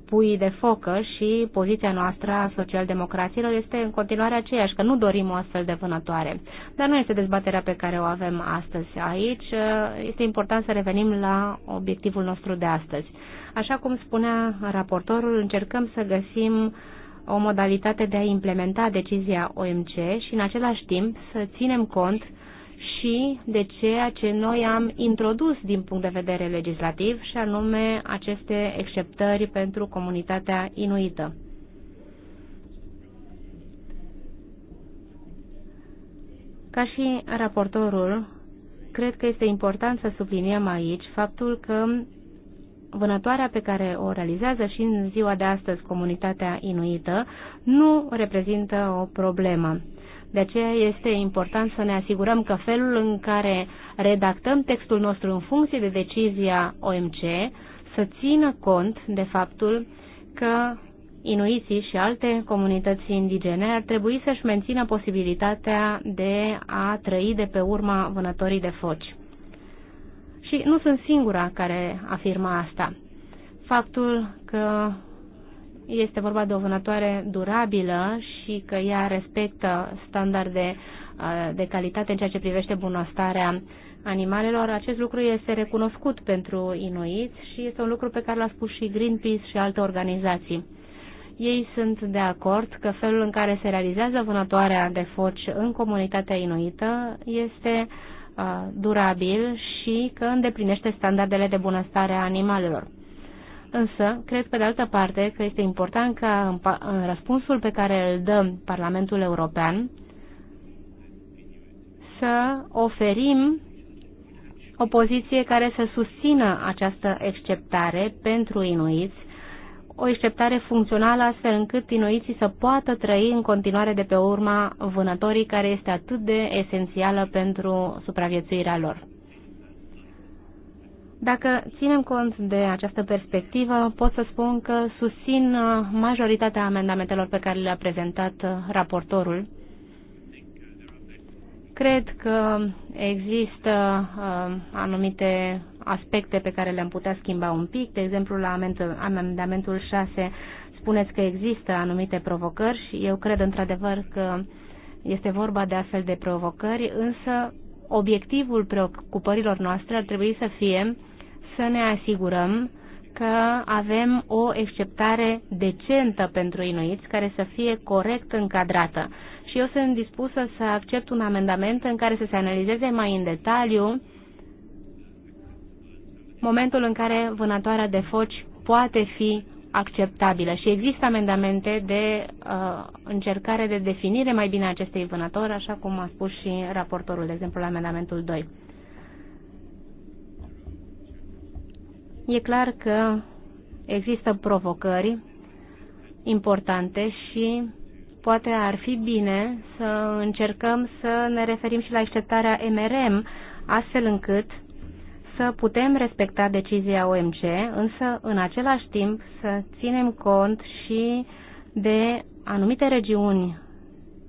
pui de focă și poziția noastră a socialdemocraților este în continuare aceeași, că nu dorim o astfel de vânătoare. Dar nu este dezbaterea pe care o avem astăzi aici. Este important să revenim la obiectivul nostru de astăzi. Așa cum spunea raportorul, încercăm să găsim o modalitate de a implementa decizia OMC și în același timp să ținem cont și de ceea ce noi am introdus din punct de vedere legislativ și anume aceste exceptări pentru comunitatea inuită. Ca și raportorul, cred că este important să subliniem aici faptul că vânătoarea pe care o realizează și în ziua de astăzi comunitatea inuită nu reprezintă o problemă. De aceea este important să ne asigurăm că felul în care redactăm textul nostru în funcție de decizia OMC să țină cont de faptul că inuiții și alte comunități indigene ar trebui să-și mențină posibilitatea de a trăi de pe urma vânătorii de foci. Și nu sunt singura care afirmă asta. Faptul că este vorba de o vânătoare durabilă și că ea respectă standarde uh, de calitate în ceea ce privește bunăstarea animalelor. Acest lucru este recunoscut pentru inuiți și este un lucru pe care l-a spus și Greenpeace și alte organizații. Ei sunt de acord că felul în care se realizează vânătoarea de foci în comunitatea inuită este uh, Uh, durabil și că îndeplinește standardele de bunăstare a animalelor. Însă, cred pe de altă parte că este important ca în răspunsul pe care îl dă Parlamentul European să oferim o poziție care să susțină această exceptare pentru inuiți o exceptare funcțională astfel încât inuiții să poată trăi în continuare de pe urma vânătorii care este atât de esențială pentru supraviețuirea lor. Dacă ținem cont de această perspectivă, pot să spun că susțin majoritatea amendamentelor pe care le-a prezentat raportorul Cred că există uh, anumite aspecte pe care le-am putea schimba un pic. De exemplu, la amendamentul 6 spuneți că există anumite provocări și eu cred într-adevăr că este vorba de astfel de provocări, însă obiectivul preocupărilor noastre ar trebui să fie să ne asigurăm că avem o exceptare decentă pentru inuiți care să fie corect încadrată și eu sunt dispusă să accept un amendament în care să se analizeze mai în detaliu momentul în care vânătoarea de foci poate fi acceptabilă și există amendamente de uh, încercare de definire mai bine a acestei vânători, așa cum a spus și raportorul, de exemplu, la amendamentul 2. E clar că există provocări importante și poate ar fi bine să încercăm să ne referim și la acceptarea MRM, astfel încât să putem respecta decizia OMC, însă în același timp să ținem cont și de anumite regiuni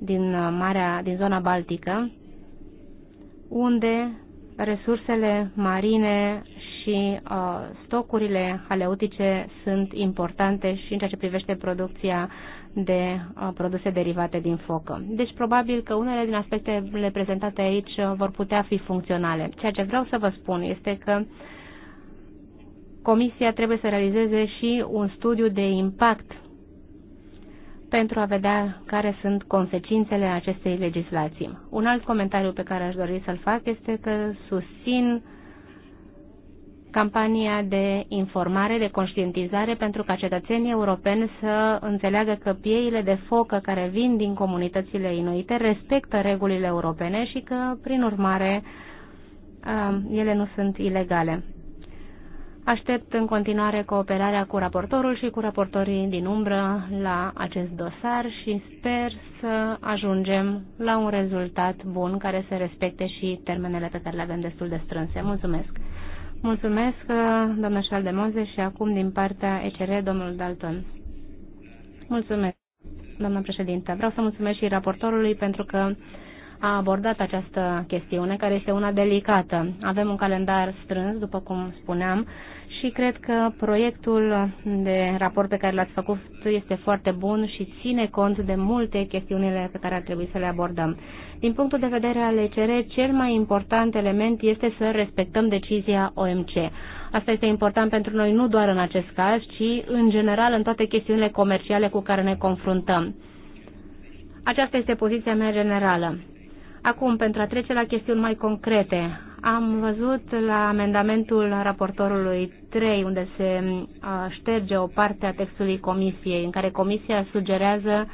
din Marea, din zona Baltică, unde resursele marine și uh, stocurile haleutice sunt importante și în ceea ce privește producția de uh, produse derivate din focă. Deci probabil că unele din aspectele prezentate aici uh, vor putea fi funcționale. Ceea ce vreau să vă spun este că Comisia trebuie să realizeze și un studiu de impact pentru a vedea care sunt consecințele acestei legislații. Un alt comentariu pe care aș dori să-l fac este că susțin campania de informare, de conștientizare, pentru ca cetățenii europeni să înțeleagă că pieile de focă care vin din comunitățile inuite respectă regulile europene și că, prin urmare, um, ele nu sunt ilegale. Aștept în continuare cooperarea cu raportorul și cu raportorii din umbră la acest dosar și sper să ajungem la un rezultat bun care să respecte și termenele pe care le avem destul de strânse. Mulțumesc! Mulțumesc, doamna Șaldemoze, și acum din partea ECR, domnul Dalton. Mulțumesc, doamna președintă. Vreau să mulțumesc și raportorului pentru că a abordat această chestiune, care este una delicată. Avem un calendar strâns, după cum spuneam, și cred că proiectul de raport pe care l-ați făcut este foarte bun și ține cont de multe chestiunile pe care ar trebui să le abordăm. Din punctul de vedere al ECR, cel mai important element este să respectăm decizia OMC. Asta este important pentru noi nu doar în acest caz, ci în general în toate chestiunile comerciale cu care ne confruntăm. Aceasta este poziția mea generală. Acum, pentru a trece la chestiuni mai concrete, am văzut la amendamentul raportorului 3, unde se uh, șterge o parte a textului comisiei, în care comisia sugerează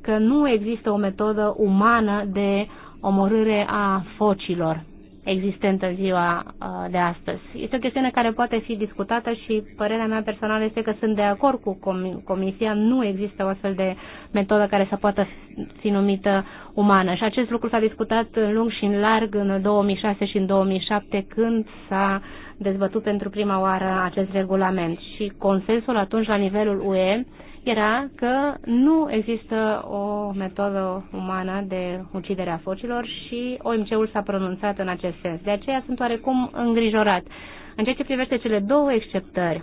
că nu există o metodă umană de omorâre a focilor existentă în ziua uh, de astăzi. Este o chestiune care poate fi discutată și părerea mea personală este că sunt de acord cu Comisia. Nu există o astfel de metodă care să poată fi numită umană. Și acest lucru s-a discutat în lung și în larg în 2006 și în 2007 când s-a dezbătut pentru prima oară acest regulament. Și consensul atunci la nivelul UE era că nu există o metodă umană de ucidere a focilor și OMC-ul s-a pronunțat în acest sens. De aceea sunt oarecum îngrijorat. În ceea ce privește cele două exceptări,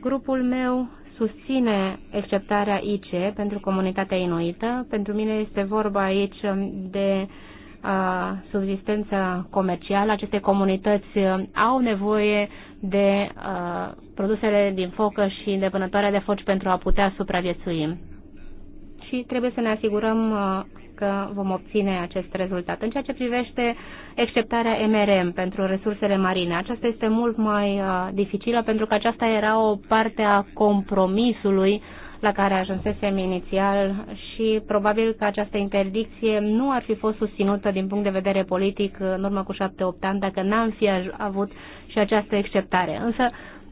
grupul meu susține exceptarea IC pentru comunitatea inuită. Pentru mine este vorba aici de uh, subsistență comercială. Aceste comunități uh, au nevoie de uh, produsele din focă și de vânătoarea de foci pentru a putea supraviețui. Și trebuie să ne asigurăm uh, că vom obține acest rezultat. În ceea ce privește exceptarea MRM pentru resursele marine, aceasta este mult mai uh, dificilă pentru că aceasta era o parte a compromisului uh, la care ajunsesem inițial și probabil că această interdicție nu ar fi fost susținută din punct de vedere politic în urmă cu 7-8 ani dacă n-am fi avut și această exceptare. Însă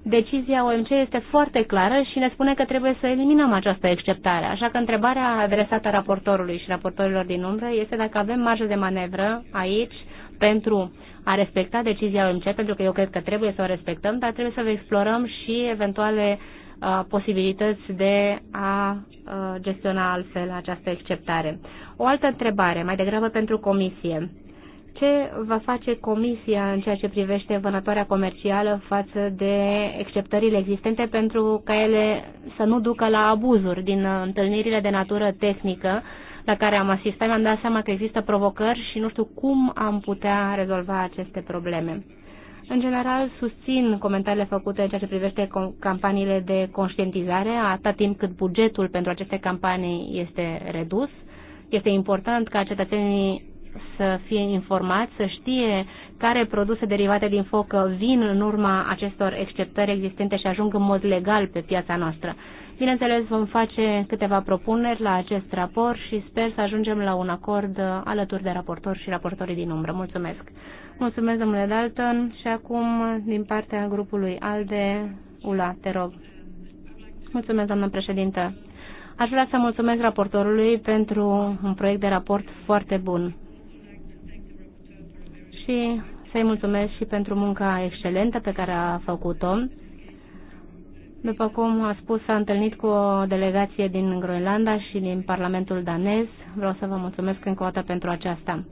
decizia OMC este foarte clară și ne spune că trebuie să eliminăm această exceptare. Așa că întrebarea adresată raportorului și raportorilor din umbră este dacă avem marjă de manevră aici pentru a respecta decizia OMC, pentru că eu cred că trebuie să o respectăm, dar trebuie să explorăm și eventuale uh, Uh, posibilități de a uh, gestiona altfel această acceptare. O altă întrebare, mai degrabă pentru comisie. Ce va face comisia în ceea ce privește vânătoarea comercială față de acceptările existente pentru ca ele să nu ducă la abuzuri din uh, întâlnirile de natură tehnică la care am asistat, mi-am dat seama că există provocări și nu știu cum am putea rezolva aceste probleme. În general, susțin comentariile făcute în ceea ce privește campaniile de conștientizare, atât timp cât bugetul pentru aceste campanii este redus. Este important ca cetățenii să fie informați, să știe care produse derivate din foc vin în urma acestor exceptări existente și ajung în mod legal pe piața noastră. Bineînțeles, vom face câteva propuneri la acest raport și sper să ajungem la un acord alături de raportori și raportorii din umbră. Mulțumesc! Mulțumesc, domnule Dalton. Și acum, din partea grupului ALDE, Ula, te rog. Mulțumesc, doamnă președintă. Aș vrea să mulțumesc raportorului pentru un proiect de raport foarte bun. Și să-i mulțumesc și pentru munca excelentă pe care a făcut-o. După cum a spus, s-a întâlnit cu o delegație din Groenlanda și din Parlamentul danez. Vreau să vă mulțumesc încă o dată pentru aceasta.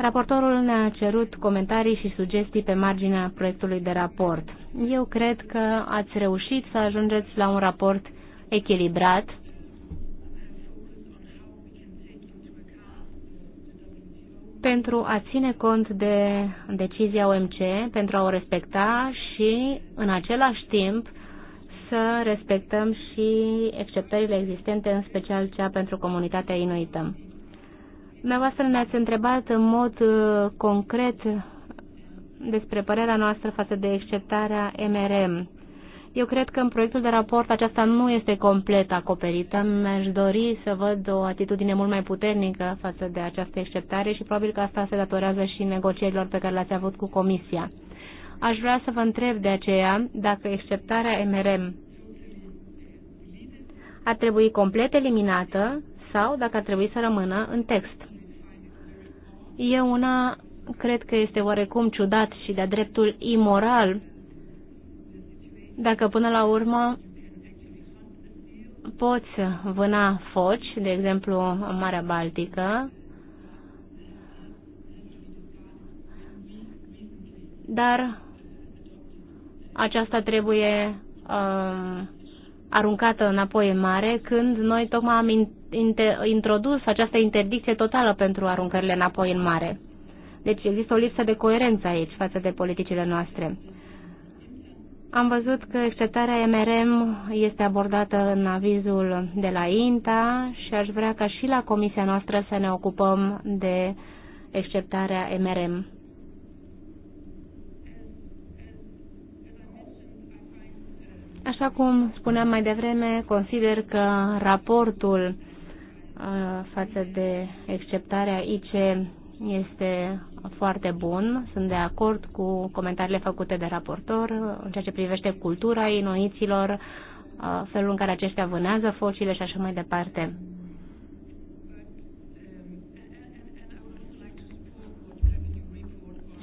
Raportorul ne-a cerut comentarii și sugestii pe marginea proiectului de raport. Eu cred că ați reușit să ajungeți la un raport echilibrat pentru a ține cont de decizia OMC, pentru a o respecta și, în același timp, să respectăm și exceptările existente, în special cea pentru comunitatea inuită. Dumneavoastră ne-ați întrebat în mod uh, concret despre părerea noastră față de acceptarea MRM. Eu cred că în proiectul de raport aceasta nu este complet acoperită. Mi-aș dori să văd o atitudine mult mai puternică față de această acceptare și probabil că asta se datorează și negocierilor pe care le-ați avut cu Comisia. Aș vrea să vă întreb de aceea dacă acceptarea MRM ar trebui complet eliminată sau dacă ar trebui să rămână în text e una cred că este oarecum ciudat și de-a dreptul imoral dacă până la urmă poți vâna foci, de exemplu în Marea Baltică, dar aceasta trebuie uh, aruncată înapoi în mare, când noi tocmai am introdus această interdicție totală pentru aruncările înapoi în mare. Deci există o lipsă de coerență aici față de politicile noastre. Am văzut că exceptarea MRM este abordată în avizul de la INTA și aș vrea ca și la comisia noastră să ne ocupăm de exceptarea MRM. Așa cum spuneam mai devreme, consider că raportul uh, față de acceptarea IC este foarte bun. Sunt de acord cu comentariile făcute de raportor uh, în ceea ce privește cultura inoiților, uh, felul în care aceștia vânează focile și așa mai departe.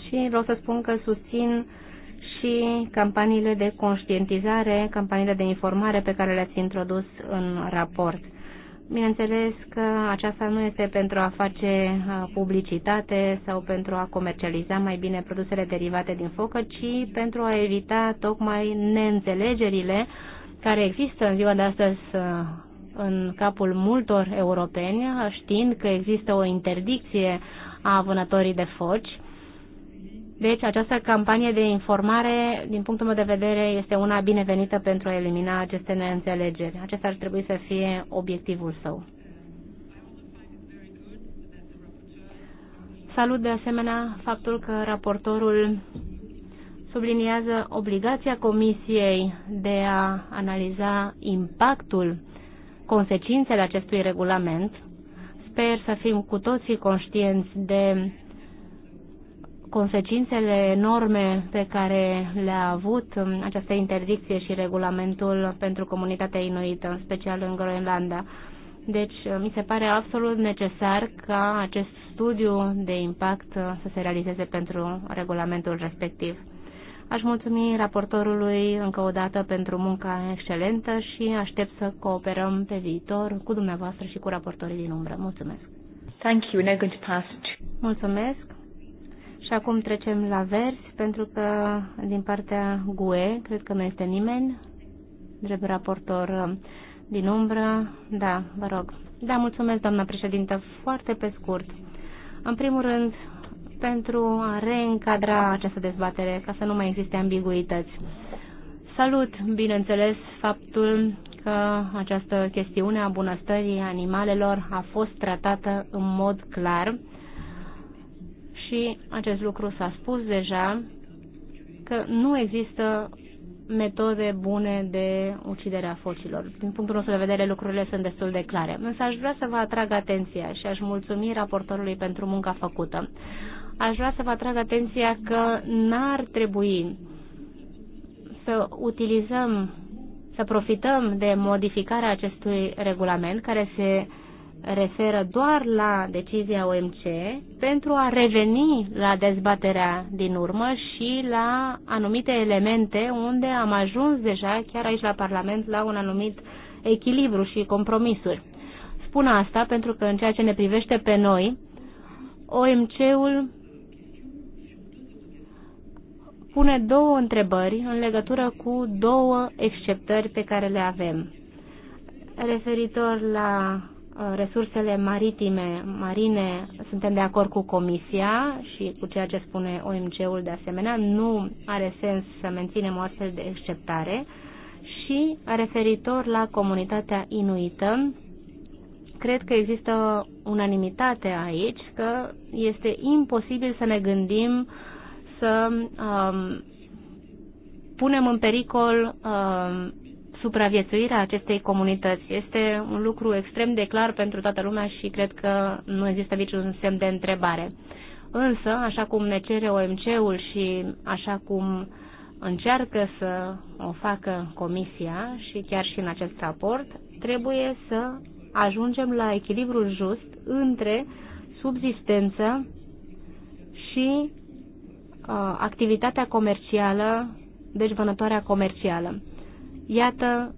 Și vreau să spun că susțin și campaniile de conștientizare, campaniile de informare pe care le-ați introdus în raport. Bineînțeles că aceasta nu este pentru a face uh, publicitate sau pentru a comercializa mai bine produsele derivate din focă, ci pentru a evita tocmai neînțelegerile care există în ziua de astăzi uh, în capul multor europeni, știind că există o interdicție a vânătorii de foci deci această campanie de informare, din punctul meu de vedere, este una binevenită pentru a elimina aceste neînțelegeri. Acesta ar trebui să fie obiectivul său. Salut de asemenea faptul că raportorul subliniază obligația Comisiei de a analiza impactul, consecințele acestui regulament. Sper să fim cu toții conștienți de consecințele enorme pe care le-a avut um, această interdicție și regulamentul pentru comunitatea inuită, în special în Groenlanda. Deci, uh, mi se pare absolut necesar ca acest studiu de impact uh, să se realizeze pentru regulamentul respectiv. Aș mulțumi raportorului încă o dată pentru munca excelentă și aștept să cooperăm pe viitor cu dumneavoastră și cu raportorii din umbră. Mulțumesc! Thank you. going to pass Mulțumesc! Și acum trecem la verzi, pentru că din partea GUE, cred că nu este nimeni, drept raportor uh, din umbră. Da, vă rog. Da, mulțumesc, doamna președintă, foarte pe scurt. În primul rând, pentru a reîncadra această dezbatere, ca să nu mai existe ambiguități. Salut, bineînțeles, faptul că această chestiune a bunăstării animalelor a fost tratată în mod clar și acest lucru s-a spus deja, că nu există metode bune de ucidere a focilor. Din punctul nostru de vedere, lucrurile sunt destul de clare. Însă aș vrea să vă atrag atenția și aș mulțumi raportorului pentru munca făcută. Aș vrea să vă atrag atenția că n-ar trebui să utilizăm, să profităm de modificarea acestui regulament care se referă doar la decizia OMC pentru a reveni la dezbaterea din urmă și la anumite elemente unde am ajuns deja chiar aici la Parlament la un anumit echilibru și compromisuri. Spun asta pentru că în ceea ce ne privește pe noi, OMC-ul pune două întrebări în legătură cu două exceptări pe care le avem referitor la Uh, resursele maritime, marine, suntem de acord cu Comisia și cu ceea ce spune OMG-ul de asemenea. Nu are sens să menținem o astfel de exceptare. Și referitor la comunitatea inuită, cred că există unanimitate aici că este imposibil să ne gândim să um, punem în pericol um, supraviețuirea acestei comunități. Este un lucru extrem de clar pentru toată lumea și cred că nu există niciun semn de întrebare. Însă, așa cum ne cere OMC-ul și așa cum încearcă să o facă Comisia și chiar și în acest raport, trebuie să ajungem la echilibrul just între subzistență și uh, activitatea comercială, deci vânătoarea comercială. Iată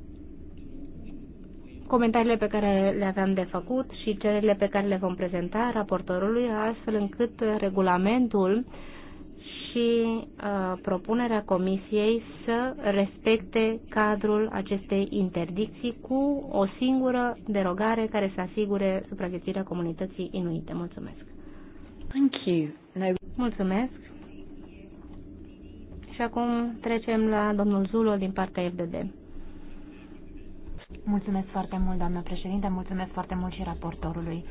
comentariile pe care le aveam de făcut și cererile pe care le vom prezenta raportorului, astfel încât regulamentul și uh, propunerea comisiei să respecte cadrul acestei interdicții cu o singură derogare care să asigure supraviețuirea comunității inuite. Mulțumesc! Thank you. Mulțumesc! Și acum trecem la domnul Zulo din partea FDD. Mulțumesc foarte mult, doamnă președinte, mulțumesc foarte mult și raportorului.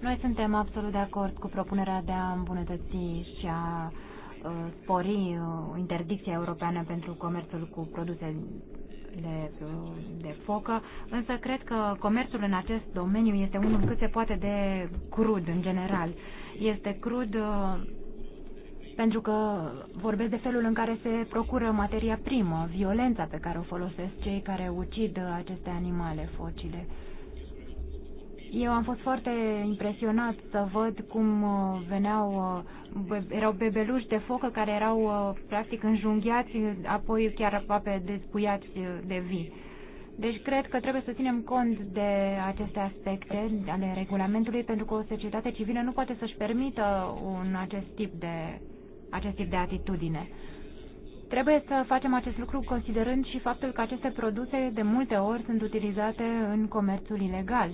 Noi suntem absolut de acord cu propunerea de a îmbunătăți și a uh, spori uh, interdicția europeană pentru comerțul cu produse de, uh, de focă, însă cred că comerțul în acest domeniu este unul cât se poate de crud în general. Este crud pentru că vorbesc de felul în care se procură materia primă, violența pe care o folosesc cei care ucid aceste animale focile. Eu am fost foarte impresionat să văd cum uh, veneau, uh, erau bebeluși de focă care erau uh, practic înjunghiați, apoi chiar aproape despuiați de vii. Deci cred că trebuie să ținem cont de aceste aspecte ale regulamentului pentru că o societate civilă nu poate să-și permită un acest tip de acest tip de atitudine. Trebuie să facem acest lucru considerând și faptul că aceste produse de multe ori sunt utilizate în comerțul ilegal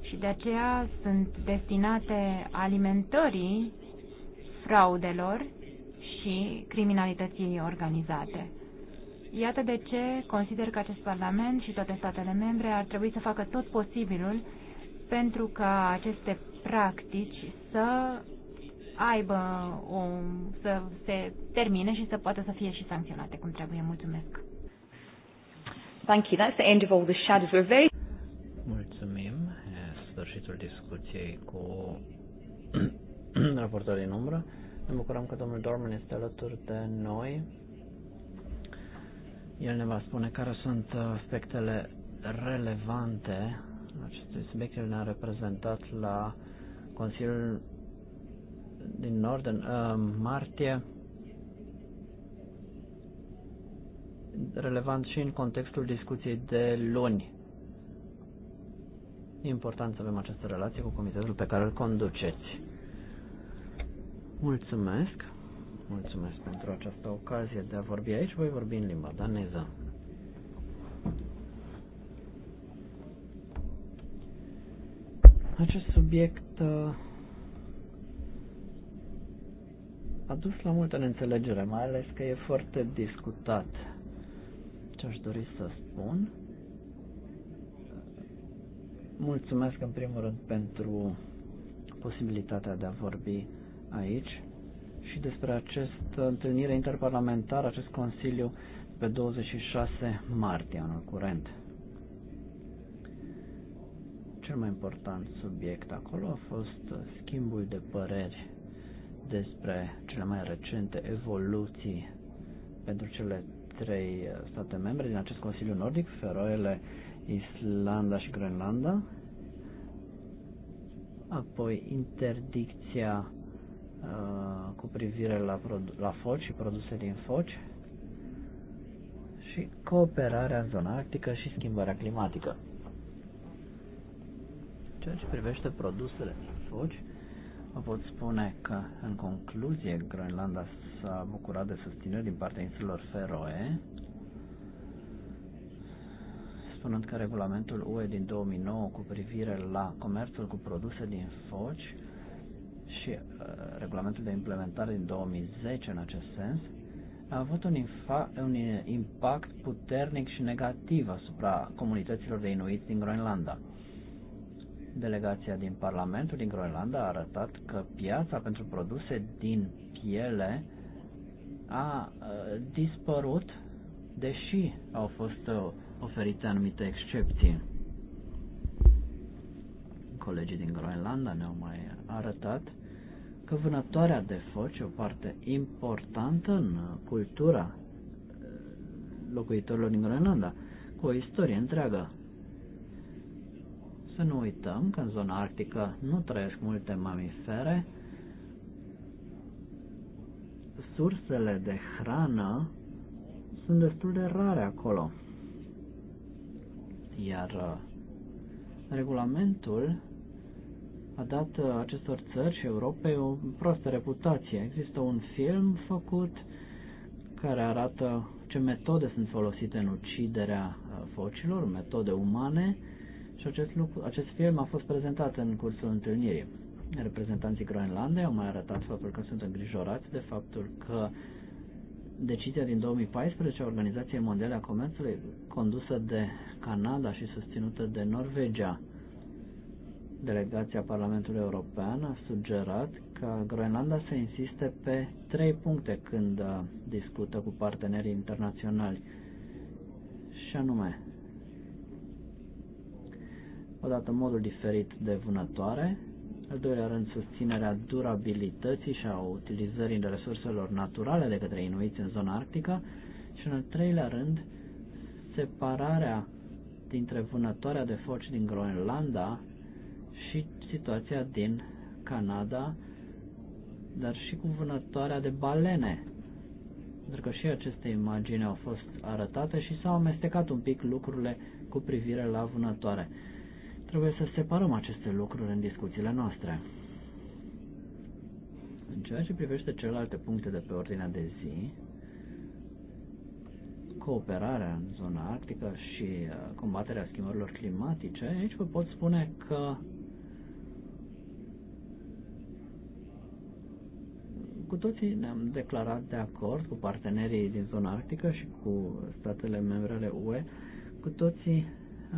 și de aceea sunt destinate alimentării fraudelor și criminalității organizate. Iată de ce consider că acest Parlament și toate statele membre ar trebui să facă tot posibilul pentru ca aceste practici să aibă o, să se termine și să poată să fie și sancționate cum trebuie. Mulțumesc. Thank you. That's the end of all the shadows. We're very Mulțumim. sfârșitul discuției cu raportorii în umbră. Ne bucurăm că domnul Dorman este alături de noi. El ne va spune care sunt aspectele relevante acestui subiect. El ne-a reprezentat la Consiliul din nord în uh, martie, relevant și în contextul discuției de luni. E important să avem această relație cu comitetul pe care îl conduceți. Mulțumesc! Mulțumesc pentru această ocazie de a vorbi aici. Voi vorbi în limba daneză. Acest subiect uh, a dus la multă neînțelegere, mai ales că e foarte discutat. Ce aș dori să spun? Mulțumesc în primul rând pentru posibilitatea de a vorbi aici și despre această întâlnire interparlamentară, acest Consiliu pe 26 martie anul curent. Cel mai important subiect acolo a fost schimbul de păreri despre cele mai recente evoluții pentru cele trei uh, state membre din acest Consiliu Nordic, Feroele, Islanda și Groenlanda, apoi interdicția uh, cu privire la, la foci și produse din foci și cooperarea în zona arctică și schimbarea climatică. Ceea ce privește produsele din foci, Vă pot spune că, în concluzie, Groenlanda s-a bucurat de susținere din partea insulelor Feroe, spunând că regulamentul UE din 2009 cu privire la comerțul cu produse din foci și uh, regulamentul de implementare din 2010 în acest sens a avut un, un impact puternic și negativ asupra comunităților de inuiți din Groenlanda. Delegația din Parlamentul din Groenlanda a arătat că piața pentru produse din piele a dispărut, deși au fost uh, oferite anumite excepții. Colegii din Groenlanda ne-au mai arătat că vânătoarea de foci, o parte importantă în cultura uh, locuitorilor din Groenlanda, cu o istorie întreagă să nu uităm că în zona arctică nu trăiesc multe mamifere. Sursele de hrană sunt destul de rare acolo. Iar uh, regulamentul a dat uh, acestor țări și Europei o proastă reputație. Există un film făcut care arată ce metode sunt folosite în uciderea uh, focilor, metode umane, și deci acest, lucru, acest film a fost prezentat în cursul întâlnirii. Reprezentanții Groenlandei au mai arătat faptul că sunt îngrijorați de faptul că decizia din 2014 a Organizației Mondiale a Comerțului, condusă de Canada și susținută de Norvegia, delegația Parlamentului European a sugerat că Groenlanda să insiste pe trei puncte când discută cu partenerii internaționali, și anume odată modul diferit de vânătoare, al doilea rând susținerea durabilității și a utilizării de resurselor naturale de către inuiți în zona arctică și în al treilea rând separarea dintre vânătoarea de foci din Groenlanda și situația din Canada, dar și cu vânătoarea de balene. Pentru că și aceste imagini au fost arătate și s-au amestecat un pic lucrurile cu privire la vânătoare. Trebuie să separăm aceste lucruri în discuțiile noastre. În ceea ce privește celelalte puncte de pe ordinea de zi, cooperarea în zona arctică și uh, combaterea schimbărilor climatice, aici vă pot spune că cu toții ne-am declarat de acord cu partenerii din zona arctică și cu statele membre ale UE, cu toții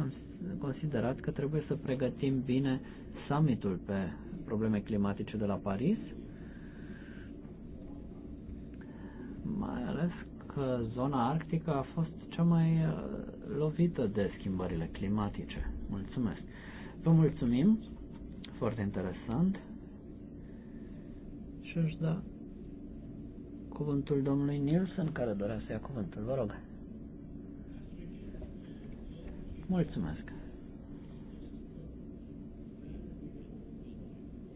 am considerați că trebuie să pregătim bine summitul pe probleme climatice de la Paris? Mai ales că zona arctică a fost cea mai uh, lovită de schimbările climatice. Mulțumesc! Vă mulțumim! Foarte interesant! Și aș da cuvântul domnului Nielsen, care dorea să ia cuvântul. Vă rog! Mulțumesc!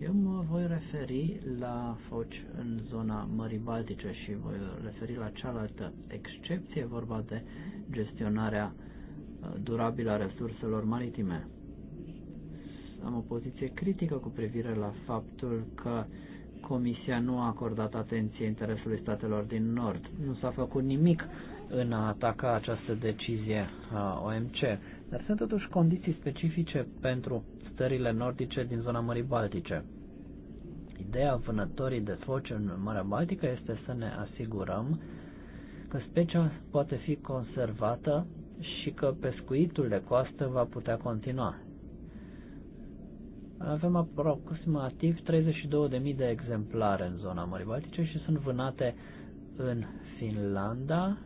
Eu mă voi referi la foci în zona Mării Baltice și voi referi la cealaltă excepție, vorba de gestionarea uh, durabilă a resurselor maritime. Am o poziție critică cu privire la faptul că Comisia nu a acordat atenție interesului statelor din Nord. Nu s-a făcut nimic în a ataca această decizie a OMC. Dar sunt totuși condiții specifice pentru stările nordice din zona Mării Baltice. Ideea vânătorii de foci în Marea Baltică este să ne asigurăm că specia poate fi conservată și că pescuitul de coastă va putea continua. Avem aproximativ 32.000 de exemplare în zona Mării Baltice și sunt vânate în Finlanda,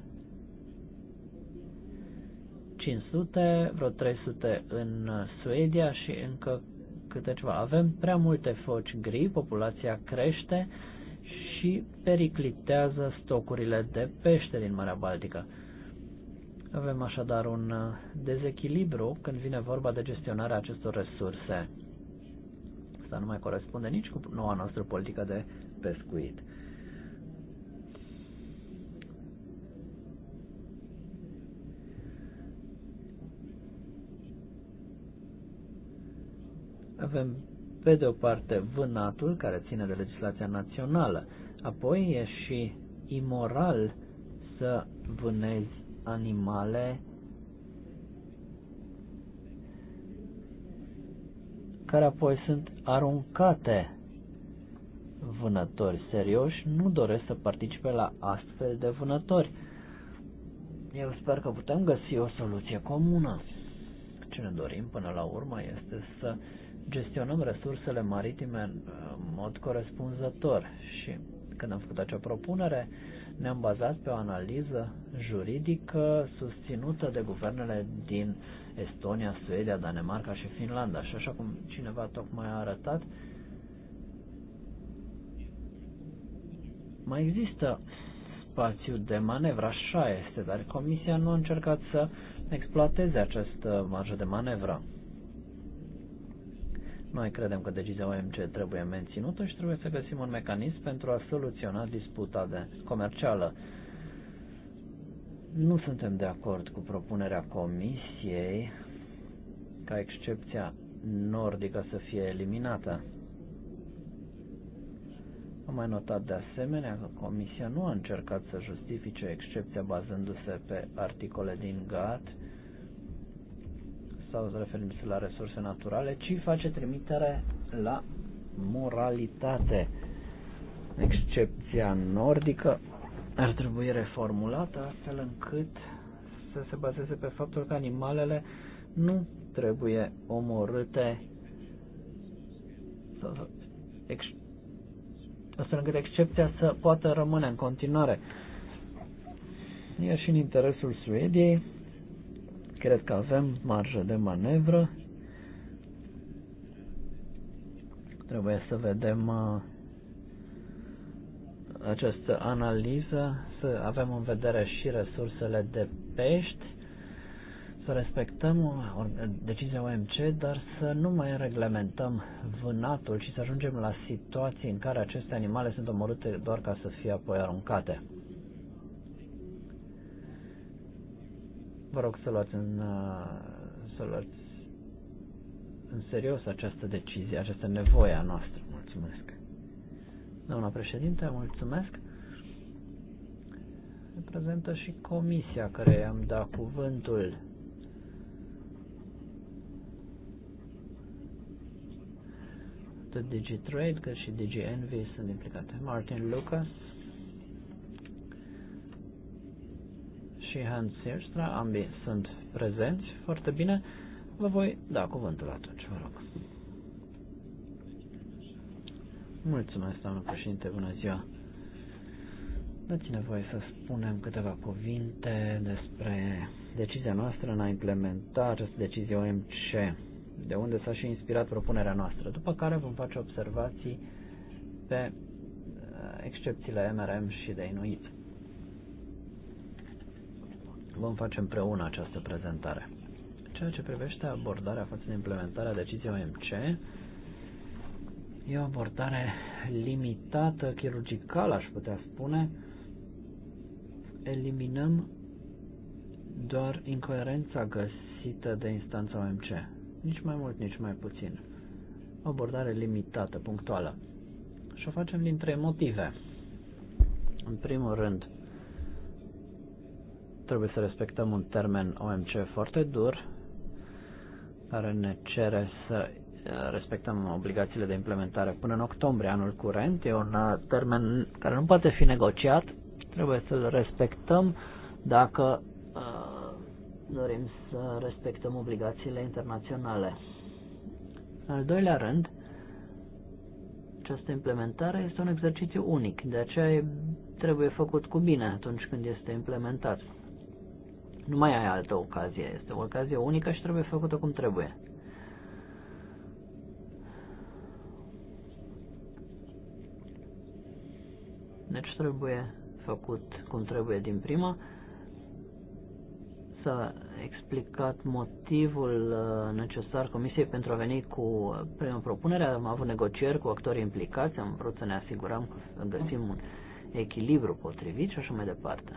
500, vreo 300 în Suedia și încă câte ceva. Avem prea multe foci gri, populația crește și periclitează stocurile de pește din Marea Baltică. Avem așadar un dezechilibru când vine vorba de gestionarea acestor resurse. Asta nu mai corespunde nici cu noua noastră politică de pescuit. Avem, pe de o parte, vânatul, care ține de legislația națională, apoi e și imoral să vânezi animale care apoi sunt aruncate. Vânători serioși nu doresc să participe la astfel de vânători. Eu sper că putem găsi o soluție comună. Ce ne dorim până la urmă este să gestionăm resursele maritime în uh, mod corespunzător și când am făcut acea propunere, ne-am bazat pe o analiză juridică susținută de guvernele din Estonia, Suedia, Danemarca și Finlanda. Și așa cum cineva tocmai a arătat, mai există spațiu de manevră, așa este, dar Comisia nu a încercat să exploateze această marjă de manevră. Noi credem că decizia OMC trebuie menținută și trebuie să găsim un mecanism pentru a soluționa disputa de comercială. Nu suntem de acord cu propunerea Comisiei ca excepția nordică să fie eliminată. Am mai notat de asemenea că Comisia nu a încercat să justifice excepția bazându-se pe articole din GATT sau referindu-se la resurse naturale, ci face trimitere la moralitate. Excepția nordică ar trebui reformulată astfel încât să se bazeze pe faptul că animalele nu trebuie omorâte astfel încât excepția să poată rămâne în continuare. E și în interesul Suediei Cred că avem marjă de manevră. Trebuie să vedem uh, această analiză, să avem în vedere și resursele de pești, să respectăm uh, decizia OMC, dar să nu mai reglementăm vânatul și să ajungem la situații în care aceste animale sunt omorâte doar ca să fie apoi aruncate. Vă rog să luați în, uh, să luați în serios această decizie, această nevoie a noastră. Mulțumesc. Doamna președinte, mulțumesc. Reprezentă și comisia care i-am dat cuvântul. Atât DigiTrade cât și DigiEnvy sunt implicate. Martin Lucas, și Hans Sierstra, ambii sunt prezenți, foarte bine. Vă voi da cuvântul atunci, vă rog. Mulțumesc, doamnă președinte, bună ziua. Dați-ne voi să spunem câteva cuvinte despre decizia noastră în a implementa această decizie OMC, de unde s-a și inspirat propunerea noastră, după care vom face observații pe uh, excepțiile MRM și de Inuit vom face împreună această prezentare. Ceea ce privește abordarea față de implementarea deciziei OMC, e o abordare limitată, chirurgicală, aș putea spune. Eliminăm doar incoerența găsită de instanța OMC. Nici mai mult, nici mai puțin. O abordare limitată, punctuală. Și o facem din trei motive. În primul rând, trebuie să respectăm un termen OMC foarte dur, care ne cere să uh, respectăm obligațiile de implementare până în octombrie anul curent. E un uh, termen care nu poate fi negociat, trebuie să-l respectăm dacă uh, dorim să respectăm obligațiile internaționale. În al doilea rând, această implementare este un exercițiu unic, de aceea trebuie făcut cu bine atunci când este implementat. Nu mai ai altă ocazie, este o ocazie unică și trebuie făcută cum trebuie. Deci trebuie făcut cum trebuie din prima. S-a explicat motivul uh, necesar Comisiei pentru a veni cu prima uh, propunere. Am avut negocieri cu actorii implicați, am vrut să ne asigurăm că găsim un echilibru potrivit și așa mai departe.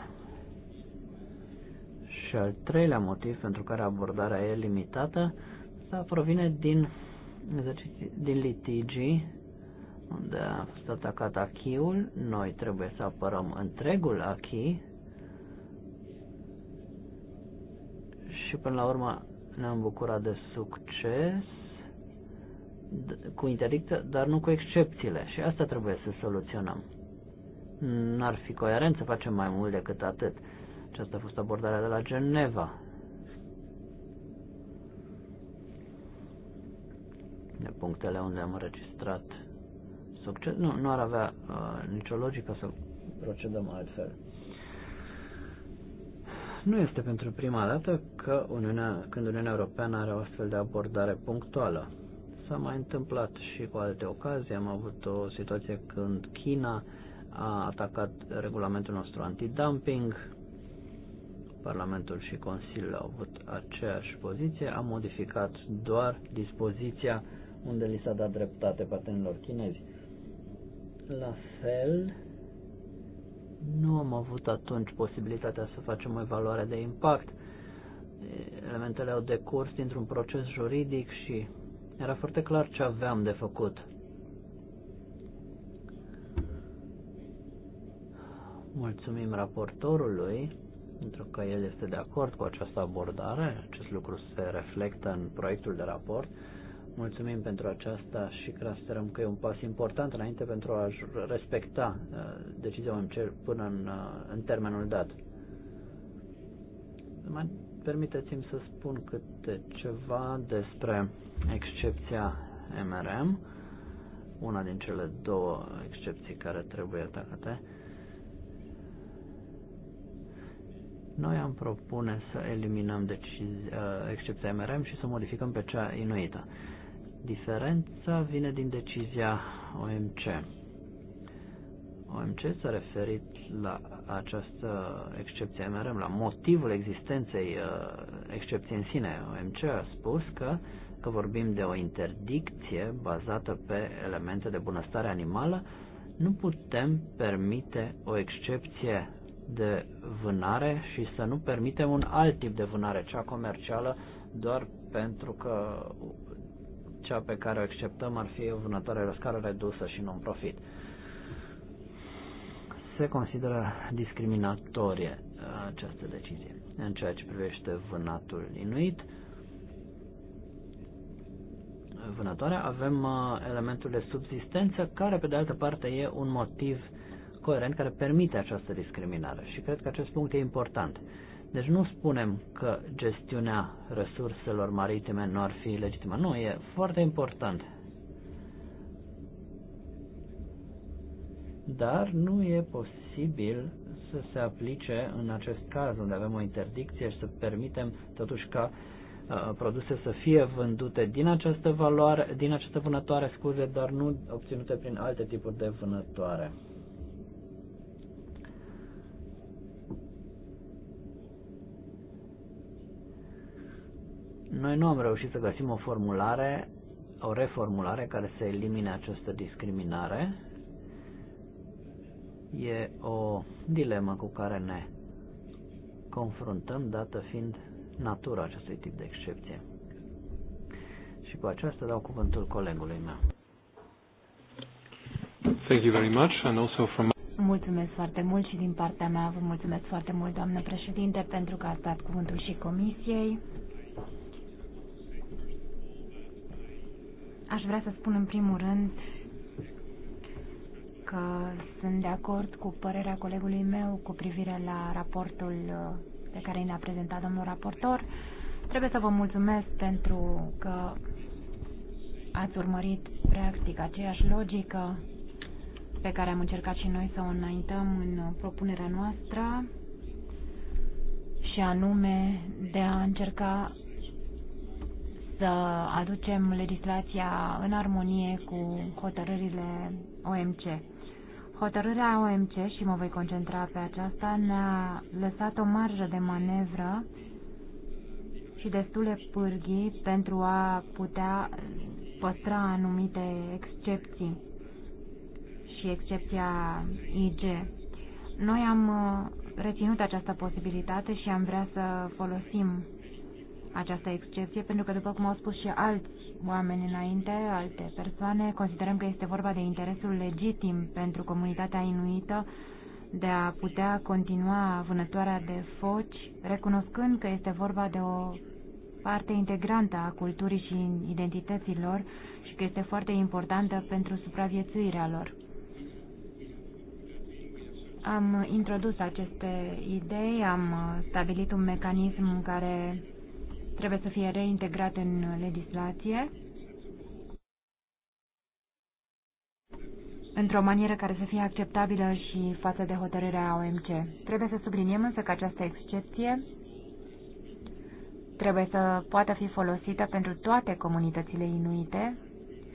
Și al treilea motiv pentru care abordarea e limitată să provine din, din litigii unde a fost atacat achiul, noi trebuie să apărăm întregul achi și până la urmă ne-am bucurat de succes cu interdicție, dar nu cu excepțiile și asta trebuie să soluționăm. N-ar fi coerent să facem mai mult decât atât. Aceasta a fost abordarea de la Geneva. De punctele unde am înregistrat succes, nu, nu ar avea uh, nicio logică să procedăm altfel. Nu este pentru prima dată că Uniunea, când Uniunea Europeană are o astfel de abordare punctuală. S-a mai întâmplat și cu alte ocazii. Am avut o situație când China a atacat regulamentul nostru antidumping. Parlamentul și Consiliul au avut aceeași poziție, a modificat doar dispoziția unde li s-a dat dreptate patenilor chinezi. La fel, nu am avut atunci posibilitatea să facem o evaluare de impact. Elementele au decurs dintr-un proces juridic și era foarte clar ce aveam de făcut. Mulțumim raportorului pentru că el este de acord cu această abordare. Acest lucru se reflectă în proiectul de raport. Mulțumim pentru aceasta și sperăm că e un pas important înainte pentru a respecta uh, decizia OMC până în, uh, în termenul dat. Mai permiteți-mi să spun câte ceva despre excepția MRM, una din cele două excepții care trebuie atacate. Uh, Noi am propune să eliminăm deci, uh, excepția MRM și să modificăm pe cea inuită. Diferența vine din decizia OMC. OMC s-a referit la această excepție MRM, la motivul existenței uh, excepției în sine. OMC a spus că, că vorbim de o interdicție bazată pe elemente de bunăstare animală, nu putem permite o excepție de vânare și să nu permitem un alt tip de vânare, cea comercială, doar pentru că cea pe care o acceptăm ar fi o vânătoare la scară redusă și non-profit. Se consideră discriminatorie uh, această decizie în ceea ce privește vânatul inuit. Vânătoarea avem uh, elementul de subsistență care pe de altă parte e un motiv coerent care permite această discriminare și cred că acest punct e important. Deci nu spunem că gestiunea resurselor maritime nu ar fi legitimă. Nu, e foarte important. Dar nu e posibil să se aplice în acest caz unde avem o interdicție și să permitem totuși ca uh, produse să fie vândute din această valoare, din această vânătoare, scuze, dar nu obținute prin alte tipuri de vânătoare. Noi nu am reușit să găsim o formulare, o reformulare care să elimine această discriminare. E o dilemă cu care ne confruntăm, dată fiind natura acestui tip de excepție. Și cu aceasta dau cuvântul colegului meu. Thank you very much and also from Mulțumesc foarte mult și din partea mea vă mulțumesc foarte mult, doamnă președinte, pentru că ați dat cuvântul și comisiei. Aș vrea să spun în primul rând că sunt de acord cu părerea colegului meu cu privire la raportul uh, pe care l-a prezentat domnul raportor. Trebuie să vă mulțumesc pentru că ați urmărit practic aceeași logică pe care am încercat și noi să o înaintăm în propunerea noastră și anume de a încerca să aducem legislația în armonie cu hotărârile OMC. Hotărârea OMC, și mă voi concentra pe aceasta, ne-a lăsat o marjă de manevră și destule pârghii pentru a putea păstra anumite excepții și excepția IG. Noi am uh, reținut această posibilitate și am vrea să folosim această excepție, pentru că, după cum au spus și alți oameni înainte, alte persoane, considerăm că este vorba de interesul legitim pentru comunitatea inuită de a putea continua vânătoarea de foci, recunoscând că este vorba de o parte integrantă a culturii și identității lor și că este foarte importantă pentru supraviețuirea lor. Am introdus aceste idei, am stabilit un mecanism care trebuie să fie reintegrat în legislație într-o manieră care să fie acceptabilă și față de hotărârea OMC. Trebuie să subliniem însă că această excepție trebuie să poată fi folosită pentru toate comunitățile inuite,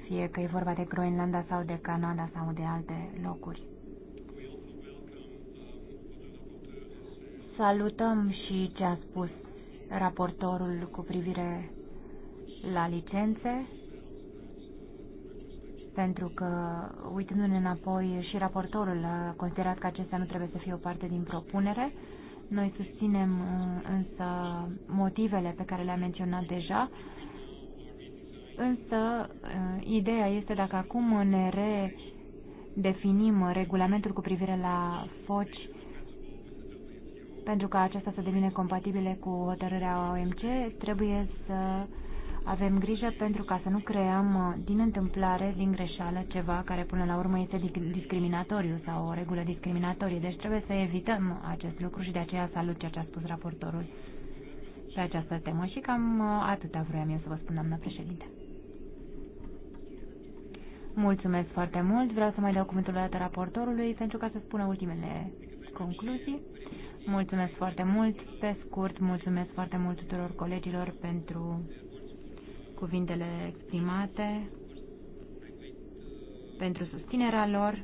fie că e vorba de Groenlanda sau de Canada sau de alte locuri. Salutăm și ce a spus raportorul cu privire la licențe, pentru că, uitându-ne înapoi, și raportorul a considerat că acestea nu trebuie să fie o parte din propunere. Noi susținem uh, însă motivele pe care le-am menționat deja, însă uh, ideea este dacă acum ne redefinim regulamentul cu privire la foci pentru ca aceasta să devine compatibile cu hotărârea OMC, trebuie să avem grijă pentru ca să nu creăm uh, din întâmplare, din greșeală, ceva care până la urmă este discriminatoriu sau o regulă discriminatorie. Deci trebuie să evităm acest lucru și de aceea salut ceea ce a spus raportorul pe această temă și cam uh, atâta vroiam eu să vă spun, doamnă președinte. Mulțumesc foarte mult. Vreau să mai dau cuvântul dată raportorului pentru ca să spună ultimele concluzii. Mulțumesc foarte mult. Pe scurt, mulțumesc foarte mult tuturor colegilor pentru cuvintele exprimate, pentru susținerea lor.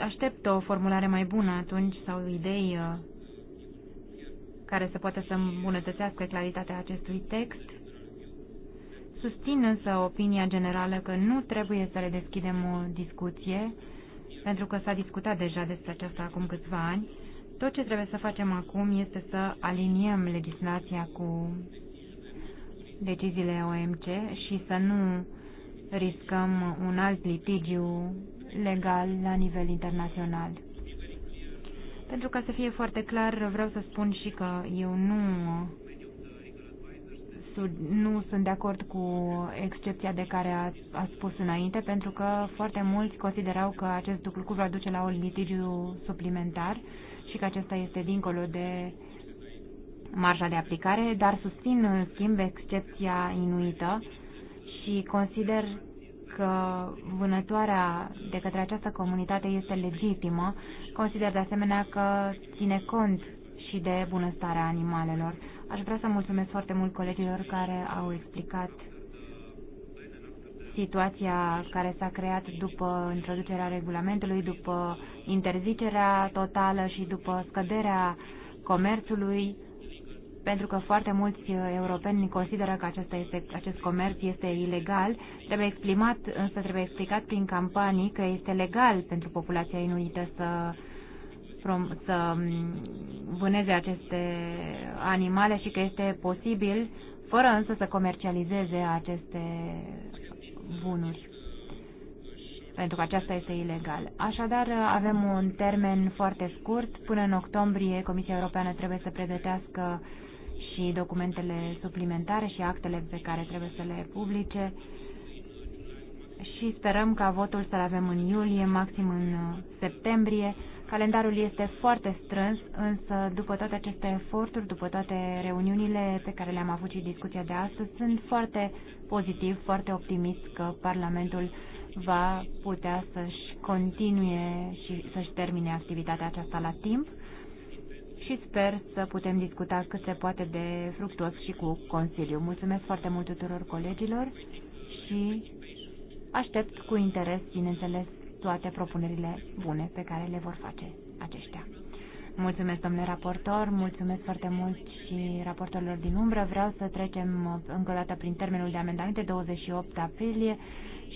Aștept o formulare mai bună atunci sau idei uh, care să poată să îmbunătățească claritatea acestui text. Susțin însă opinia generală că nu trebuie să le deschidem o discuție pentru că s-a discutat deja despre aceasta acum câțiva ani. Tot ce trebuie să facem acum este să aliniem legislația cu deciziile OMC și să nu riscăm un alt litigiu legal la nivel internațional. Pentru ca să fie foarte clar, vreau să spun și că eu nu nu sunt de acord cu excepția de care a, a spus înainte, pentru că foarte mulți considerau că acest lucru va duce la un litigiu suplimentar și că acesta este dincolo de marja de aplicare, dar susțin în schimb excepția inuită și consider că vânătoarea de către această comunitate este legitimă. Consider de asemenea că ține cont și de bunăstarea animalelor. Aș vrea să mulțumesc foarte mult colegilor care au explicat situația care s-a creat după introducerea regulamentului, după interzicerea totală și după scăderea comerțului, pentru că foarte mulți europeni consideră că este, acest comerț este ilegal. Trebuie exprimat, însă trebuie explicat prin campanii că este legal pentru populația inuită să să mm, vâneze aceste animale și că este posibil, fără însă să comercializeze aceste bunuri pentru că aceasta este ilegal. Așadar, avem un termen foarte scurt. Până în octombrie, Comisia Europeană trebuie să pregătească și documentele suplimentare și actele pe care trebuie să le publice și sperăm ca votul să-l avem în iulie, maxim în septembrie, Calendarul este foarte strâns, însă după toate aceste eforturi, după toate reuniunile pe care le-am avut și discuția de astăzi, sunt foarte pozitiv, foarte optimist că Parlamentul va putea să-și continue și să-și termine activitatea aceasta la timp și sper să putem discuta cât se poate de fructuos și cu Consiliu. Mulțumesc foarte mult tuturor colegilor și aștept cu interes, bineînțeles, toate propunerile bune pe care le vor face aceștia. Mulțumesc, domnule raportor, mulțumesc foarte mult și raportorilor din umbră. Vreau să trecem uh, încă o dată prin termenul de amendamente, 28 aprilie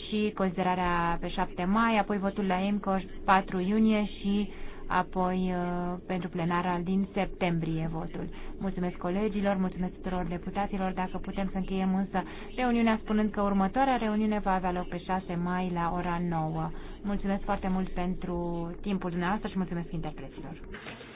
și considerarea pe 7 mai, apoi votul la EMCO 4 iunie și apoi uh, pentru plenara din septembrie votul. Mulțumesc colegilor, mulțumesc tuturor deputaților. Dacă putem să încheiem însă reuniunea spunând că următoarea reuniune va avea loc pe 6 mai la ora 9. Mulțumesc foarte mult pentru timpul dumneavoastră și mulțumesc interpreților.